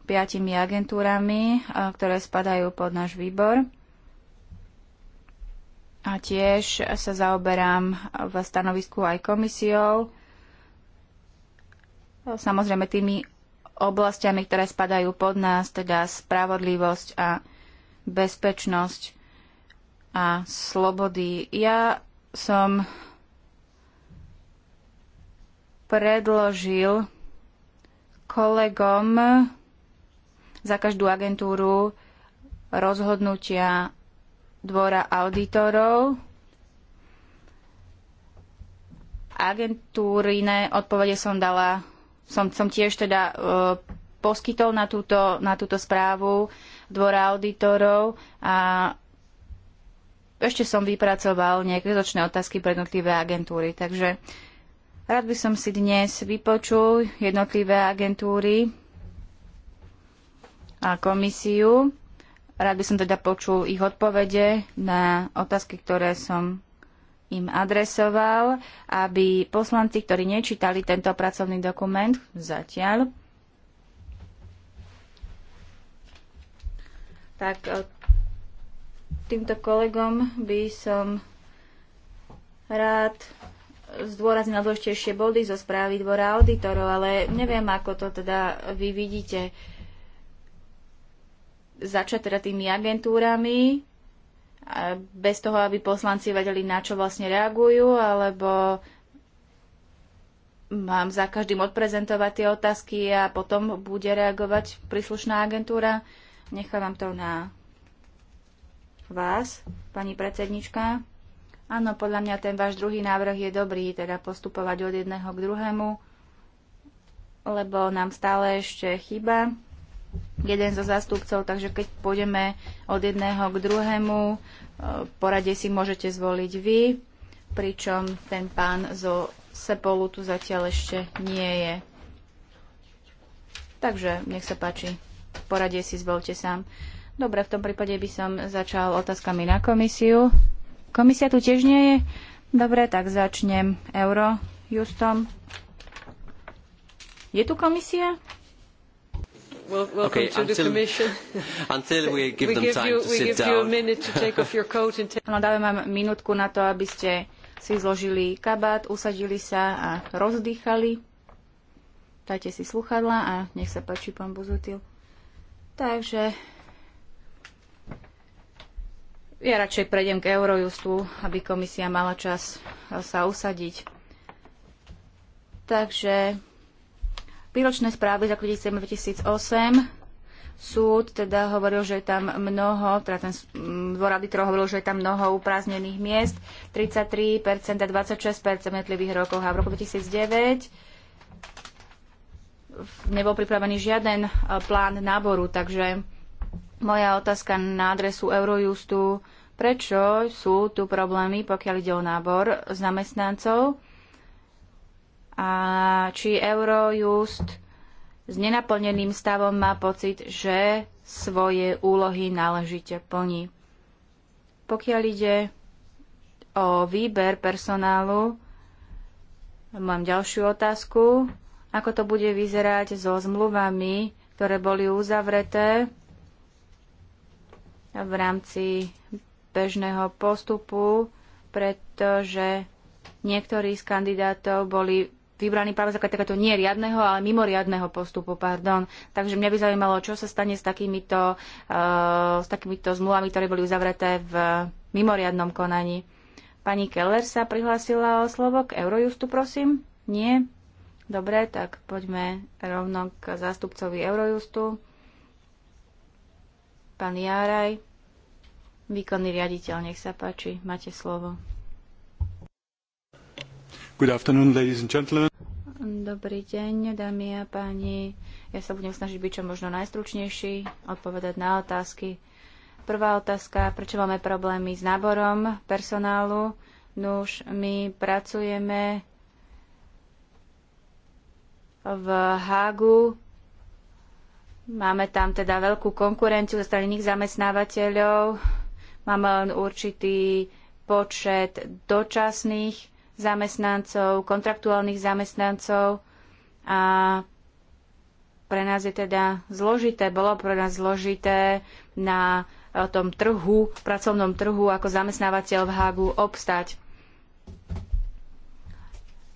piatimi agentúrami, e, ktoré spadajú pod náš výbor. A tiež sa zaoberám v stanovisku aj komisiou, samozrejme tými oblastiami, ktoré spadajú pod nás, teda spravodlivosť a bezpečnosť a slobody. Ja som predložil kolegom za každú agentúru rozhodnutia dvora auditorov. Agentúrine odpovede som dala som, som tiež teda e, poskytol na túto, na túto správu dvora auditorov a ešte som vypracoval nejaké zočné otázky pre jednotlivé agentúry. Takže rád by som si dnes vypočul jednotlivé agentúry a komisiu. Rád by som teda počul ich odpovede na otázky, ktoré som im adresoval, aby poslanci, ktorí nečítali tento pracovný dokument zatiaľ, tak e, týmto kolegom by som rád zdôraznil dôležitejšie body zo správy dvora auditorov, ale neviem, ako to teda vy vidíte. Začať teda tými agentúrami, bez toho, aby poslanci vedeli, na čo vlastne reagujú, alebo mám za každým odprezentovať tie otázky a potom bude reagovať príslušná agentúra. Nechávam to na vás, pani predsednička. Áno, podľa mňa ten váš druhý návrh je dobrý, teda postupovať od jedného k druhému, lebo nám stále ešte chýba jeden zo zástupcov, takže keď pôjdeme od jedného k druhému, e, poradie si môžete zvoliť vy, pričom ten pán zo Sepolu tu zatiaľ ešte nie je. Takže nech sa páči, poradie si zvolte sám. Dobre, v tom prípade by som začal otázkami na komisiu. Komisia tu tiež nie je? Dobre, tak začnem Eurojustom. Je tu komisia? Well, welcome okay, to until, the Commission. Until we give them time to sit down. We give you a minute to take off your coat and take... No, dáme vám minútku na to, aby ste si zložili kabát, usadili sa a rozdýchali. Dajte si sluchadla a nech sa páči, pán Buzutil. Takže ja radšej prejdem k Eurojustu, aby komisia mala čas sa usadiť. Takže výročné správy za 2008 súd teda hovoril, že je tam mnoho, teda ten dvor auditorov hovoril, že je tam mnoho uprázdnených miest, 33% a 26% v jednotlivých rokoch. A v roku 2009 nebol pripravený žiaden e, plán náboru, takže moja otázka na adresu Eurojustu, prečo sú tu problémy, pokiaľ ide o nábor zamestnancov? a či Eurojust s nenaplneným stavom má pocit, že svoje úlohy náležite plní. Pokiaľ ide o výber personálu, mám ďalšiu otázku. Ako to bude vyzerať so zmluvami, ktoré boli uzavreté v rámci bežného postupu, pretože niektorí z kandidátov boli vybraný práve za takéto nie riadného, ale mimoriadného postupu. Pardon. Takže mňa by zaujímalo, čo sa stane s takýmito, uh, s takýmito zmluvami, ktoré boli uzavreté v mimoriadnom konaní. Pani Keller sa prihlásila o slovo k Eurojustu, prosím. Nie? Dobre, tak poďme rovno k zástupcovi Eurojustu. Pán Jaraj, výkonný riaditeľ, nech sa páči, máte slovo. Good afternoon, ladies and gentlemen. Dobrý deň, dámy a páni. Ja sa budem snažiť byť čo možno najstručnejší, odpovedať na otázky. Prvá otázka, prečo máme problémy s náborom personálu? Nuž, my pracujeme v HAGU. Máme tam teda veľkú konkurenciu zo strany iných zamestnávateľov. Máme len určitý počet dočasných zamestnancov, kontraktuálnych zamestnancov a pre nás je teda zložité, bolo pre nás zložité na eh, tom trhu, pracovnom trhu ako zamestnávateľ v HAGU obstať.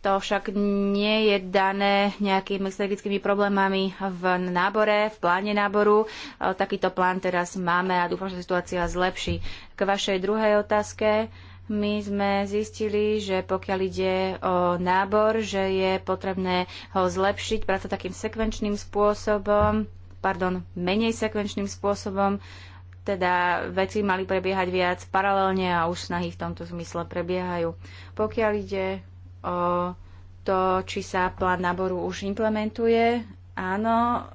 To však nie je dané nejakými strategickými problémami v nábore, v pláne náboru. Eh, takýto plán teraz máme a dúfam, že situácia zlepší. K vašej druhej otázke my sme zistili, že pokiaľ ide o nábor, že je potrebné ho zlepšiť, práca takým sekvenčným spôsobom, pardon, menej sekvenčným spôsobom, teda veci mali prebiehať viac paralelne a už snahy v tomto zmysle prebiehajú. Pokiaľ ide o to, či sa plán náboru už implementuje, áno,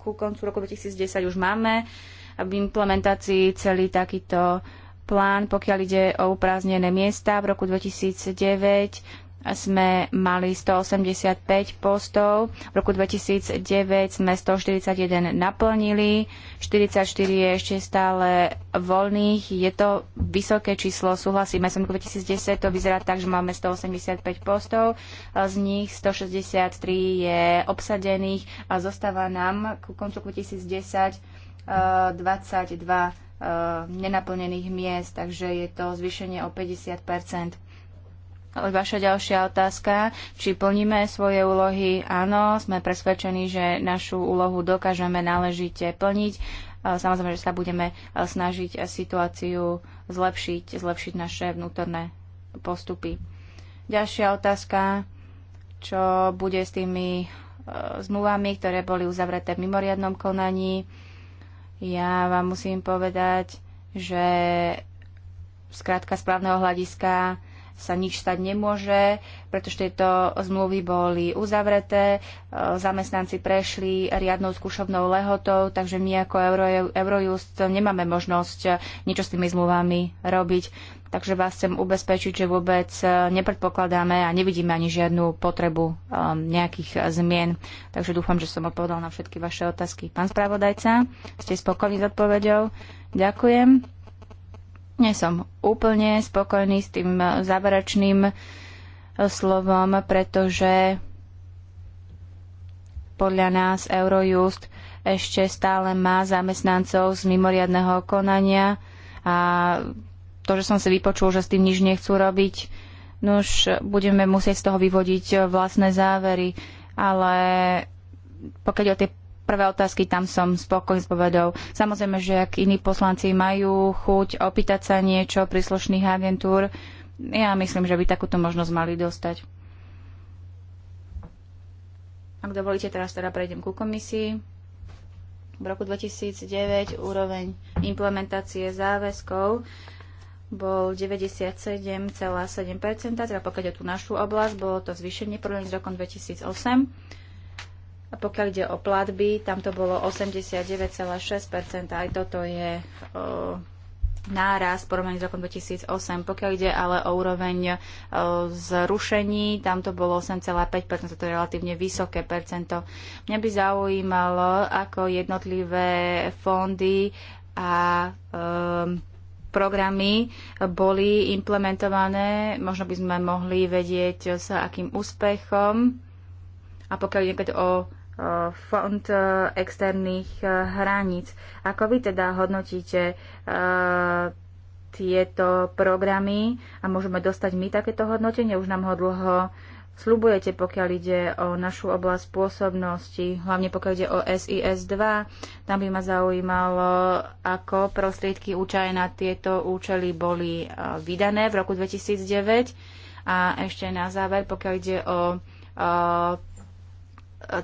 ku koncu roku 2010 už máme v implementácii celý takýto plán, pokiaľ ide o uprázdnené miesta. V roku 2009 sme mali 185 postov, v roku 2009 sme 141 naplnili, 44 je ešte stále voľných, je to vysoké číslo, súhlasíme som, v 2010 to vyzerá tak, že máme 185 postov, z nich 163 je obsadených a zostáva nám ku koncu 2010 22 Eh, nenaplnených miest, takže je to zvýšenie o 50 Vaša ďalšia otázka, či plníme svoje úlohy? Áno, sme presvedčení, že našu úlohu dokážeme náležite plniť. Eh, samozrejme, že sa budeme eh, snažiť situáciu zlepšiť, zlepšiť naše vnútorné postupy. Ďalšia otázka, čo bude s tými zmluvami, ktoré boli uzavreté v mimoriadnom konaní? Ja vám musím povedať, že zkrátka správneho hľadiska sa nič stať nemôže, pretože tieto zmluvy boli uzavreté, e, zamestnanci prešli riadnou skúšobnou lehotou, takže my ako Eurojust nemáme možnosť niečo s tými zmluvami robiť. Takže vás chcem ubezpečiť, že vôbec e, nepredpokladáme a nevidíme ani žiadnu potrebu e, nejakých e, zmien. Takže dúfam, že som odpovedal na všetky vaše otázky. Pán spravodajca, ste spokojní s odpovedou? Ďakujem. Nie som úplne spokojný s tým záverečným slovom, pretože podľa nás Eurojust ešte stále má zamestnancov z mimoriadného konania a to, že som si vypočul, že s tým nič nechcú robiť, no už budeme musieť z toho vyvodiť eh, vlastné závery, ale pokiaľ o tie prvé otázky, tam som spokojný s povedou. Samozrejme, že ak iní poslanci majú chuť opýtať sa niečo príslušných agentúr, ja myslím, že by takúto možnosť mali dostať. Ak dovolíte, teraz teda prejdem ku komisii. V roku 2009 úroveň implementácie záväzkov bol 97,7%, teda pokiaľ je tu našu oblasť, bolo to zvýšenie porovnaní s rokom 2008. A pokiaľ ide o platby, tam to bolo 89,6%, aj toto je o, náraz porovnaní s rokom 2008. Pokiaľ ide ale o úroveň o, zrušení, tam to bolo 8,5%, to je relatívne vysoké percento. Mňa by zaujímalo, ako jednotlivé fondy a programy boli implementované. Možno by sme mohli vedieť, s akým úspechom. A pokiaľ ide o e, fond e, externých e, hraníc, ako vy teda hodnotíte tieto programy a môžeme dostať my takéto hodnotenie? Už nám ho dlho slubujete, pokiaľ ide o našu oblasť pôsobnosti, hlavne pokiaľ ide o SIS-2. Tam by ma zaujímalo, ako prostriedky účaje na tieto účely boli e, vydané v roku 2009. A ešte na záver, pokiaľ ide o e,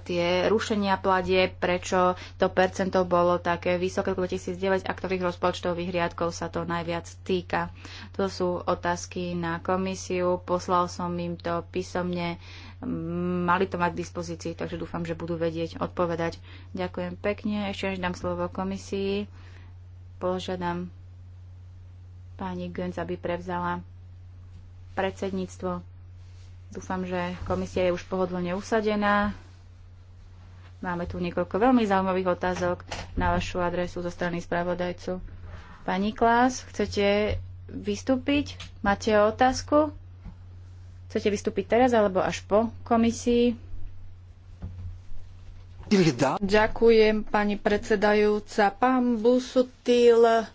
tie rušenia pladie, prečo to percento bolo také vysoké v 2009 a ktorých rozpočtových riadkov sa to najviac týka. To sú otázky na komisiu, poslal som im to písomne, mali to mať k dispozícii, takže dúfam, že budú vedieť odpovedať. Ďakujem pekne, ešte než dám slovo komisii, požiadam pani Gönc, aby prevzala predsedníctvo. Dúfam, že komisia je už pohodlne usadená. Máme tu niekoľko veľmi zaujímavých otázok na vašu adresu zo strany spravodajcu. Pani Klás, chcete vystúpiť? Máte otázku? Chcete vystúpiť teraz alebo až po komisii? Ďakujem, pani predsedajúca. Pán Busutil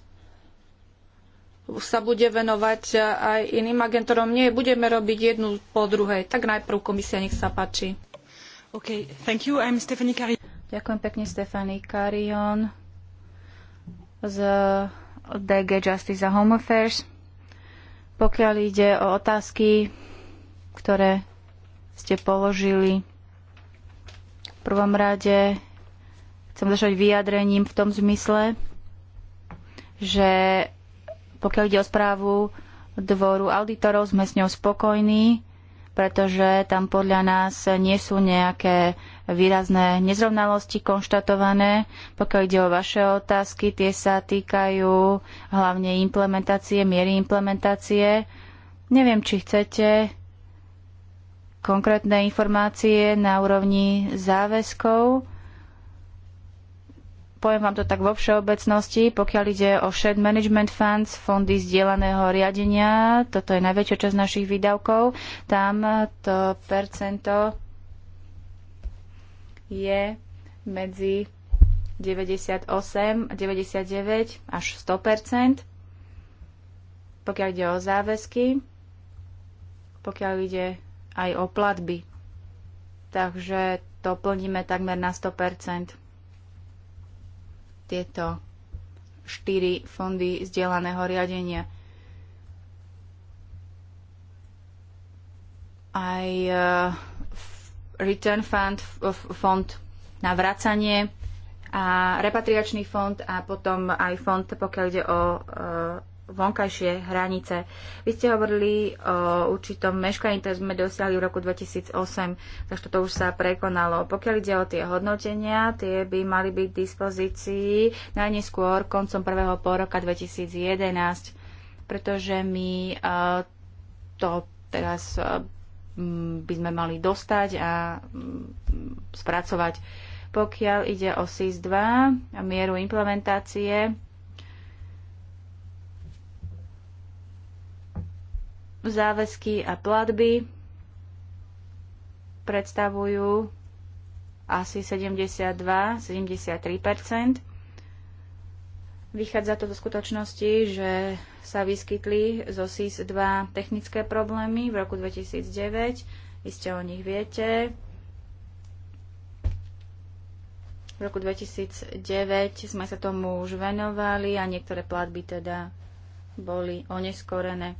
sa bude venovať aj iným agentorom. Nie, budeme robiť jednu po druhej. Tak najprv komisia, nech sa páči. Ďakujem pekne, Stephanie Carion z DG Justice a Home Affairs. Pokiaľ ide o otázky, ktoré ste položili, v prvom rade chcem začať vyjadrením v tom zmysle, že pokiaľ ide o správu dvoru auditorov, sme s ňou spokojní pretože tam podľa nás nie sú nejaké výrazné nezrovnalosti konštatované. Pokiaľ ide o vaše otázky, tie sa týkajú hlavne implementácie, miery implementácie. Neviem, či chcete konkrétne informácie na úrovni záväzkov poviem vám to tak vo všeobecnosti, pokiaľ ide o shared management funds, fondy zdieľaného riadenia, toto je najväčšia časť našich výdavkov, tam to percento je medzi 98, 99 až 100 pokiaľ ide o záväzky, pokiaľ ide aj o platby. Takže to plníme takmer na 100 tieto štyri fondy zdieľaného riadenia. Aj e, Return Fund, fond na vracanie a repatriačný fond a potom aj fond, pokiaľ ide o e, vonkajšie hranice. Vy ste hovorili o určitom meškaní, ktoré sme dosiahli v roku 2008, takže toto už sa prekonalo. Pokiaľ ide o tie hodnotenia, tie by mali byť v dispozícii najneskôr koncom prvého pôroka 2011, pretože my e, to teraz e, by sme mali dostať a spracovať. Pokiaľ ide o SIS-2 a mieru implementácie, záväzky a platby predstavujú asi 72-73 Vychádza to do skutočnosti, že sa vyskytli zo SIS-2 technické problémy v roku 2009. Iste o nich viete. V roku 2009 sme sa tomu už venovali a niektoré platby teda boli oneskorené.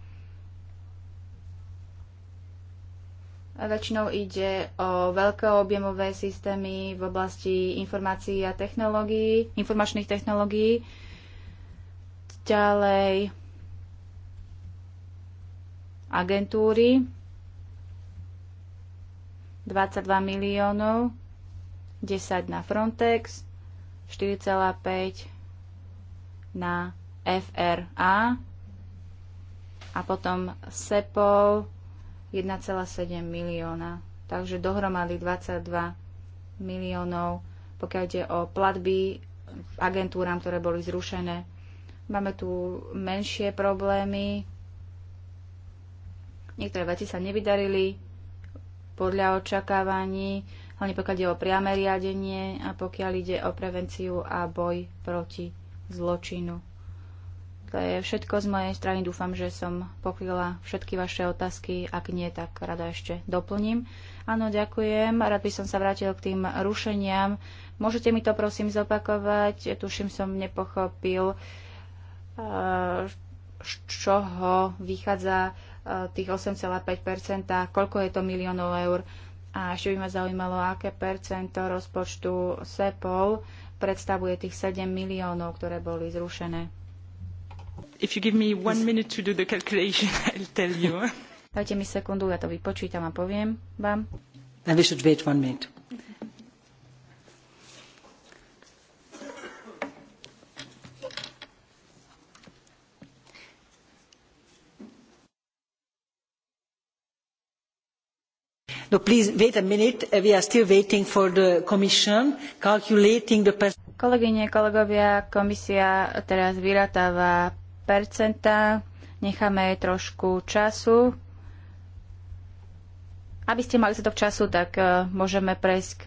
Väčšinou ide o veľkoobjemové systémy v oblasti informácií a technológií, informačných technológií. Ďalej agentúry 22 miliónov, 10 na Frontex, 4,5 na FRA a potom SEPO. 1,7 milióna. Takže dohromady 22 miliónov, pokiaľ ide o platby agentúram, ktoré boli zrušené. Máme tu menšie problémy. Niektoré veci sa nevydarili podľa očakávaní, hlavne pokiaľ ide o priame riadenie a pokiaľ ide o prevenciu a boj proti zločinu. To je všetko z mojej strany. Dúfam, že som pokryla všetky vaše otázky. Ak nie, tak rada ešte doplním. Áno, ďakujem. Rád by som sa vrátil k tým rušeniam. Môžete mi to prosím zopakovať? Tuším, som nepochopil, eh, z čoho vychádza eh, tých 8,5%, koľko je to miliónov eur. A ešte by ma zaujímalo, aké percento rozpočtu SEPOL predstavuje tých 7 miliónov, ktoré boli zrušené. If you give Dajte mi sekundu, ja to vypočítam a poviem vám. Then we should wait one minute. No, please wait a minute. We are still waiting for the Commission calculating the. Kolegyne, kolegovia, komisia teraz vyratáva Necháme aj trošku času. Aby ste mali dostatok času, tak uh, môžeme prejsť k...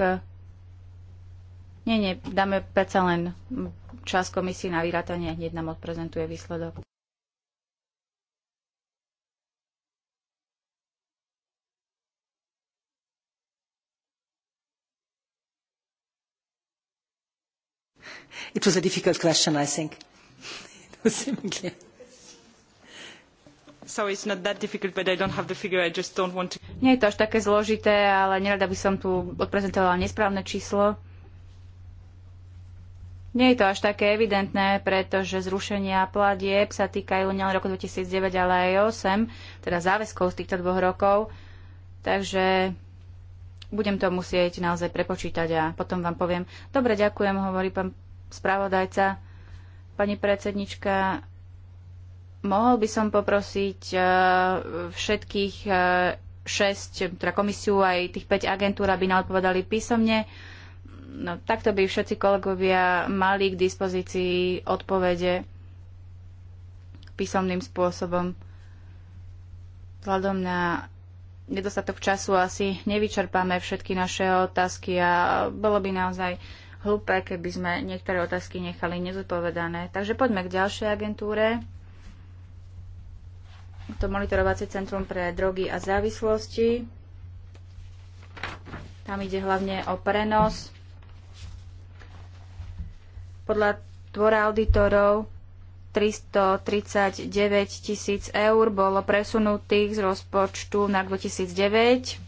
Nie, nie, dáme predsa len čas komisii na vyrátanie hneď nám odprezentuje výsledok. It was a difficult question, I think. Nie je to až také zložité, ale nerada by som tu odprezentovala nesprávne číslo. Nie je to až také evidentné, pretože zrušenia platieb sa týkajú nielen roku 2009, ale aj 8, teda záväzkov z týchto dvoch rokov. Takže budem to musieť naozaj prepočítať a potom vám poviem. Dobre, ďakujem, hovorí pán spravodajca. Pani predsednička, mohol by som poprosiť e, všetkých e, šesť, teda komisiu aj tých 5 agentúr, aby nám odpovedali písomne. No, takto by všetci kolegovia mali k dispozícii odpovede písomným spôsobom. Vzhľadom na nedostatok času asi nevyčerpáme všetky naše otázky a bolo by naozaj hlúpe, keby sme niektoré otázky nechali nezodpovedané. Takže poďme k ďalšej agentúre. To monitorovacie centrum pre drogy a závislosti. Tam ide hlavne o prenos. Podľa dvora auditorov 339 tisíc eur bolo presunutých z rozpočtu na 2009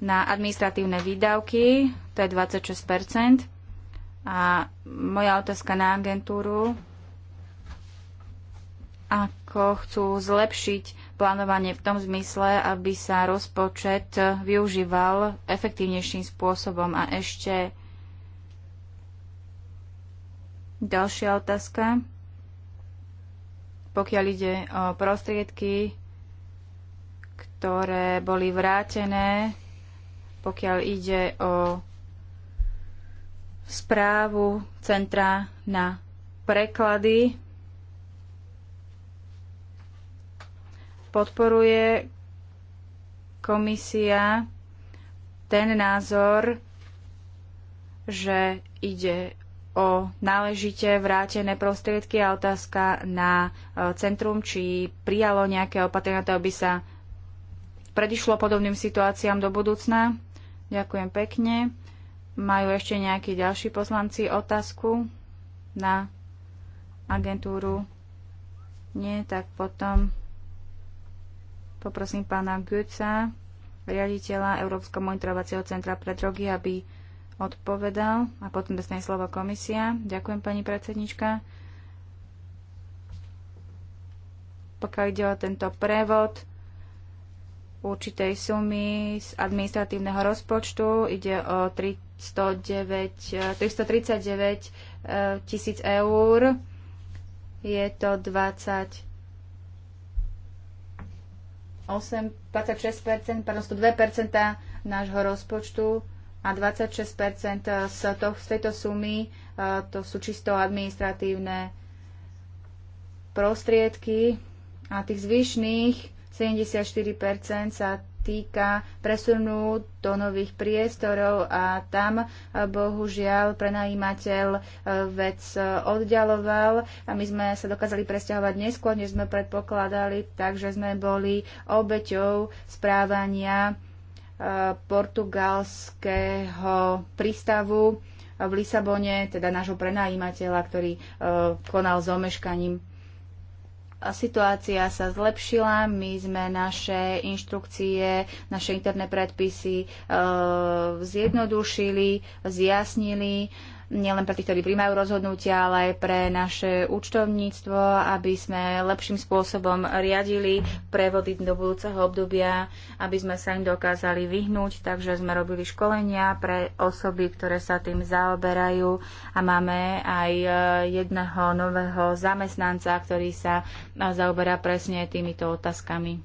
na administratívne výdavky to je 26 A moja otázka na agentúru, ako chcú zlepšiť plánovanie v tom zmysle, aby sa rozpočet využíval efektívnejším spôsobom. A ešte ďalšia otázka. Pokiaľ ide o prostriedky, ktoré boli vrátené, pokiaľ ide o správu Centra na preklady podporuje komisia ten názor, že ide o náležite vrátené prostriedky a otázka na e, centrum, či prijalo nejaké opatrenia, to aby sa predišlo podobným situáciám do budúcna. Ďakujem pekne. Majú ešte nejakí ďalší poslanci otázku na agentúru? Nie, tak potom poprosím pána Gutsa, riaditeľa Európskeho monitorovacieho centra pre drogy, aby odpovedal a potom dostane slovo komisia. Ďakujem, pani predsednička. Pokiaľ ide o tento prevod, určitej sumy z administratívneho rozpočtu. Ide o 309, 339 e, e, tisíc eur. Je to 20 8, 26%, pardon, 102% nášho rozpočtu a 26% z, to, z tejto sumy e, to sú čisto administratívne prostriedky a tých zvyšných 74% sa týka presunú do nových priestorov a tam eh, bohužiaľ prenajímateľ eh, vec eh, oddialoval a my sme sa dokázali presťahovať neskôr, než sme predpokladali, takže sme boli obeťou správania portugalského prístavu v Lisabone, teda nášho prenajímateľa, ktorý konal s omeškaním situácia sa zlepšila, my sme naše inštrukcie, naše interné predpisy e, zjednodušili, zjasnili. E, nielen pre tých, ktorí príjmajú rozhodnutia, ale aj pre naše účtovníctvo, aby sme lepším spôsobom riadili prevody do budúceho obdobia, aby sme sa im dokázali vyhnúť. Takže sme robili školenia pre osoby, ktoré sa tým zaoberajú a máme aj e, jedného nového zamestnanca, ktorý sa e, zaoberá presne týmito otázkami.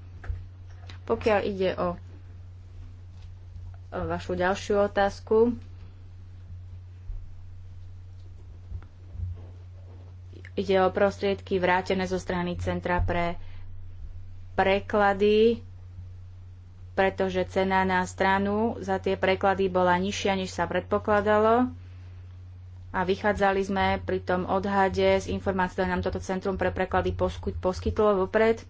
Pokiaľ ide o vašu ďalšiu otázku, Ide o prostriedky vrátené zo strany Centra pre preklady, pretože cena na stranu za tie preklady bola nižšia, než sa predpokladalo. A vychádzali sme pri tom odhade z informácií, ktoré nám toto Centrum pre preklady poskytlo vopred.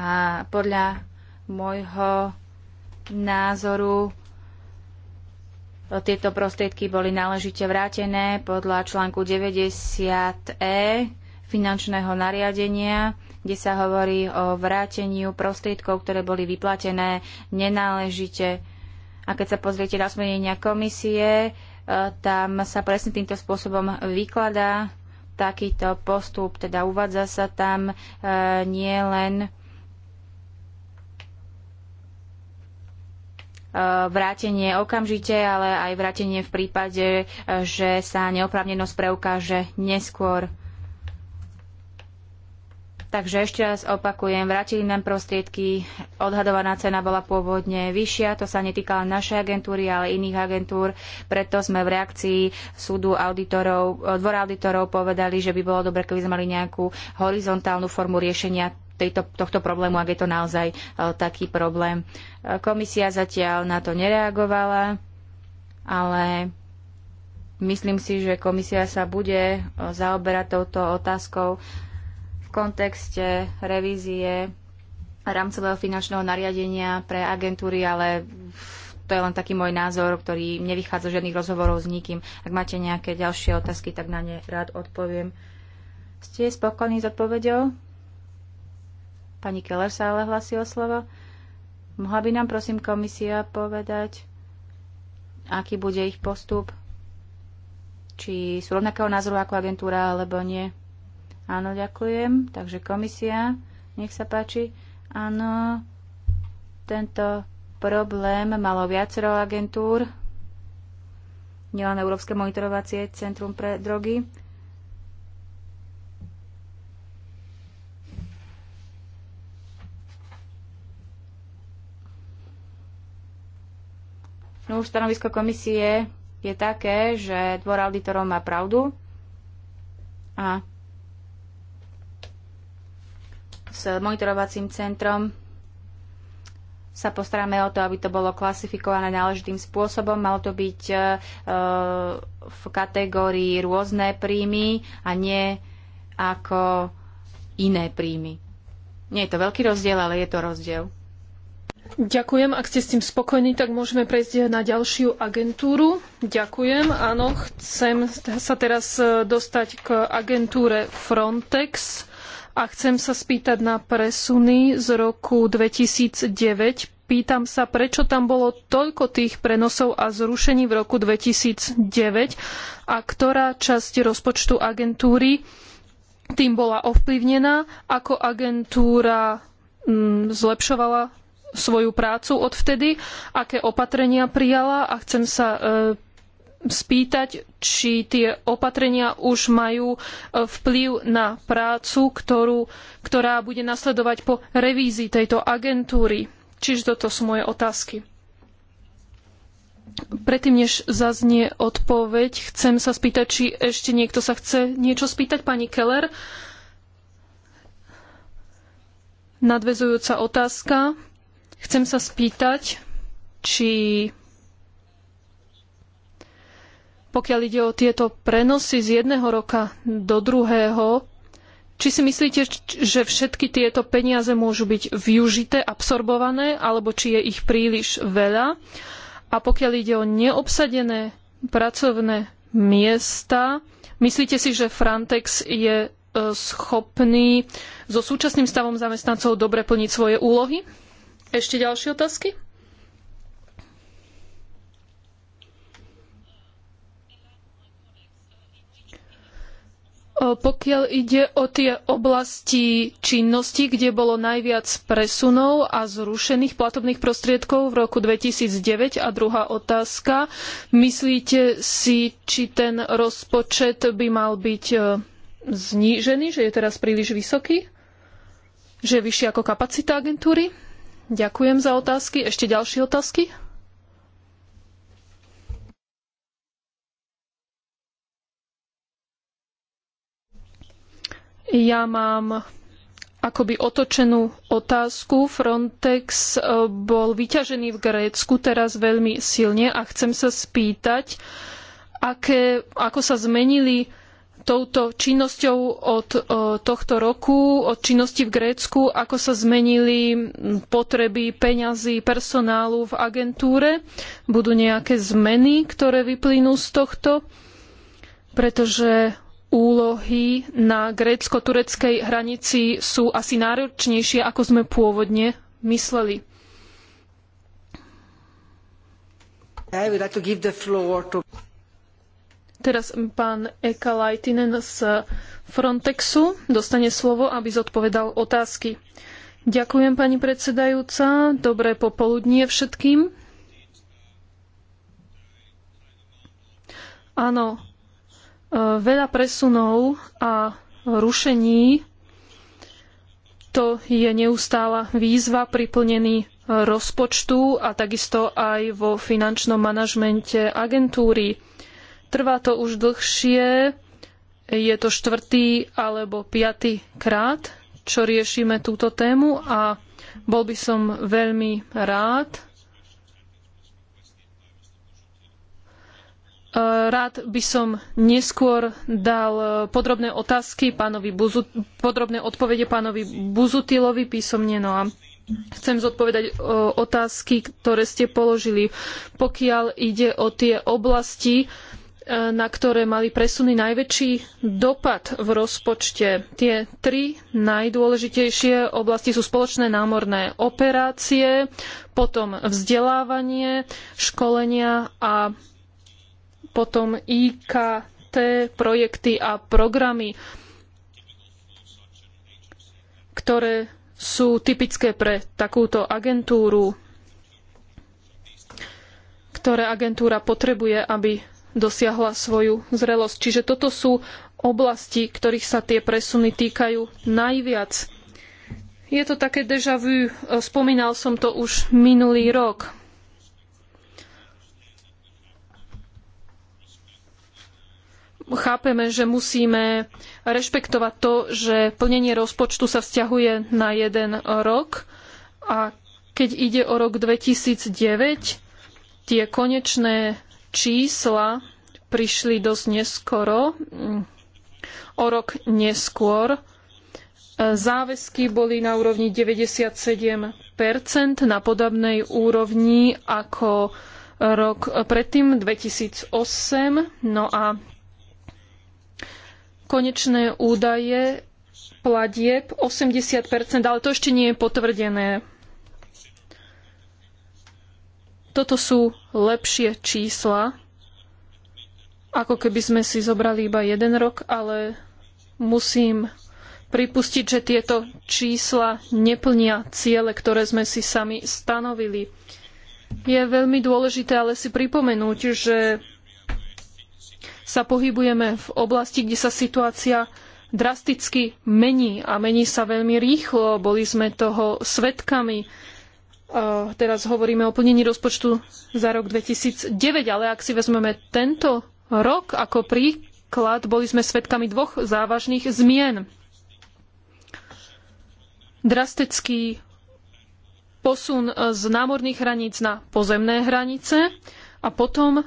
A podľa môjho názoru tieto prostriedky boli náležite vrátené podľa článku 90e finančného nariadenia, kde sa hovorí o vráteniu prostriedkov, ktoré boli vyplatené nenáležite. A keď sa pozriete na smerenia komisie, e, tam sa presne týmto spôsobom vykladá takýto postup, teda uvádza sa tam e, nie len vrátenie okamžite, ale aj vrátenie v prípade, že sa neoprávnenosť preukáže neskôr. Takže ešte raz opakujem, vrátili nám prostriedky, odhadovaná cena bola pôvodne vyššia, to sa netýka len našej agentúry, ale iných agentúr, preto sme v reakcii súdu auditorov, dvora auditorov povedali, že by bolo dobre, keby sme mali nejakú horizontálnu formu riešenia tejto, tohto problému, ak je to naozaj e, taký problém. E, komisia zatiaľ na to nereagovala, ale myslím si, že komisia sa bude e, zaoberať touto otázkou v kontexte revízie rámcového finančného nariadenia pre agentúry, ale to je len taký môj názor, ktorý nevychádza žiadnych rozhovorov s nikým. Ak máte nejaké ďalšie otázky, tak na ne rád odpoviem. Ste spokojní s odpovedou? Pani Keller sa ale hlasí o slovo. Mohla by nám prosím komisia povedať, aký bude ich postup? Či sú rovnakého názoru ako agentúra, alebo nie? Áno, ďakujem. Takže komisia, nech sa páči. Áno, tento problém malo viacero agentúr, nielen Európske monitorovacie centrum pre drogy. No už stanovisko komisie je také, že dvor auditorov má pravdu a s monitorovacím centrom sa postaráme o to, aby to bolo klasifikované náležitým spôsobom. Malo to byť e, v kategórii rôzne príjmy a nie ako iné príjmy. Nie je to veľký rozdiel, ale je to rozdiel. Ďakujem. Ak ste s tým spokojní, tak môžeme prejsť na ďalšiu agentúru. Ďakujem. Áno, chcem sa teraz e, dostať k agentúre Frontex a chcem sa spýtať na presuny z roku 2009. Pýtam sa, prečo tam bolo toľko tých prenosov a zrušení v roku 2009 a ktorá časť rozpočtu agentúry tým bola ovplyvnená, ako agentúra mm, zlepšovala svoju prácu odvtedy, aké opatrenia prijala a chcem sa e, spýtať, či tie opatrenia už majú e, vplyv na prácu, ktorú, ktorá bude nasledovať po revízii tejto agentúry. Čiže toto sú moje otázky. Predtým, než zaznie odpoveď, chcem sa spýtať, či ešte niekto sa chce niečo spýtať. Pani Keller, nadvezujúca otázka. Chcem sa spýtať, či pokiaľ ide o tieto prenosy z jedného roka do druhého, či si myslíte, že všetky tieto peniaze môžu byť využité, absorbované, alebo či je ich príliš veľa? A pokiaľ ide o neobsadené pracovné miesta, myslíte si, že Frontex je e, schopný so súčasným stavom zamestnancov dobre plniť svoje úlohy? Ešte ďalšie otázky? Pokiaľ ide o tie oblasti činnosti, kde bolo najviac presunov a zrušených platobných prostriedkov v roku 2009 a druhá otázka, myslíte si, či ten rozpočet by mal byť e, znížený, že je teraz príliš vysoký? Že je vyšší ako kapacita agentúry? Ďakujem za otázky. Ešte ďalšie otázky? Ja mám akoby otočenú otázku. Frontex e, bol vyťažený v Grécku teraz veľmi silne a chcem sa spýtať, aké, ako sa zmenili touto činnosťou od e, tohto roku, od činnosti v Grécku, ako sa zmenili potreby peňazí personálu v agentúre. Budú nejaké zmeny, ktoré vyplynú z tohto, pretože úlohy na grécko-tureckej hranici sú asi náročnejšie, ako sme pôvodne mysleli. I would like to give the floor to Teraz pán Eka Lajtinen z Frontexu dostane slovo, aby zodpovedal otázky. Ďakujem, pani predsedajúca. Dobré popoludnie všetkým. Áno, e, veľa presunov a rušení to je neustála výzva pri plnení rozpočtu a takisto aj vo finančnom manažmente agentúry Trvá to už dlhšie, je to štvrtý alebo piatý krát, čo riešime túto tému a bol by som veľmi rád. Rád by som neskôr dal podrobné otázky pánovi Buzu, podrobné odpovede pánovi Buzutilovi písomne. No a chcem zodpovedať e, otázky, ktoré ste položili. Pokiaľ ide o tie oblasti, na ktoré mali presuny najväčší dopad v rozpočte. Tie tri najdôležitejšie oblasti sú spoločné námorné operácie, potom vzdelávanie, školenia a potom IKT projekty a programy, ktoré sú typické pre takúto agentúru ktoré agentúra potrebuje, aby dosiahla svoju zrelosť. Čiže toto sú oblasti, ktorých sa tie presuny týkajú najviac. Je to také deja vu, spomínal som to už minulý rok. Chápeme, že musíme rešpektovať to, že plnenie rozpočtu sa vzťahuje na jeden rok a keď ide o rok 2009, tie konečné čísla prišli dosť neskoro, mm, o rok neskôr. Záväzky boli na úrovni 97 na podobnej úrovni ako rok predtým, 2008. No a konečné údaje platieb 80 ale to ešte nie je potvrdené. Toto sú lepšie čísla, ako keby sme si zobrali iba jeden rok, ale musím pripustiť, že tieto čísla neplnia ciele, ktoré sme si sami stanovili. Je veľmi dôležité ale si pripomenúť, že sa pohybujeme v oblasti, kde sa situácia drasticky mení a mení sa veľmi rýchlo. Boli sme toho svedkami teraz hovoríme o plnení rozpočtu za rok 2009, ale ak si vezmeme tento rok ako príklad, boli sme svedkami dvoch závažných zmien. Drastický posun z námorných hraníc na pozemné hranice a potom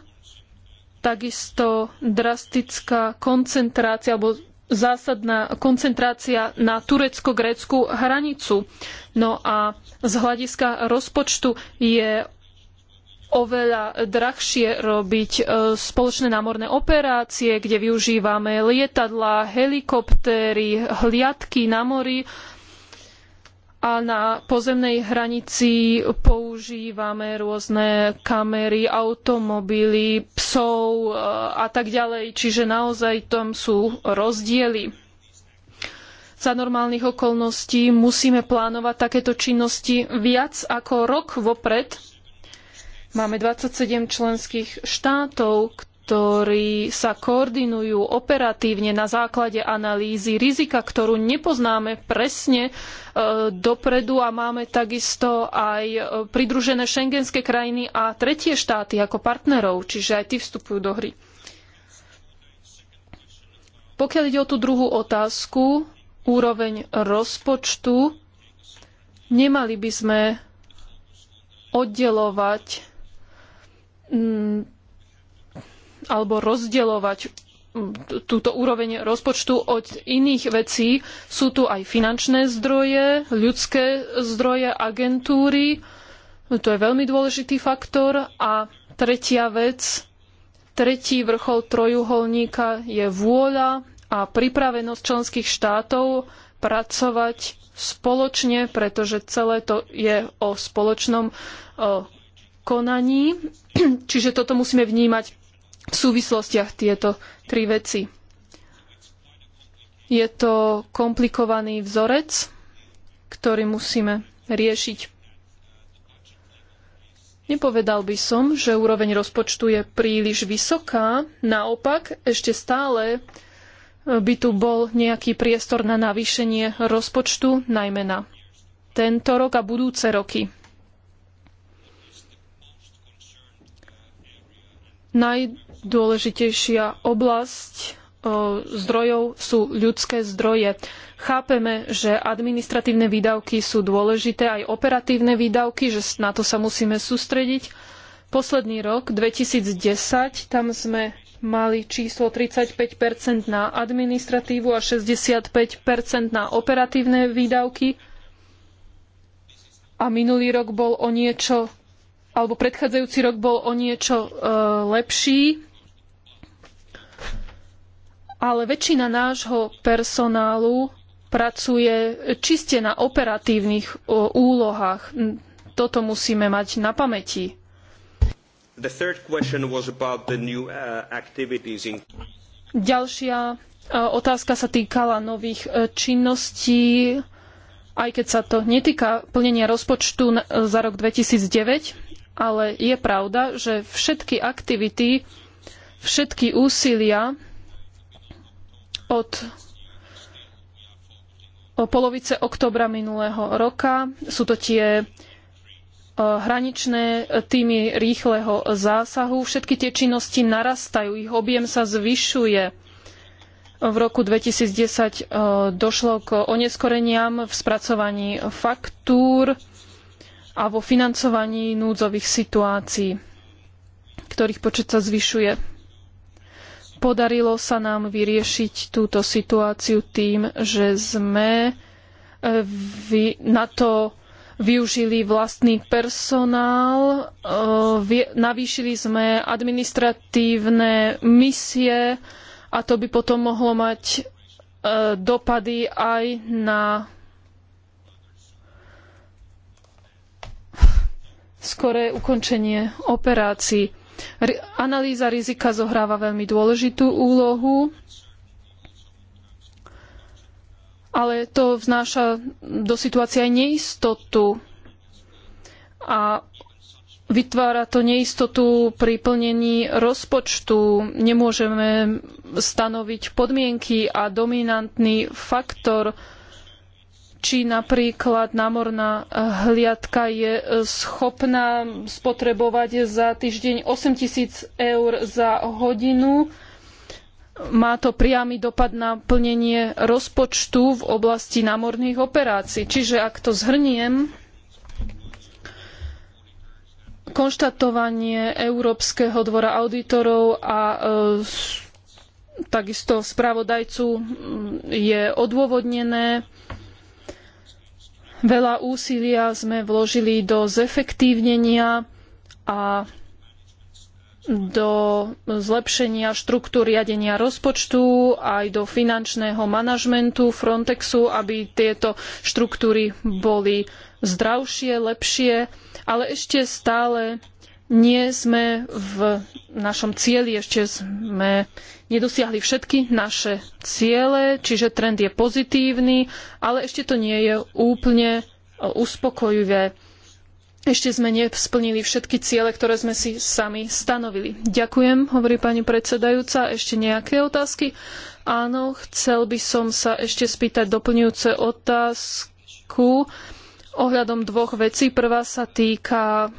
takisto drastická koncentrácia alebo zásadná koncentrácia na turecko-grécku hranicu. No a z hľadiska rozpočtu je oveľa drahšie robiť e, spoločné námorné operácie, kde využívame lietadlá, helikoptéry, hliadky na mori a na pozemnej hranici používame rôzne kamery, automobily, psov e, a tak ďalej. Čiže naozaj tam sú rozdiely. Za normálnych okolností musíme plánovať takéto činnosti viac ako rok vopred. Máme 27 členských štátov, ktorí sa koordinujú operatívne na základe analýzy rizika, ktorú nepoznáme presne e, dopredu a máme takisto aj e, pridružené šengenské krajiny a tretie štáty ako partnerov, čiže aj tí vstupujú do hry. Pokiaľ ide o tú druhú otázku, úroveň rozpočtu, nemali by sme oddelovať alebo rozdielovať túto úroveň rozpočtu od iných vecí. Sú tu aj finančné zdroje, ľudské zdroje, agentúry. To je veľmi dôležitý faktor. A tretia vec, tretí vrchol trojuholníka je vôľa a pripravenosť členských štátov pracovať spoločne, pretože celé to je o spoločnom o, konaní. Čiže toto musíme vnímať v súvislostiach tieto tri veci. Je to komplikovaný vzorec, ktorý musíme riešiť. Nepovedal by som, že úroveň rozpočtu je príliš vysoká, naopak ešte stále e, by tu bol nejaký priestor na navýšenie rozpočtu, najmä na tento rok a budúce roky. Naj, najdôležitejšia oblasť e, zdrojov sú ľudské zdroje. Chápeme, že administratívne výdavky sú dôležité, aj operatívne výdavky, že na to sa musíme sústrediť. Posledný rok, 2010, tam sme mali číslo 35 na administratívu a 65 na operatívne výdavky. A minulý rok bol o niečo, alebo predchádzajúci rok bol o niečo e, lepší, ale väčšina nášho personálu pracuje čiste na operatívnych úlohách. Toto musíme mať na pamäti. New, uh, in... Ďalšia uh, otázka sa týkala nových uh, činností, aj keď sa to netýka plnenia rozpočtu za rok 2009, ale je pravda, že všetky aktivity, všetky úsilia od polovice oktobra minulého roka. Sú to tie e, hraničné týmy rýchleho zásahu. Všetky tie činnosti narastajú, ich objem sa zvyšuje. V roku 2010 e, došlo k oneskoreniam v spracovaní faktúr a vo financovaní núdzových situácií, ktorých počet sa zvyšuje. Podarilo sa nám vyriešiť túto situáciu tým, že sme e, na to využili vlastný personál, e, navýšili sme administratívne misie a to by potom mohlo mať e, dopady aj na skoré ukončenie operácií. Analýza rizika zohráva veľmi dôležitú úlohu, ale to vnáša do situácie aj neistotu a vytvára to neistotu pri plnení rozpočtu. Nemôžeme stanoviť podmienky a dominantný faktor či napríklad námorná eh, hliadka je eh, schopná spotrebovať za týždeň 8 tisíc eur za hodinu. Má to priamy dopad na plnenie rozpočtu v oblasti námorných operácií. Čiže ak to zhrniem, konštatovanie Európskeho dvora auditorov a e, takisto spravodajcu mm, je odôvodnené Veľa úsilia sme vložili do zefektívnenia a do zlepšenia štruktúr riadenia rozpočtu, aj do finančného manažmentu Frontexu, aby tieto štruktúry boli zdravšie, lepšie, ale ešte stále nie sme v našom cieli, ešte sme nedosiahli všetky naše ciele, čiže trend je pozitívny, ale ešte to nie je úplne e, uspokojivé. Ešte sme nesplnili všetky ciele, ktoré sme si sami stanovili. Ďakujem, hovorí pani predsedajúca. Ešte nejaké otázky? Áno, chcel by som sa ešte spýtať doplňujúce otázku ohľadom dvoch vecí. Prvá sa týka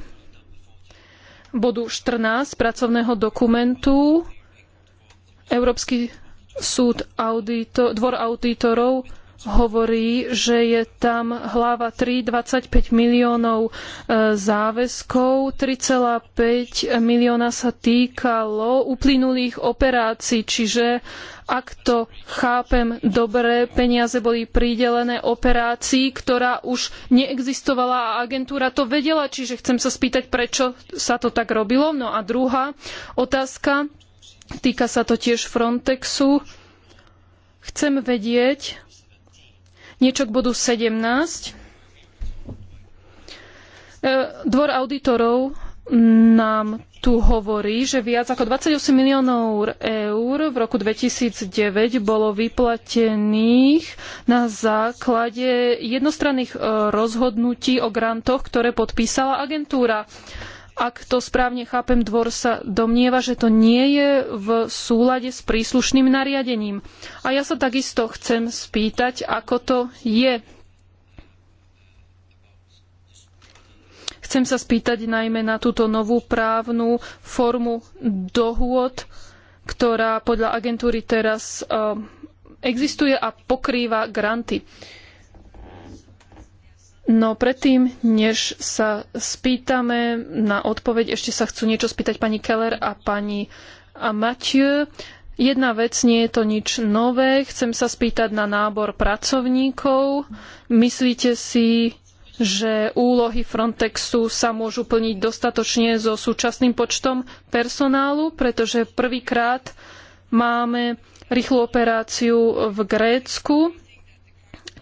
bodu 14 pracovného dokumentu Európsky súd audito, dvor auditorov hovorí, že je tam hlava 3 25 miliónov e, záväzkov, 3,5 milióna sa týkalo uplynulých operácií, čiže ak to chápem dobre, peniaze boli pridelené operácii, ktorá už neexistovala a agentúra to vedela, čiže chcem sa spýtať, prečo sa to tak robilo. No a druhá otázka, týka sa to tiež Frontexu. Chcem vedieť, Niečo k bodu 17. E, dvor auditorov nám tu hovorí, že viac ako 28 miliónov eur v roku 2009 bolo vyplatených na základe jednostranných e, rozhodnutí o grantoch, ktoré podpísala agentúra. Ak to správne chápem, dvor sa domnieva, že to nie je v súlade s príslušným nariadením. A ja sa takisto chcem spýtať, ako to je. Chcem sa spýtať najmä na túto novú právnu formu dohôd, ktorá podľa agentúry teraz eh, existuje a pokrýva granty. Uh, No predtým, než sa spýtame na odpoveď, ešte sa chcú niečo spýtať pani Keller a pani a Mathieu. Jedna vec, nie je to nič nové. Chcem sa spýtať na nábor pracovníkov. Myslíte si, že úlohy Frontexu sa môžu plniť dostatočne so súčasným počtom personálu, pretože prvýkrát máme rýchlu operáciu v Grécku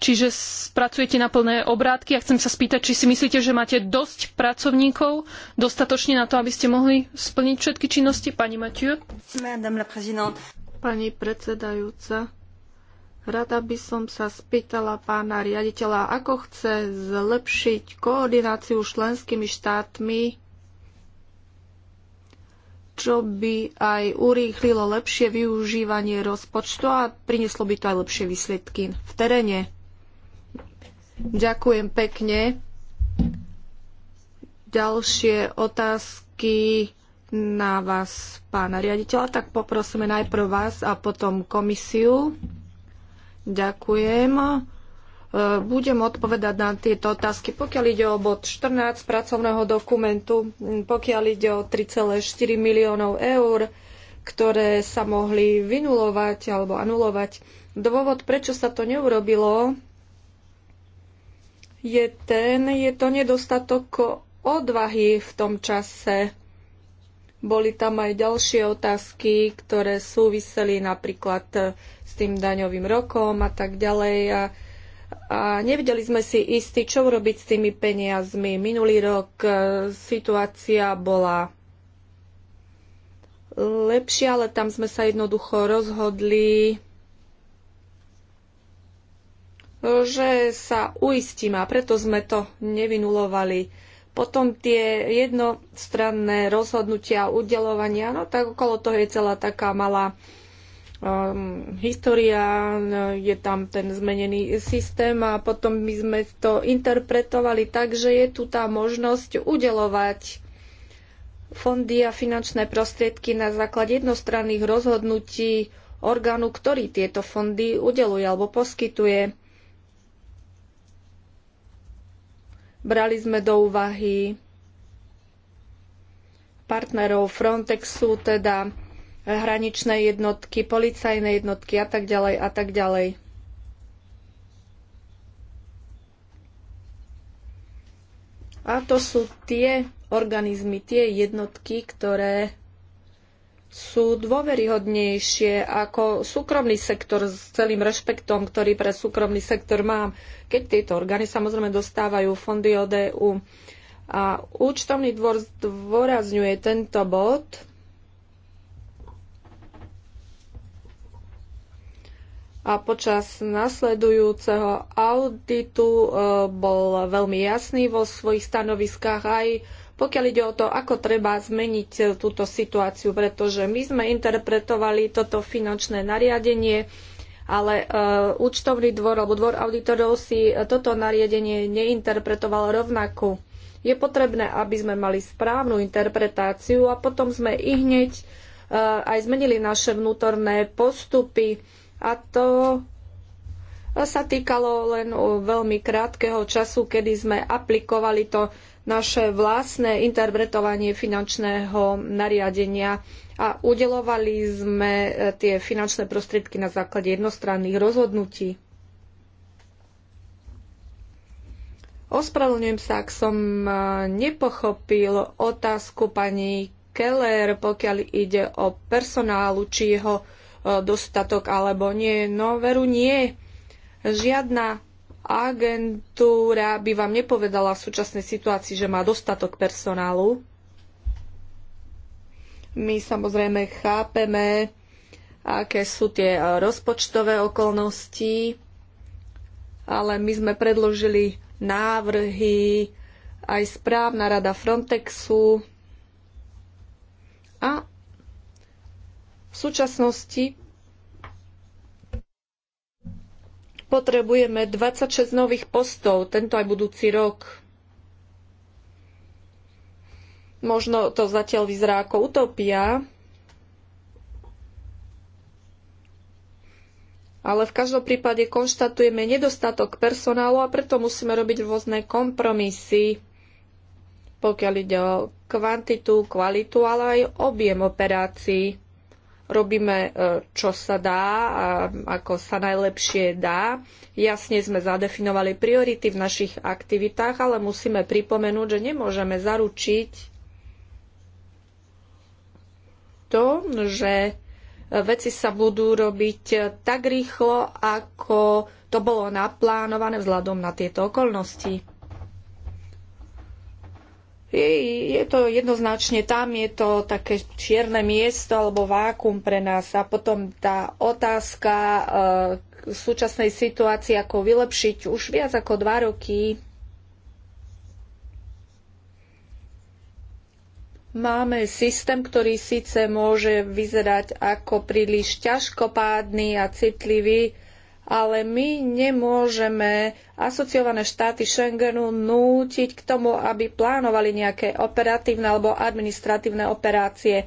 Čiže pracujete na plné obrátky a chcem sa spýtať, či si myslíte, že máte dosť pracovníkov, dostatočne na to, aby ste mohli splniť všetky činnosti, pani Mathieu? Pani predsedajúca, rada by som sa spýtala pána riaditeľa, ako chce zlepšiť koordináciu členskými štátmi, čo by aj urýchlilo lepšie využívanie rozpočtu a prinieslo by to aj lepšie výsledky v teréne. Ďakujem pekne. Ďalšie otázky na vás, pána riaditeľa, tak poprosíme najprv vás a potom komisiu. Ďakujem. E, budem odpovedať na tieto otázky. Pokiaľ ide o bod 14 pracovného dokumentu, pokiaľ ide o 3,4 miliónov eur, ktoré sa mohli vynulovať alebo anulovať, dôvod, prečo sa to neurobilo, je ten, je to nedostatok odvahy v tom čase. Boli tam aj ďalšie otázky, ktoré súviseli napríklad s tým daňovým rokom a tak ďalej. A, a nevedeli sme si istí, čo urobiť s tými peniazmi. Minulý rok e, situácia bola lepšia, ale tam sme sa jednoducho rozhodli že sa uistím a preto sme to nevinulovali. Potom tie jednostranné rozhodnutia udelovania, no tak okolo toho je celá taká malá um, história, je tam ten zmenený systém a potom my sme to interpretovali tak, že je tu tá možnosť udelovať fondy a finančné prostriedky na základe jednostranných rozhodnutí orgánu, ktorý tieto fondy udeluje alebo poskytuje. Brali sme do úvahy partnerov Frontexu, teda hraničné jednotky, policajné jednotky a tak ďalej a tak ďalej. A to sú tie organizmy, tie jednotky, ktoré sú dôveryhodnejšie ako súkromný sektor s celým rešpektom, ktorý pre súkromný sektor mám, keď tieto orgány samozrejme dostávajú fondy od EU. A účtovný dvor zdôrazňuje tento bod. A počas nasledujúceho auditu e, bol veľmi jasný vo svojich stanoviskách aj pokiaľ ide o to, ako treba zmeniť eh, túto situáciu, pretože my sme interpretovali toto finančné nariadenie, ale eh, účtovný dvor alebo dvor auditorov si eh, toto nariadenie neinterpretoval rovnako. Je potrebné, aby sme mali správnu interpretáciu a potom sme i hneď aj zmenili naše vnútorné postupy a to sa týkalo len veľmi krátkeho času, kedy sme aplikovali to naše vlastné interpretovanie finančného nariadenia a udelovali sme e, tie finančné prostriedky na základe jednostranných rozhodnutí. Ospravedlňujem sa, ak som e, nepochopil otázku pani Keller, pokiaľ ide o personálu, či jeho e, dostatok alebo nie. No veru nie. Žiadna agentúra by vám nepovedala v súčasnej situácii, že má dostatok personálu. My samozrejme chápeme, aké sú tie eh, rozpočtové okolnosti, ale my sme predložili návrhy aj správna rada Frontexu a v súčasnosti potrebujeme 26 nových postov, tento aj budúci rok. Možno to zatiaľ vyzerá ako utopia, ale v každom prípade konštatujeme nedostatok personálu a preto musíme robiť rôzne kompromisy, pokiaľ ide o kvantitu, kvalitu, ale aj objem operácií. Robíme, e, čo sa dá, a ako sa najlepšie dá. Jasne sme zadefinovali priority v našich aktivitách, ale musíme pripomenúť, že nemôžeme zaručiť to, že e, veci sa budú robiť e, tak rýchlo, ako to bolo naplánované vzhľadom na tieto okolnosti je to jednoznačne tam, je to také čierne miesto alebo vákum pre nás. A potom tá otázka e, súčasnej situácii ako vylepšiť už viac ako dva roky. Máme systém, ktorý síce môže vyzerať ako príliš ťažkopádny a citlivý, ale my nemôžeme asociované štáty Schengenu nútiť k tomu, aby plánovali nejaké operatívne alebo administratívne operácie. E,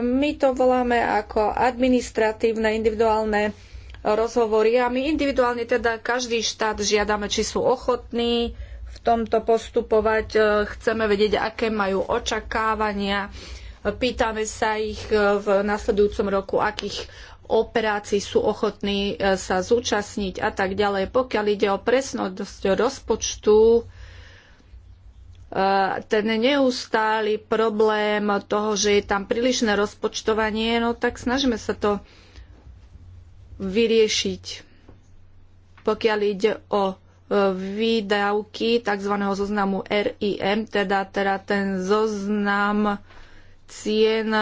my to voláme ako administratívne individuálne rozhovory a my individuálne teda každý štát žiadame, či sú ochotní v tomto postupovať, e, chceme vedieť, aké majú očakávania, pýtame sa ich e, v nasledujúcom roku, akých operácií sú ochotní e, sa zúčastniť a tak ďalej. Pokiaľ ide o presnosť rozpočtu, e, ten neustály problém toho, že je tam prílišné rozpočtovanie, no tak snažíme sa to vyriešiť. Pokiaľ ide o e, výdavky tzv. zoznamu RIM, teda, teda ten zoznam cien,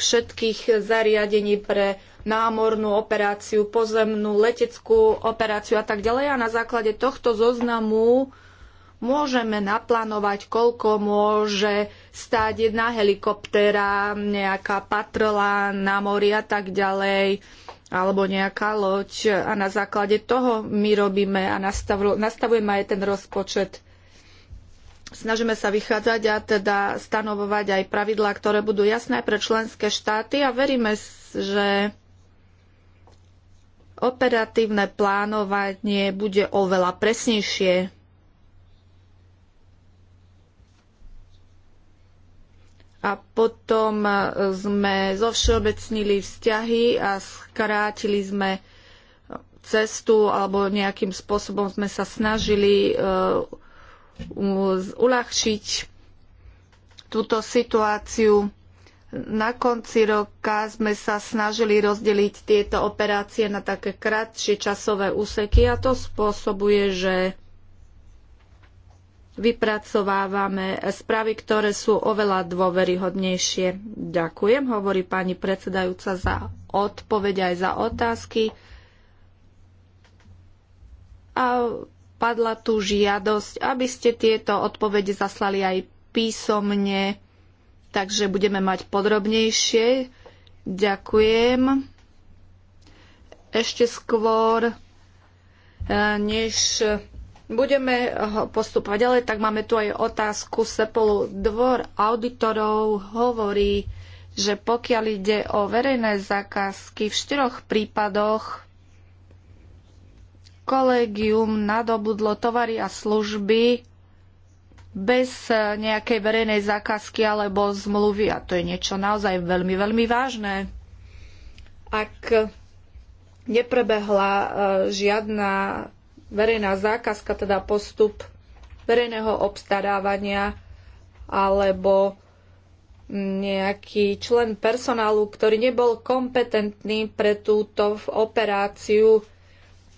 všetkých zariadení pre námornú operáciu, pozemnú, leteckú operáciu a tak ďalej. A na základe tohto zoznamu môžeme naplánovať, koľko môže stáť jedna helikoptéra, nejaká patrola na mori a tak ďalej, alebo nejaká loď. A na základe toho my robíme a nastavujeme aj ten rozpočet snažíme sa vychádzať a teda stanovovať aj pravidlá, ktoré budú jasné pre členské štáty a veríme, že operatívne plánovanie bude oveľa presnejšie. A potom e, sme zovšeobecnili vzťahy a skrátili sme cestu alebo nejakým spôsobom sme sa snažili uh, uľahčiť túto situáciu. Na konci roka sme sa snažili rozdeliť tieto operácie na také kratšie časové úseky a to spôsobuje, že vypracovávame správy, ktoré sú oveľa dôveryhodnejšie. Ďakujem, hovorí pani predsedajúca za odpoveď aj za otázky. A padla tu žiadosť, aby ste tieto odpovede zaslali aj písomne, takže budeme mať podrobnejšie. Ďakujem. Ešte skôr, eh, než budeme postupovať ďalej, tak máme tu aj otázku Sepolu. Dvor auditorov hovorí, že pokiaľ ide o verejné zákazky v štyroch prípadoch, kolegium nadobudlo tovary a služby bez nejakej verejnej zákazky alebo zmluvy. A to je niečo naozaj veľmi, veľmi vážne. Ak neprebehla e, žiadna verejná zákazka, teda postup verejného obstarávania alebo nejaký člen personálu, ktorý nebol kompetentný pre túto operáciu,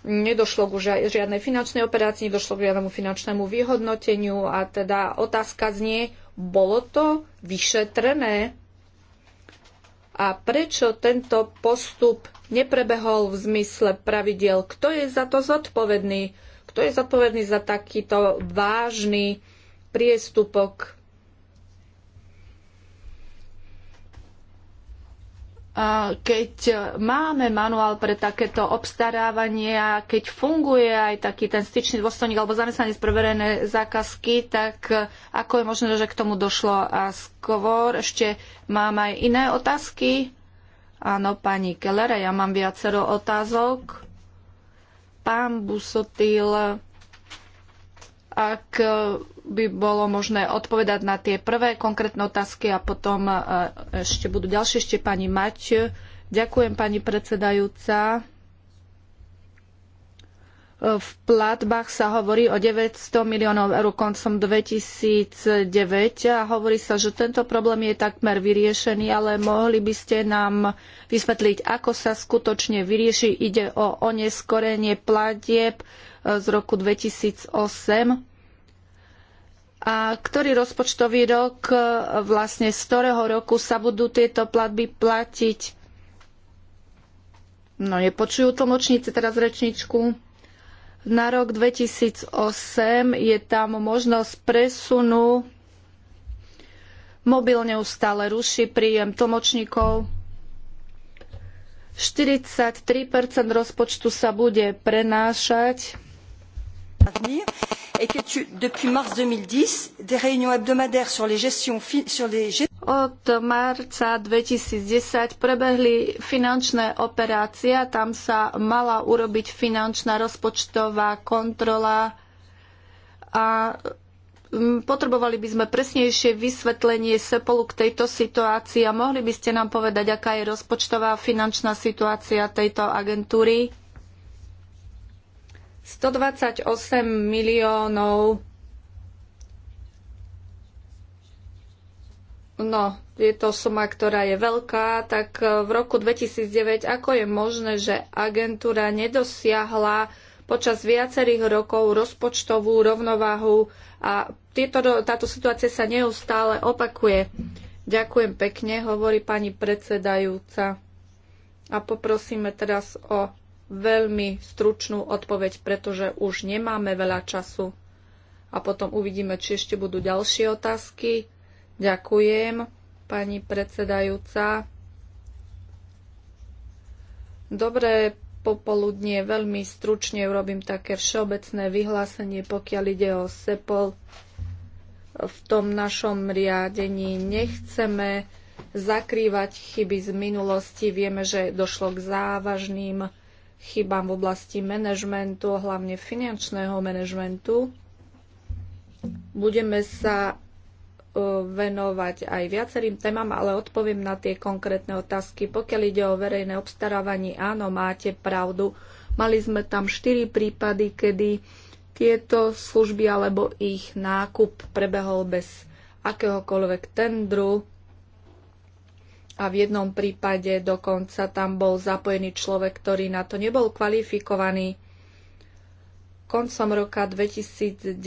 nedošlo k žiadnej finančnej operácii, nedošlo k žiadnemu finančnému vyhodnoteniu a teda otázka znie, bolo to vyšetrené? A prečo tento postup neprebehol v zmysle pravidiel? Kto je za to zodpovedný? Kto je zodpovedný za takýto vážny priestupok keď máme manuál pre takéto obstarávanie a keď funguje aj taký ten styčný dôstojník alebo zamestnanec pre verejné zákazky, tak ako je možné, že k tomu došlo a skôr ešte mám aj iné otázky. Áno, pani Keller, ja mám viacero otázok. Pán Busotil, ak by bolo možné odpovedať na tie prvé konkrétne otázky a potom e, ešte budú ďalšie, ešte pani Mať. Ďakujem, pani predsedajúca. V platbách sa hovorí o 900 miliónov eur koncom 2009 a hovorí sa, že tento problém je takmer vyriešený, ale mohli by ste nám vysvetliť, ako sa skutočne vyrieši. Ide o oneskorenie platieb e, z roku 2008 a ktorý rozpočtový rok, e, vlastne z ktorého roku sa budú tieto platby platiť. No nepočujú tlmočníci teraz rečničku. Na rok 2008 je tam možnosť presunu. Mobil neustále ruší príjem tlmočníkov. 43% rozpočtu sa bude prenášať venir et que tu, depuis mars 2010, des réunions hebdomadaires sur les gestions sur les Od marca 2010 prebehli finančné operácie a tam sa mala urobiť finančná rozpočtová kontrola a mm, potrebovali by sme presnejšie vysvetlenie Sepolu k tejto situácii a mohli by ste nám povedať, aká je rozpočtová finančná situácia tejto agentúry? 128 miliónov. No, je to suma, ktorá je veľká, tak e, v roku 2009 ako je možné, že agentúra nedosiahla počas viacerých rokov rozpočtovú rovnováhu a tieto, táto situácia sa neustále opakuje. Ďakujem pekne, hovorí pani predsedajúca. A poprosíme teraz o veľmi stručnú odpoveď, pretože už nemáme veľa času. A potom uvidíme, či ešte budú ďalšie otázky. Ďakujem, pani predsedajúca. Dobré popoludnie, veľmi stručne urobím také všeobecné vyhlásenie, pokiaľ ide o SEPOL. V tom našom riadení nechceme zakrývať chyby z minulosti. Vieme, že došlo k závažným chybám v oblasti manažmentu, hlavne finančného manažmentu. Budeme sa e, venovať aj viacerým témam, ale odpoviem na tie konkrétne otázky. Pokiaľ ide o verejné obstarávanie, áno, máte pravdu. Mali sme tam štyri prípady, kedy tieto služby alebo ich nákup prebehol bez akéhokoľvek tendru a v jednom prípade dokonca tam bol zapojený človek, ktorý na to nebol kvalifikovaný. Koncom roka 2009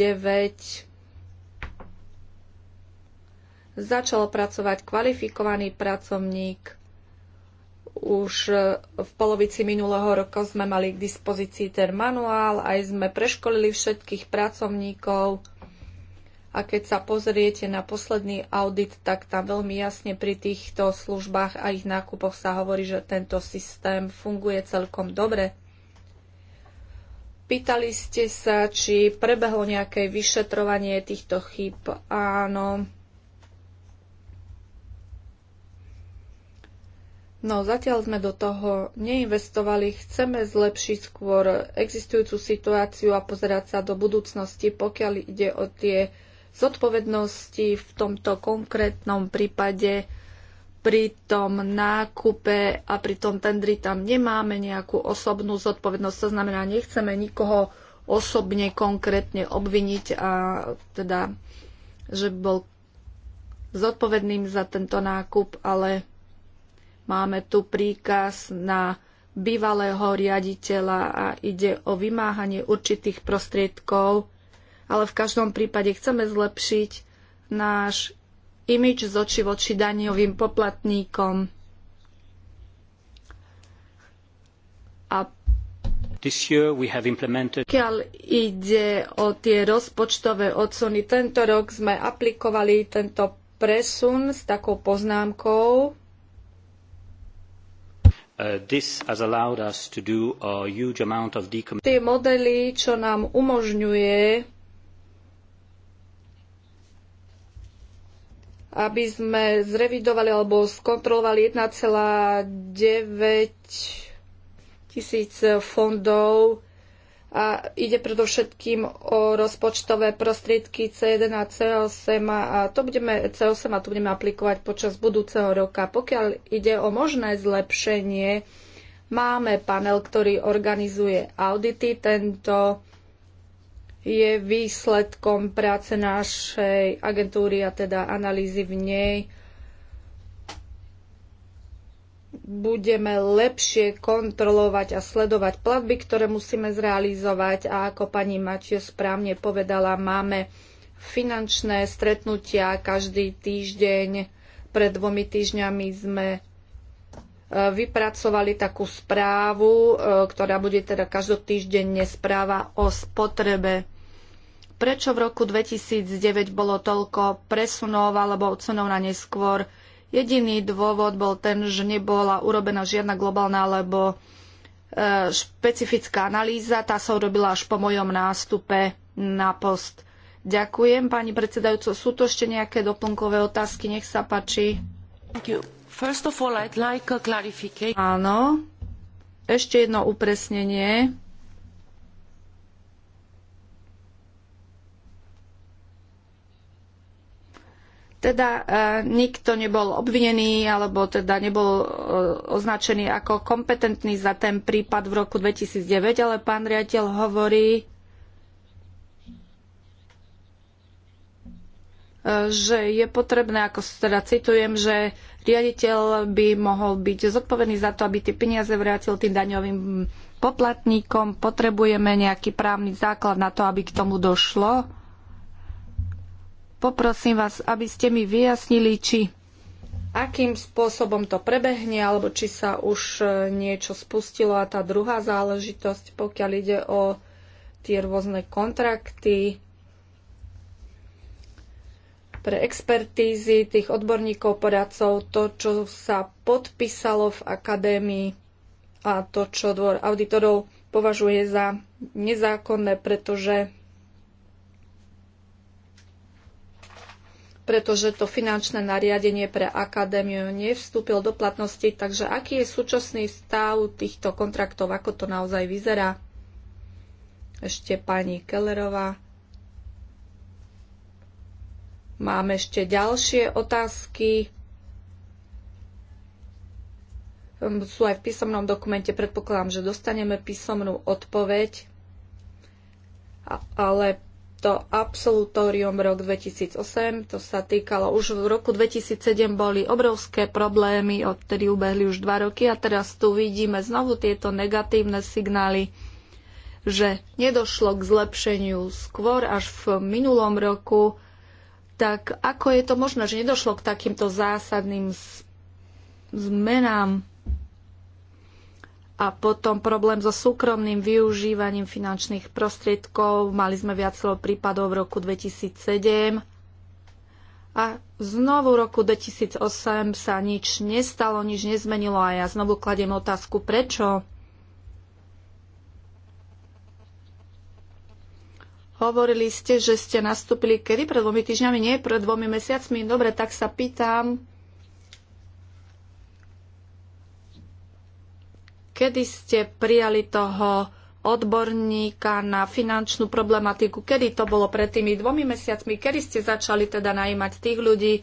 začal pracovať kvalifikovaný pracovník. Už e, v polovici minulého roka sme mali k dispozícii ten manuál, aj sme preškolili všetkých pracovníkov a keď sa pozriete na posledný audit, tak tam veľmi jasne pri týchto službách a ich nákupoch sa hovorí, že tento systém funguje celkom dobre. Pýtali ste sa, či prebehlo nejaké vyšetrovanie týchto chyb. Áno. No, zatiaľ sme do toho neinvestovali. Chceme zlepšiť skôr existujúcu situáciu a pozerať sa do budúcnosti, pokiaľ ide o tie zodpovednosti v tomto konkrétnom prípade pri tom nákupe a pri tom tendri tam nemáme nejakú osobnú zodpovednosť. To znamená, nechceme nikoho osobne konkrétne obviniť a teda, že bol zodpovedným za tento nákup, ale máme tu príkaz na bývalého riaditeľa a ide o vymáhanie určitých prostriedkov ale v každom prípade chceme zlepšiť náš imič z oči voči daňovým poplatníkom. A keď ide o tie rozpočtové odsuny, tento rok sme aplikovali tento presun s takou poznámkou. Uh, Tie modely, čo nám umožňuje aby sme zrevidovali alebo skontrolovali 1,9 tisíc fondov a ide predovšetkým o rozpočtové prostriedky C1 a C8 a to budeme, C8 a to budeme aplikovať počas budúceho roka. Pokiaľ ide o možné zlepšenie, máme panel, ktorý organizuje audity. Tento je výsledkom práce našej agentúry a teda analýzy v nej. Budeme lepšie kontrolovať a sledovať platby, ktoré musíme zrealizovať a ako pani Mačie správne povedala, máme finančné stretnutia každý týždeň. Pred dvomi týždňami sme e, vypracovali takú správu, e, ktorá bude teda každotýždenne správa o spotrebe prečo v roku 2009 bolo toľko presunov alebo odsunov na neskôr. Jediný dôvod bol ten, že nebola urobená žiadna globálna alebo e, špecifická analýza. Tá sa urobila až po mojom nástupe na post. Ďakujem, pani predsedajúco. Sú to ešte nejaké doplnkové otázky? Nech sa páči. All, like Áno. Ešte jedno upresnenie teda e, nikto nebol obvinený alebo teda nebol e, označený ako kompetentný za ten prípad v roku 2009, ale pán riaditeľ hovorí, e, že je potrebné, ako teda citujem, že riaditeľ by mohol byť zodpovedný za to, aby tie peniaze vrátil tým daňovým poplatníkom. Potrebujeme nejaký právny základ na to, aby k tomu došlo. Poprosím vás, aby ste mi vyjasnili, či akým spôsobom to prebehne, alebo či sa už e, niečo spustilo. A tá druhá záležitosť, pokiaľ ide o tie rôzne kontrakty pre expertízy tých odborníkov, poradcov, to, čo sa podpísalo v akadémii a to, čo dvor auditorov považuje za nezákonné, pretože pretože to finančné nariadenie pre akadémiu nevstúpilo do platnosti. Takže aký je súčasný stav týchto kontraktov, ako to naozaj vyzerá? Ešte pani Kellerová. Máme ešte ďalšie otázky. Ehm, sú aj v písomnom dokumente. Predpokladám, že dostaneme písomnú odpoveď. Ale to absolutórium rok 2008, to sa týkalo, už v roku 2007 boli obrovské problémy, odtedy ubehli už dva roky a teraz tu vidíme znovu tieto negatívne signály, že nedošlo k zlepšeniu skôr až v minulom roku, tak ako je to možné, že nedošlo k takýmto zásadným zmenám? a potom problém so súkromným využívaním finančných prostriedkov. Mali sme viacero prípadov v roku 2007 a znovu v roku 2008 sa nič nestalo, nič nezmenilo a ja znovu kladem otázku, prečo? Hovorili ste, že ste nastúpili kedy? Pred dvomi týždňami? Nie, pred dvomi mesiacmi. Dobre, tak sa pýtam, Kedy ste prijali toho odborníka na finančnú problematiku? Kedy to bolo pred tými dvomi mesiacmi? Kedy ste začali teda najímať tých ľudí,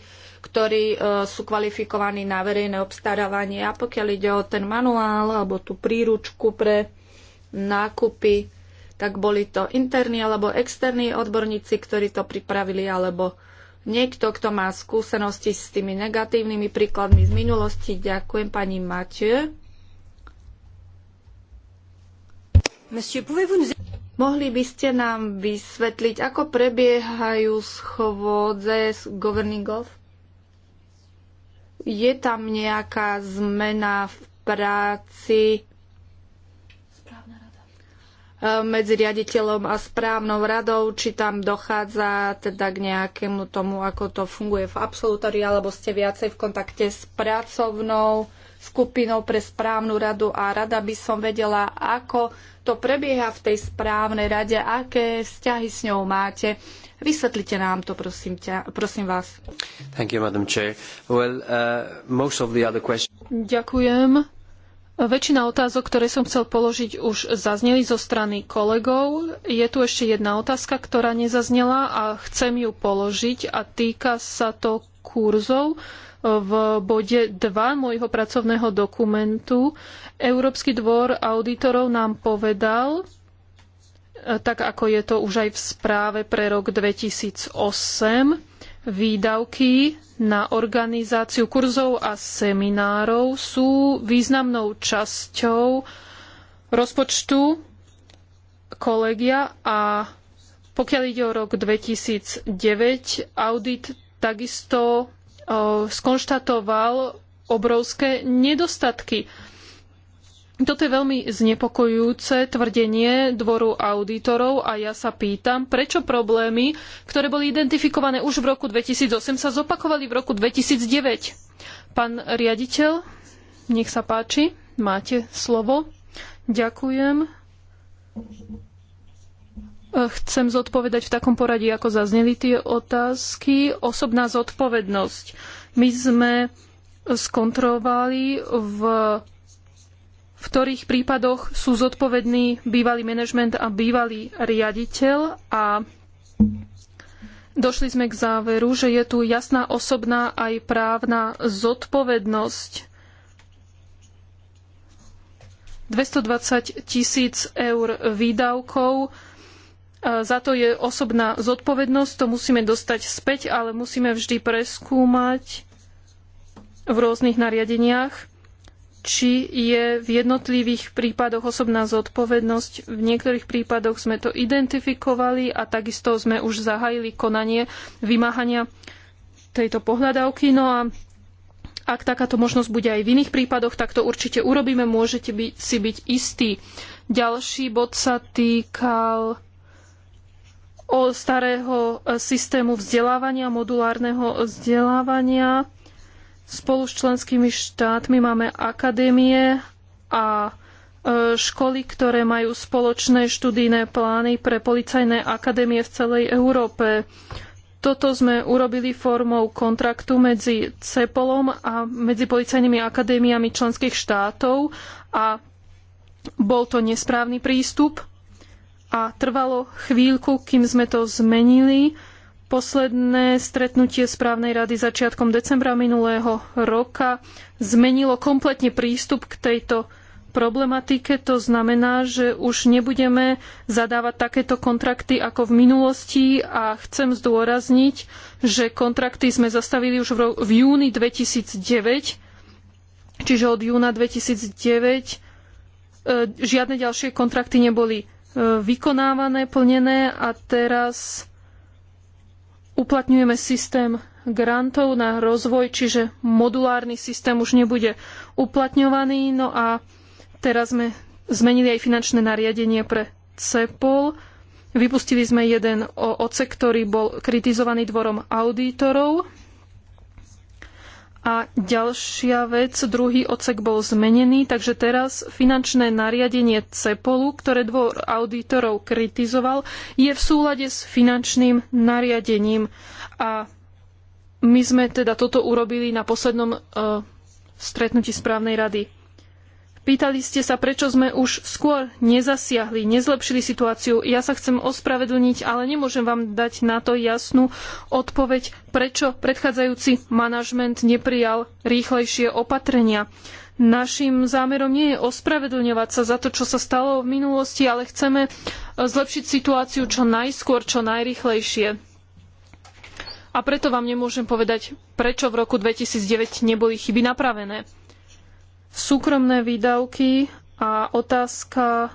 ktorí e, sú kvalifikovaní na verejné obstarávanie? A pokiaľ ide o ten manuál alebo tú príručku pre nákupy, tak boli to interní alebo externí odborníci, ktorí to pripravili, alebo niekto, kto má skúsenosti s tými negatívnymi príkladmi z minulosti. Ďakujem pani Matej. Mohli by ste nám vysvetliť, ako prebiehajú schôdze z governingov? Je tam nejaká zmena v práci e, medzi riaditeľom a správnou radou, či tam dochádza teda k nejakému tomu, ako to funguje v absolutórii, alebo ste viacej v kontakte s pracovnou skupinou pre správnu radu a rada by som vedela, ako to prebieha v tej správnej rade, aké vzťahy s ňou máte. Vysvetlite nám to, prosím, ťa, prosím vás. Thank you, Madam Chair. Well, uh, most of the other questions... Ďakujem. Väčšina otázok, ktoré som chcel položiť, už zazneli zo strany kolegov. Je tu ešte jedna otázka, ktorá nezaznela a chcem ju položiť a týka sa to kurzov, v bode 2 môjho pracovného dokumentu. Európsky dvor auditorov nám povedal, e, tak ako je to už aj v správe pre rok 2008, výdavky na organizáciu kurzov a seminárov sú významnou časťou rozpočtu kolegia a pokiaľ ide o rok 2009, audit takisto skonštatoval obrovské nedostatky. Toto je veľmi znepokojujúce tvrdenie dvoru auditorov a ja sa pýtam, prečo problémy, ktoré boli identifikované už v roku 2008, sa zopakovali v roku 2009. Pán riaditeľ, nech sa páči, máte slovo. Ďakujem. Chcem zodpovedať v takom poradí, ako zazneli tie otázky. Osobná zodpovednosť. My sme skontrolovali, v, v ktorých prípadoch sú zodpovední bývalý manažment a bývalý riaditeľ a došli sme k záveru, že je tu jasná osobná aj právna zodpovednosť 220 tisíc eur výdavkov za to je osobná zodpovednosť, to musíme dostať späť, ale musíme vždy preskúmať v rôznych nariadeniach, či je v jednotlivých prípadoch osobná zodpovednosť. V niektorých prípadoch sme to identifikovali a takisto sme už zahájili konanie vymáhania tejto pohľadávky. No a ak takáto možnosť bude aj v iných prípadoch, tak to určite urobíme, môžete by, si byť istí. Ďalší bod sa týkal o starého e, systému vzdelávania, modulárneho vzdelávania. Spolu s členskými štátmi máme akadémie a e, školy, ktoré majú spoločné študijné plány pre policajné akadémie v celej Európe. Toto sme urobili formou kontraktu medzi CEPOLom a medzi policajnými akadémiami členských štátov a bol to nesprávny prístup, a trvalo chvíľku, kým sme to zmenili. Posledné stretnutie správnej rady začiatkom decembra minulého roka zmenilo kompletne prístup k tejto problematike. To znamená, že už nebudeme zadávať takéto kontrakty ako v minulosti a chcem zdôrazniť, že kontrakty sme zastavili už v júni 2009, čiže od júna 2009 e, žiadne ďalšie kontrakty neboli vykonávané, plnené a teraz uplatňujeme systém grantov na rozvoj, čiže modulárny systém už nebude uplatňovaný. No a teraz sme zmenili aj finančné nariadenie pre CEPOL. Vypustili sme jeden odsek, ktorý bol kritizovaný dvorom auditorov a ďalšia vec, druhý odsek bol zmenený, takže teraz finančné nariadenie CEPOLu, ktoré dvor auditorov kritizoval, je v súlade s finančným nariadením. A my sme teda toto urobili na poslednom uh, stretnutí správnej rady. Pýtali ste sa, prečo sme už skôr nezasiahli, nezlepšili situáciu. Ja sa chcem ospravedlniť, ale nemôžem vám dať na to jasnú odpoveď, prečo predchádzajúci manažment neprijal rýchlejšie opatrenia. Naším zámerom nie je ospravedlňovať sa za to, čo sa stalo v minulosti, ale chceme e, zlepšiť situáciu čo najskôr, čo najrychlejšie. A preto vám nemôžem povedať, prečo v roku 2009 neboli chyby napravené súkromné výdavky a otázka,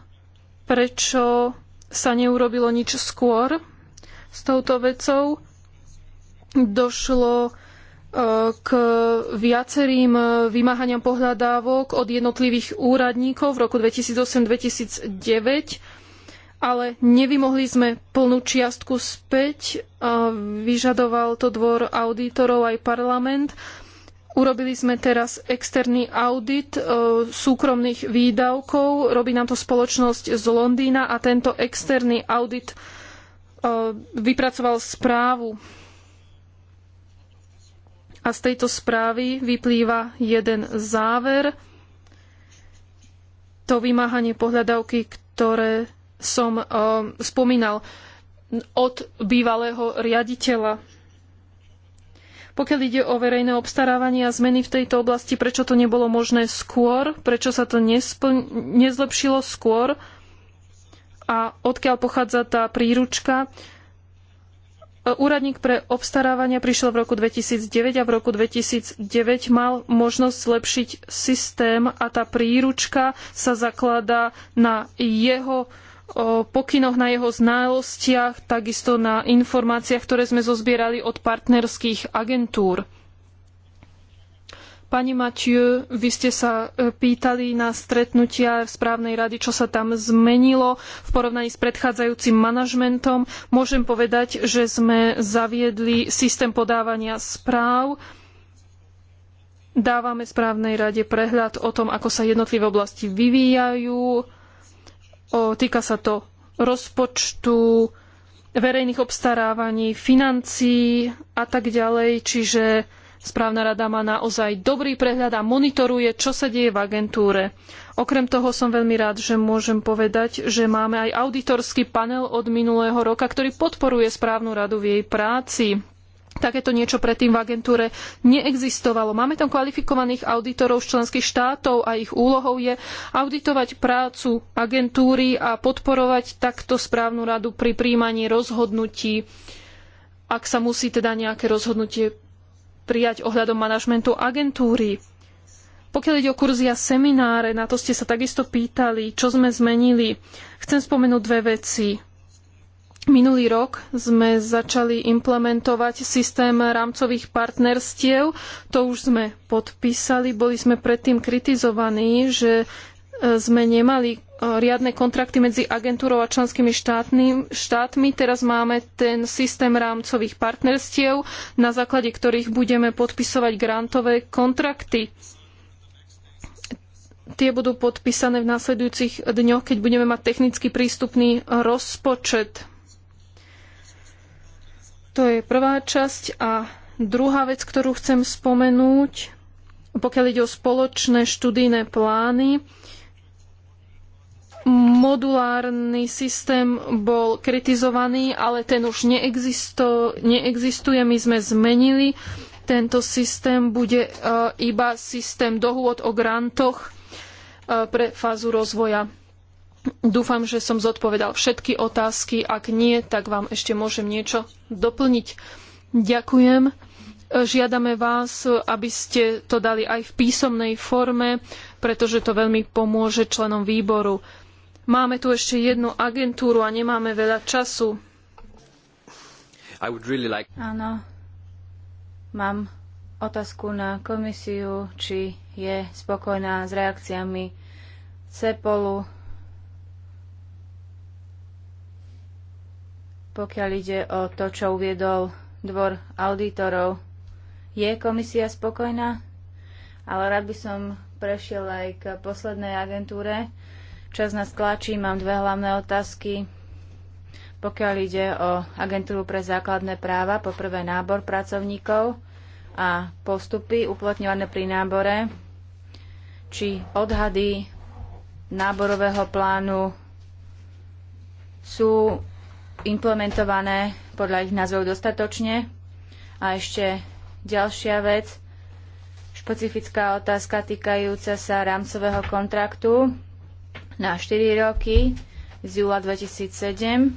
prečo sa neurobilo nič skôr s touto vecou. Došlo e, k viacerým vymáhaniam pohľadávok od jednotlivých úradníkov v roku 2008-2009, ale nevymohli sme plnú čiastku späť. Vyžadoval to dvor auditorov aj parlament. Urobili sme teraz externý audit e, súkromných výdavkov, robí nám to spoločnosť z Londýna a tento externý audit e, vypracoval správu. A z tejto správy vyplýva jeden záver. To vymáhanie pohľadávky, ktoré som e, spomínal od bývalého riaditeľa pokiaľ ide o verejné obstarávanie a zmeny v tejto oblasti, prečo to nebolo možné skôr, prečo sa to nezlepšilo skôr a odkiaľ pochádza tá príručka. E, úradník pre obstarávania prišiel v roku 2009 a v roku 2009 mal možnosť zlepšiť systém a tá príručka sa zakladá na jeho o pokynoch, na jeho znalostiach, takisto na informáciách, ktoré sme zozbierali od partnerských agentúr. Pani Mathieu, vy ste sa e, pýtali na stretnutia správnej rady, čo sa tam zmenilo v porovnaní s predchádzajúcim manažmentom. Môžem povedať, že sme zaviedli systém podávania správ. Dávame správnej rade prehľad o tom, ako sa jednotlivé oblasti vyvíjajú, týka sa to rozpočtu, verejných obstarávaní, financií a tak ďalej, čiže správna rada má naozaj dobrý prehľad a monitoruje, čo sa deje v agentúre. Okrem toho som veľmi rád, že môžem povedať, že máme aj auditorský panel od minulého roka, ktorý podporuje správnu radu v jej práci. Takéto niečo predtým v agentúre neexistovalo. Máme tam kvalifikovaných auditorov z členských štátov a ich úlohou je auditovať prácu agentúry a podporovať takto správnu radu pri príjmaní rozhodnutí, ak sa musí teda nejaké rozhodnutie prijať ohľadom manažmentu agentúry. Pokiaľ ide o kurzy a semináre, na to ste sa takisto pýtali, čo sme zmenili. Chcem spomenúť dve veci. Minulý rok sme začali implementovať systém rámcových partnerstiev. To už sme podpísali. Boli sme predtým kritizovaní, že e, sme nemali e, riadne kontrakty medzi agentúrou a členskými štátmi. Teraz máme ten systém rámcových partnerstiev, na základe ktorých budeme podpisovať grantové kontrakty. Tie budú podpísané v následujúcich dňoch, keď budeme mať technicky prístupný rozpočet to je prvá časť a druhá vec, ktorú chcem spomenúť, pokiaľ ide o spoločné študijné plány, modulárny systém bol kritizovaný, ale ten už neexistuje. My sme zmenili tento systém, bude e, iba systém dohôd o grantoch e, pre fázu rozvoja. Dúfam, že som zodpovedal všetky otázky. Ak nie, tak vám ešte môžem niečo doplniť. Ďakujem. Žiadame vás, aby ste to dali aj v písomnej forme, pretože to veľmi pomôže členom výboru. Máme tu ešte jednu agentúru a nemáme veľa času. Really like... Áno. Mám otázku na komisiu, či je spokojná s reakciami CEPOLu pokiaľ ide o to, čo uviedol dvor auditorov. Je komisia spokojná? Ale rád by som prešiel aj k poslednej agentúre. Čas nás tlačí, mám dve hlavné otázky. Pokiaľ ide o agentúru pre základné práva, poprvé nábor pracovníkov a postupy uplatňované pri nábore, či odhady náborového plánu sú implementované podľa ich názvov dostatočne. A ešte ďalšia vec, špecifická otázka týkajúca sa rámcového kontraktu na 4 roky z júla 2007,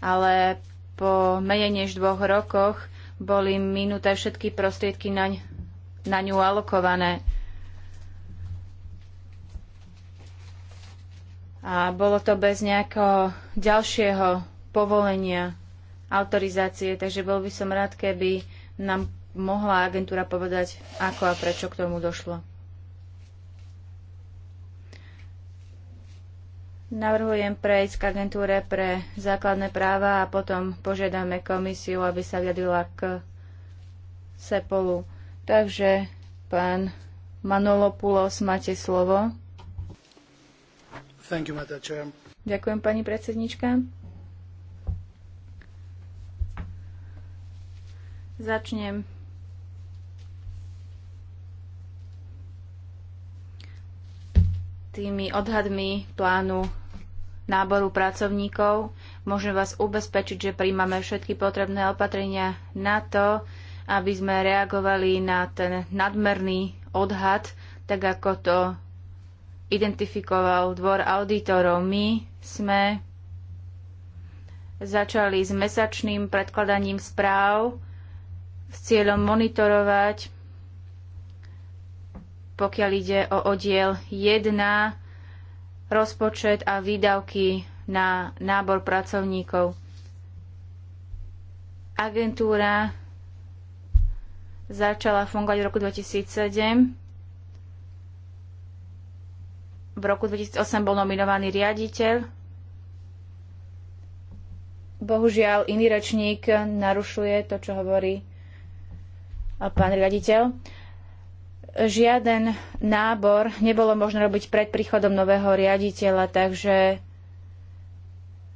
ale po menej než dvoch rokoch boli minuté všetky prostriedky na, na ňu alokované. a bolo to bez nejakého ďalšieho povolenia, autorizácie, takže bol by som rád, keby nám mohla agentúra povedať, ako a prečo k tomu došlo. Navrhujem prejsť k agentúre pre základné práva a potom požiadame komisiu, aby sa vyjadrila k Sepolu. Takže, pán Manolopulos, máte slovo. You, Ďakujem, pani predsednička. Začnem tými odhadmi plánu náboru pracovníkov. Môžem vás ubezpečiť, že príjmame všetky potrebné opatrenia na to, aby sme reagovali na ten nadmerný odhad, tak ako to identifikoval dvor auditorov. My sme začali s mesačným predkladaním správ s cieľom monitorovať, pokiaľ ide o oddiel 1, rozpočet a výdavky na nábor pracovníkov. Agentúra začala fungovať v roku 2007 v roku 2008 bol nominovaný riaditeľ. Bohužiaľ, iný rečník narušuje to, čo hovorí pán riaditeľ. Žiaden nábor nebolo možné robiť pred príchodom nového riaditeľa, takže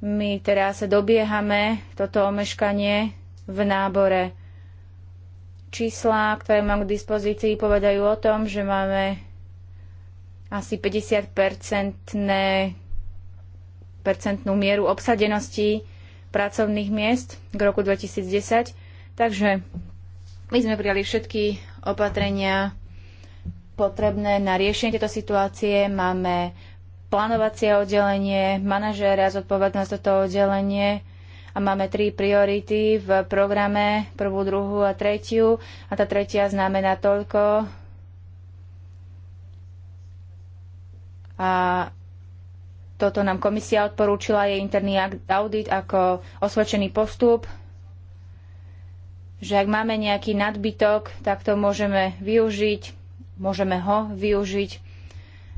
my teraz dobiehame toto omeškanie v nábore. Čísla, ktoré mám k dispozícii, povedajú o tom, že máme asi 50-percentné percentnú mieru obsadenosti pracovných miest k roku 2010. Takže my sme prijali všetky opatrenia potrebné na riešenie tejto situácie. Máme plánovacie oddelenie, manažéra zodpovednosť toto oddelenie a máme tri priority v programe, prvú, druhú a tretiu. A tá tretia znamená toľko, a toto nám komisia odporúčila, je interný audit ako osvedčený postup, že ak máme nejaký nadbytok, tak to môžeme využiť, môžeme ho využiť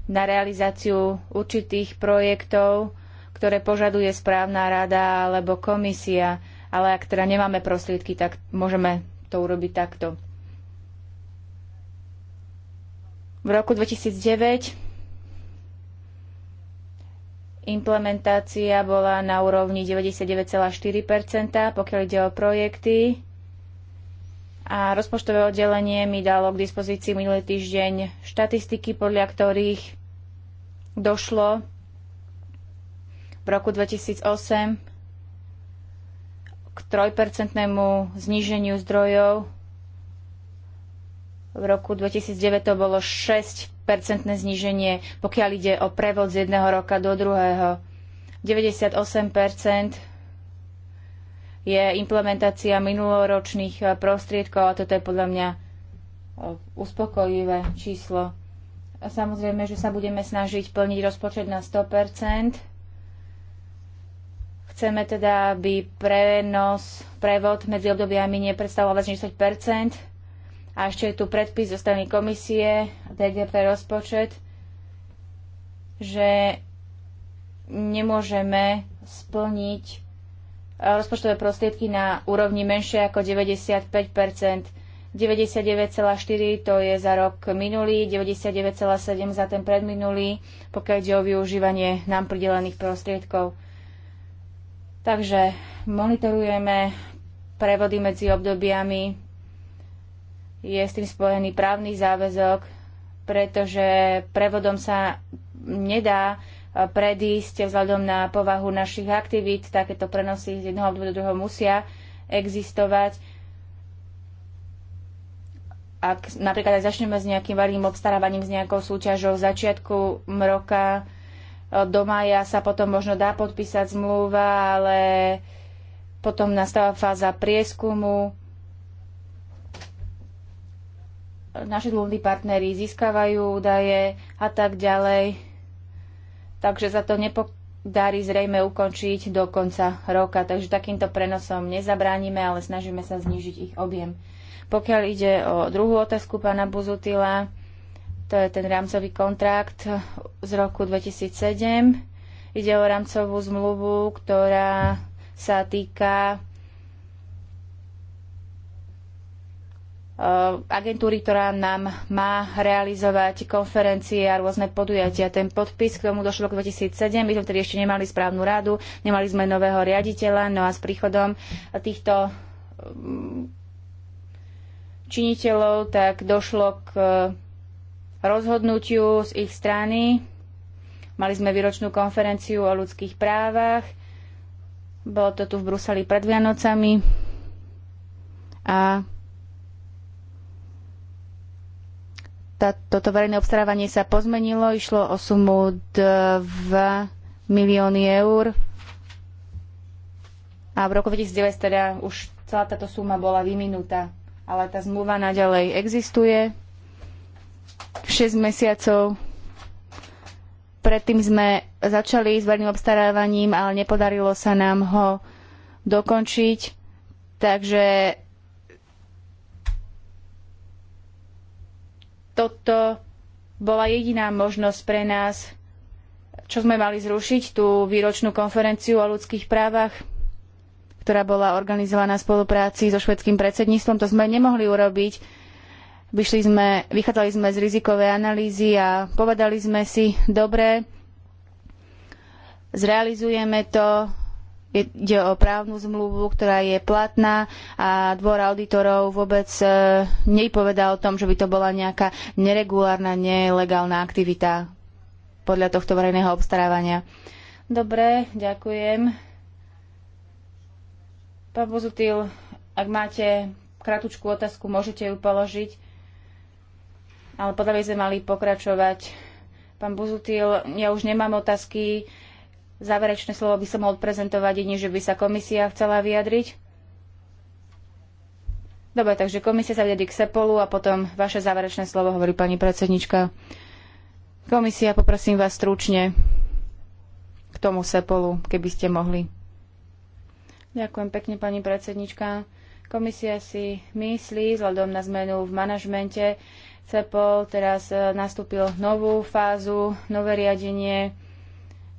na realizáciu určitých projektov, ktoré požaduje správna rada alebo komisia, ale ak teda nemáme prostriedky, tak môžeme to urobiť takto. V roku 2009 Implementácia bola na úrovni 99,4%, pokiaľ ide o projekty. A rozpočtové oddelenie mi dalo k dispozícii minulý týždeň štatistiky, podľa ktorých došlo v roku 2008 k trojpercentnému zníženiu zdrojov. V roku 2009 to bolo 6 percentné zníženie, pokiaľ ide o prevod z jedného roka do druhého. 98% je implementácia minuloročných eh, prostriedkov a toto je podľa mňa eh, uspokojivé číslo. A samozrejme, že sa budeme snažiť plniť rozpočet na 100%. Chceme teda, aby prenos, prevod medzi obdobiami nepredstavoval viac než 10%. A ešte je tu predpis zo strany komisie DGP pre rozpočet, že nemôžeme splniť e, rozpočtové prostriedky na úrovni menšie ako 95 99,4 to je za rok minulý, 99,7 za ten predminulý, pokiaľ ide o využívanie nám pridelených prostriedkov. Takže monitorujeme prevody medzi obdobiami je s tým spojený právny záväzok, pretože prevodom sa nedá e, predísť vzhľadom na povahu našich aktivít. Takéto prenosy z jedného obdobia do druhého musia existovať. Ak napríklad aj začneme s nejakým varným obstarávaním, s nejakou súťažou v začiatku roka, e, do maja sa potom možno dá podpísať zmluva, ale potom nastáva fáza prieskumu, naši dlhodobí partneri získavajú údaje a tak ďalej. Takže sa to nepodarí zrejme ukončiť do konca roka. Takže takýmto prenosom nezabránime, ale snažíme sa znižiť ich objem. Pokiaľ ide o druhú otázku pána Buzutila, to je ten rámcový kontrakt z roku 2007. Ide o rámcovú zmluvu, ktorá sa týka Eh, agentúry, ktorá nám má realizovať konferencie a rôzne podujatia. Ten podpis k tomu došlo v roku 2007, my sme vtedy ešte nemali správnu radu, nemali sme nového riaditeľa, no a s príchodom týchto mm, činiteľov tak došlo k eh, rozhodnutiu z ich strany. Mali sme výročnú konferenciu o ľudských právach. Bolo to tu v Bruseli pred Vianocami. A tá, toto verejné obstarávanie sa pozmenilo, išlo o sumu 2 milióny eur a v roku 2009 teda už celá táto suma bola vyminutá, ale tá zmluva naďalej existuje. 6 mesiacov predtým sme začali s verejným obstarávaním, ale nepodarilo sa nám ho dokončiť. Takže Toto bola jediná možnosť pre nás, čo sme mali zrušiť, tú výročnú konferenciu o ľudských právach, ktorá bola organizovaná v spolupráci so švedským predsedníctvom. To sme nemohli urobiť, vyšli sme, vychádzali sme z rizikovej analýzy a povedali sme si, dobre, zrealizujeme to, Ide o právnu zmluvu, ktorá je platná a dvor auditorov vôbec e, nepovedá o tom, že by to bola nejaká neregulárna, nelegálna aktivita podľa tohto verejného obstarávania. Dobre, ďakujem. Pán Bozutil, ak máte kratučkú otázku, môžete ju položiť. Ale podľa mňa sme mali pokračovať. Pán Buzutil, ja už nemám otázky. Záverečné slovo by som mohol prezentovať, nie že by sa komisia chcela vyjadriť. Dobre, takže komisia sa vyjadri k SEPOLu a potom vaše záverečné slovo hovorí pani predsednička. Komisia, poprosím vás stručne k tomu SEPOLu, keby ste mohli. Ďakujem pekne, pani predsednička. Komisia si myslí, vzhľadom na zmenu v manažmente, CEPOL teraz e, nastúpil novú fázu, nové riadenie,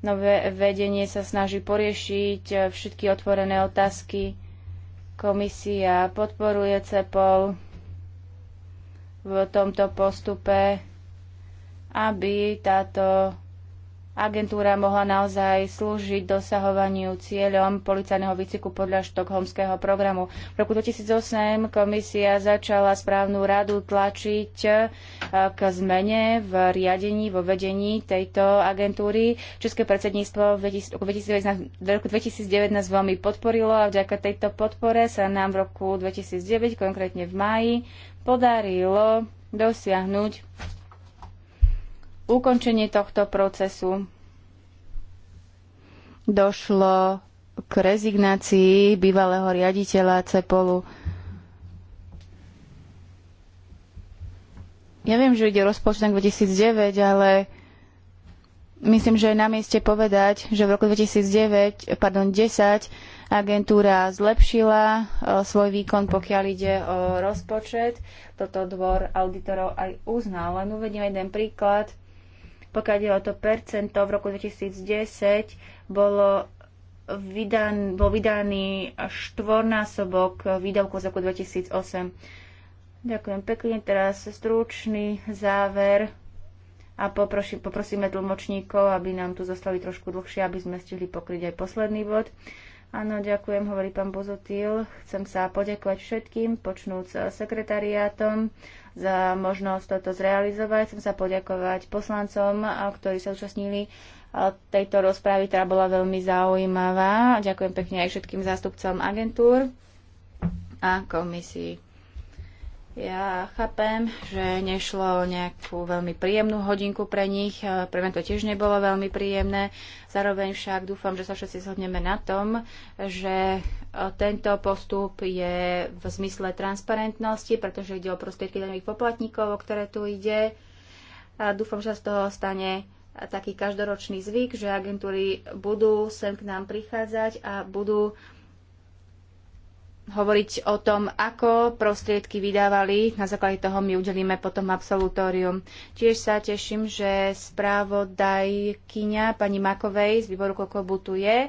Nové vedenie sa snaží poriešiť eh, všetky otvorené otázky. Komisia podporuje CEPOL v tomto postupe, aby táto agentúra mohla naozaj slúžiť dosahovaniu cieľom policajného výciku podľa štokholmského programu. V roku 2008 komisia začala správnu radu tlačiť eh, k zmene v riadení, vo vedení tejto agentúry. České predsedníctvo v roku 2019 veľmi podporilo a vďaka tejto podpore sa nám v roku 2009, konkrétne v máji, podarilo dosiahnuť ukončenie tohto procesu došlo k rezignácii bývalého riaditeľa Cepolu. Ja viem, že ide rozpočet 2009, ale myslím, že je na mieste povedať, že v roku 2009, pardon, 10 agentúra zlepšila e, svoj výkon, pokiaľ ide o rozpočet. Toto dvor auditorov aj uznal. Len uvediem jeden príklad pokiaľ ide o to percento, v roku 2010 bolo vydan, bol vydaný štvornásobok výdavku z roku 2008. Ďakujem pekne. Teraz stručný záver a poproši, poprosíme tlmočníkov, aby nám tu zostali trošku dlhšie, aby sme stihli pokryť aj posledný bod. Áno, ďakujem, hovorí pán Bozotil. Chcem sa poďakovať všetkým, počnúc sekretariátom, za možnosť toto zrealizovať. Chcem sa poďakovať poslancom, ktorí sa účastnili tejto rozpravy, ktorá bola veľmi zaujímavá. Ďakujem pekne aj všetkým zástupcom agentúr a komisii. Ja chápem, že nešlo o nejakú veľmi príjemnú hodinku pre nich. Pre mňa to tiež nebolo veľmi príjemné. Zároveň však dúfam, že sa všetci zhodneme na tom, že tento postup je v zmysle transparentnosti, pretože ide o prostriedky daňových poplatníkov, o ktoré tu ide. A dúfam, že z toho stane taký každoročný zvyk, že agentúry budú sem k nám prichádzať a budú hovoriť o tom, ako prostriedky vydávali. Na základe toho my udelíme potom absolutórium. Tiež sa teším, že správodajkyňa pani Makovej z výboru Kokobu tu je. E,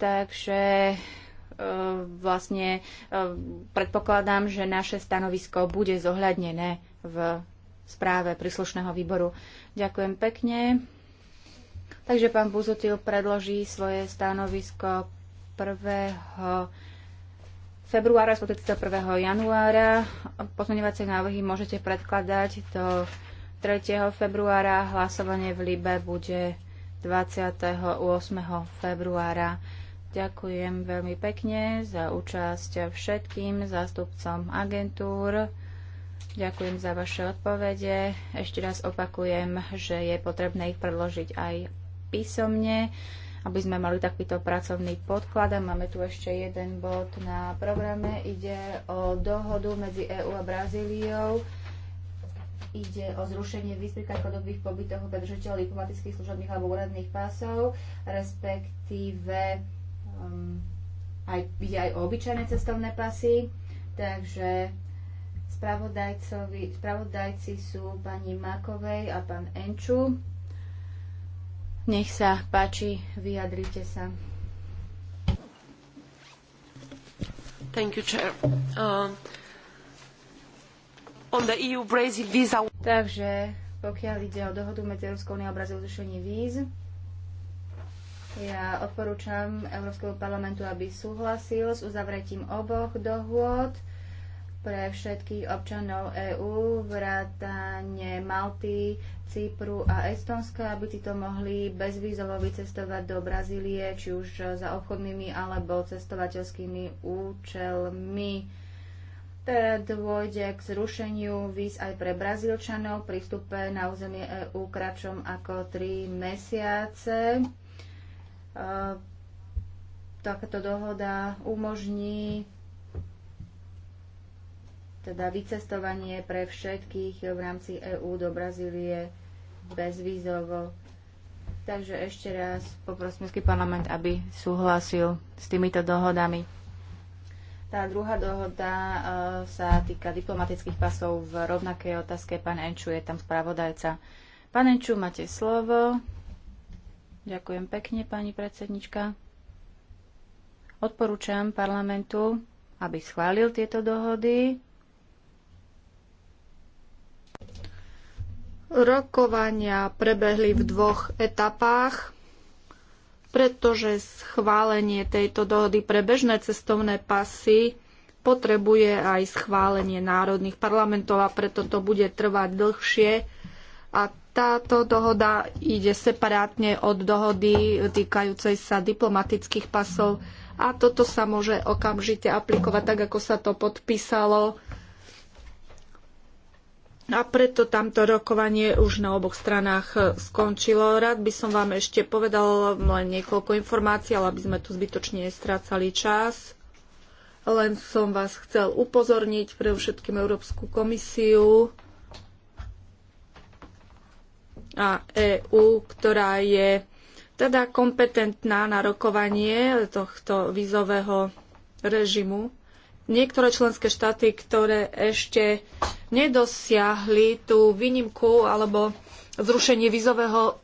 takže E, vlastne e, predpokladám, že naše stanovisko bude zohľadnené v správe príslušného výboru. Ďakujem pekne. Takže pán Buzutil predloží svoje stanovisko 1. februára, respektíve 1. Teda januára. Pozmeňovacie návrhy môžete predkladať do 3. februára. Hlasovanie v Libe bude 28. februára. Ďakujem veľmi pekne za účasť všetkým zástupcom agentúr. Ďakujem za vaše odpovede. Ešte raz opakujem, že je potrebné ich predložiť aj písomne, aby sme mali takýto pracovný podklad. A máme tu ešte jeden bod na programe. Ide o dohodu medzi EÚ a Brazíliou. Ide o zrušenie výstrika chodobých pobytov pre držiteľov diplomatických služobných alebo úradných pásov, respektíve um, aj, ide aj o obyčajné cestovné pasy, takže spravodajci sú pani Makovej a pán Enču. Nech sa páči, vyjadrite sa. Thank you, Chair. Uh, on the EU-Brazil visa... Takže pokiaľ ide o dohodu medzi Európskou úniou a Brazíliou o zrušení víz, ja odporúčam Európskeho parlamentu, aby súhlasil s uzavretím oboch dohôd pre všetkých občanov EÚ, vrátane Malty, Cypru a Estonska, aby títo mohli bezvízovo vycestovať do Brazílie, či už za obchodnými alebo cestovateľskými účelmi. Teda dôjde k zrušeniu víz aj pre Brazílčanov pri vstupe na územie EÚ kratšom ako 3 mesiace E, takáto dohoda umožní teda vycestovanie pre všetkých v rámci EÚ do Brazílie bezvízovo. Takže ešte raz poprosím parlament, aby súhlasil s týmito dohodami. Tá druhá dohoda e, sa týka diplomatických pasov v rovnakej otázke. Pán Enču je tam spravodajca. Pán Enču, máte slovo. Ďakujem pekne, pani predsednička. Odporúčam parlamentu, aby schválil tieto dohody. Rokovania prebehli v dvoch etapách, pretože schválenie tejto dohody pre bežné cestovné pasy potrebuje aj schválenie národných parlamentov a preto to bude trvať dlhšie a táto dohoda ide separátne od dohody týkajúcej sa diplomatických pasov a toto sa môže okamžite aplikovať tak, ako sa to podpísalo. A preto tamto rokovanie už na oboch stranách skončilo. Rád by som vám ešte povedal len niekoľko informácií, ale aby sme tu zbytočne strácali čas. Len som vás chcel upozorniť pre všetkým Európsku komisiu a EÚ, ktorá je teda kompetentná na rokovanie tohto vízového režimu. Niektoré členské štáty, ktoré ešte nedosiahli tú výnimku alebo zrušenie vízového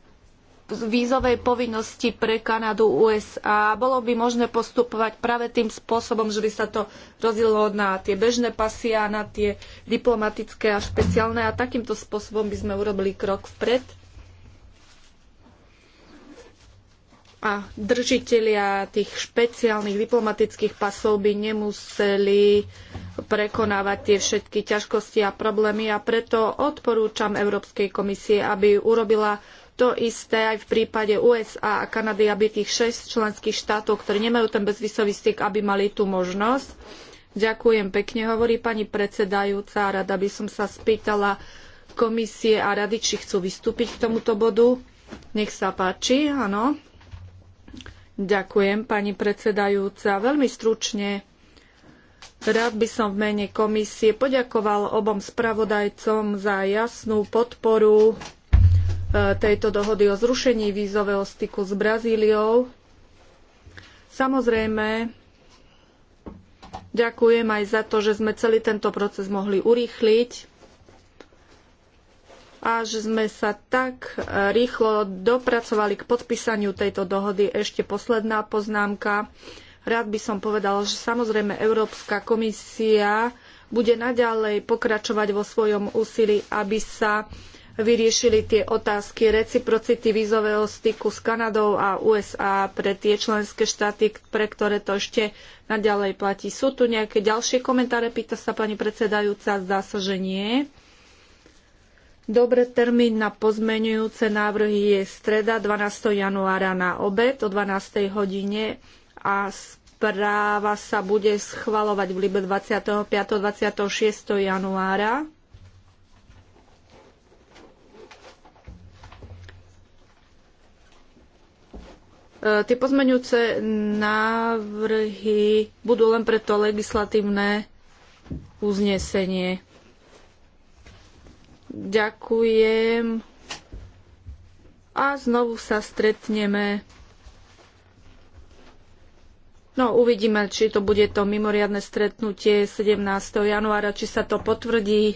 vízovej povinnosti pre Kanadu, USA. Bolo by možné postupovať práve tým spôsobom, že by sa to rozdielilo na tie bežné pasy a na tie diplomatické a špeciálne a takýmto spôsobom by sme urobili krok vpred. A držitelia tých špeciálnych diplomatických pasov by nemuseli prekonávať tie všetky ťažkosti a problémy a preto odporúčam Európskej komisie, aby urobila to isté aj v prípade USA a Kanady, aby tých 6 členských štátov, ktorí nemajú ten bezvisový styk, aby mali tú možnosť. Ďakujem pekne, hovorí pani predsedajúca. Rada by som sa spýtala komisie a rady, či chcú vystúpiť k tomuto bodu. Nech sa páči, áno. Ďakujem, pani predsedajúca. Veľmi stručne rád by som v mene komisie poďakoval obom spravodajcom za jasnú podporu tejto dohody o zrušení vízového styku s Brazíliou. Samozrejme, ďakujem aj za to, že sme celý tento proces mohli urýchliť a že sme sa tak rýchlo dopracovali k podpísaniu tejto dohody. Ešte posledná poznámka. Rád by som povedal, že samozrejme Európska komisia bude naďalej pokračovať vo svojom úsilí, aby sa vyriešili tie otázky reciprocity vízového styku s Kanadou a USA pre tie členské štáty, pre ktoré to ešte naďalej platí. Sú tu nejaké ďalšie komentáre? Pýta sa pani predsedajúca. Zdá sa, že nie. Dobre, termín na pozmenujúce návrhy je streda 12. januára na obed o 12. hodine a správa sa bude schvalovať v Libe 25. 26. januára E, tie pozmeňujúce návrhy budú len preto legislatívne uznesenie. Ďakujem a znovu sa stretneme. No, uvidíme, či to bude to mimoriadne stretnutie 17. januára, či sa to potvrdí e,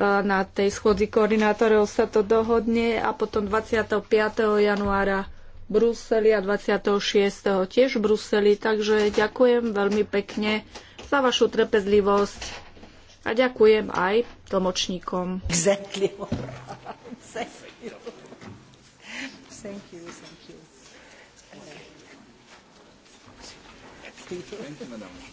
na tej schôdzi koordinátorov sa to dohodne a potom 25. januára Bruseli a 26. tiež v Bruseli, takže ďakujem veľmi pekne za vašu trpezlivosť a ďakujem aj tlmočníkom. Exactly. thank you. Thank you. Thank you, madame.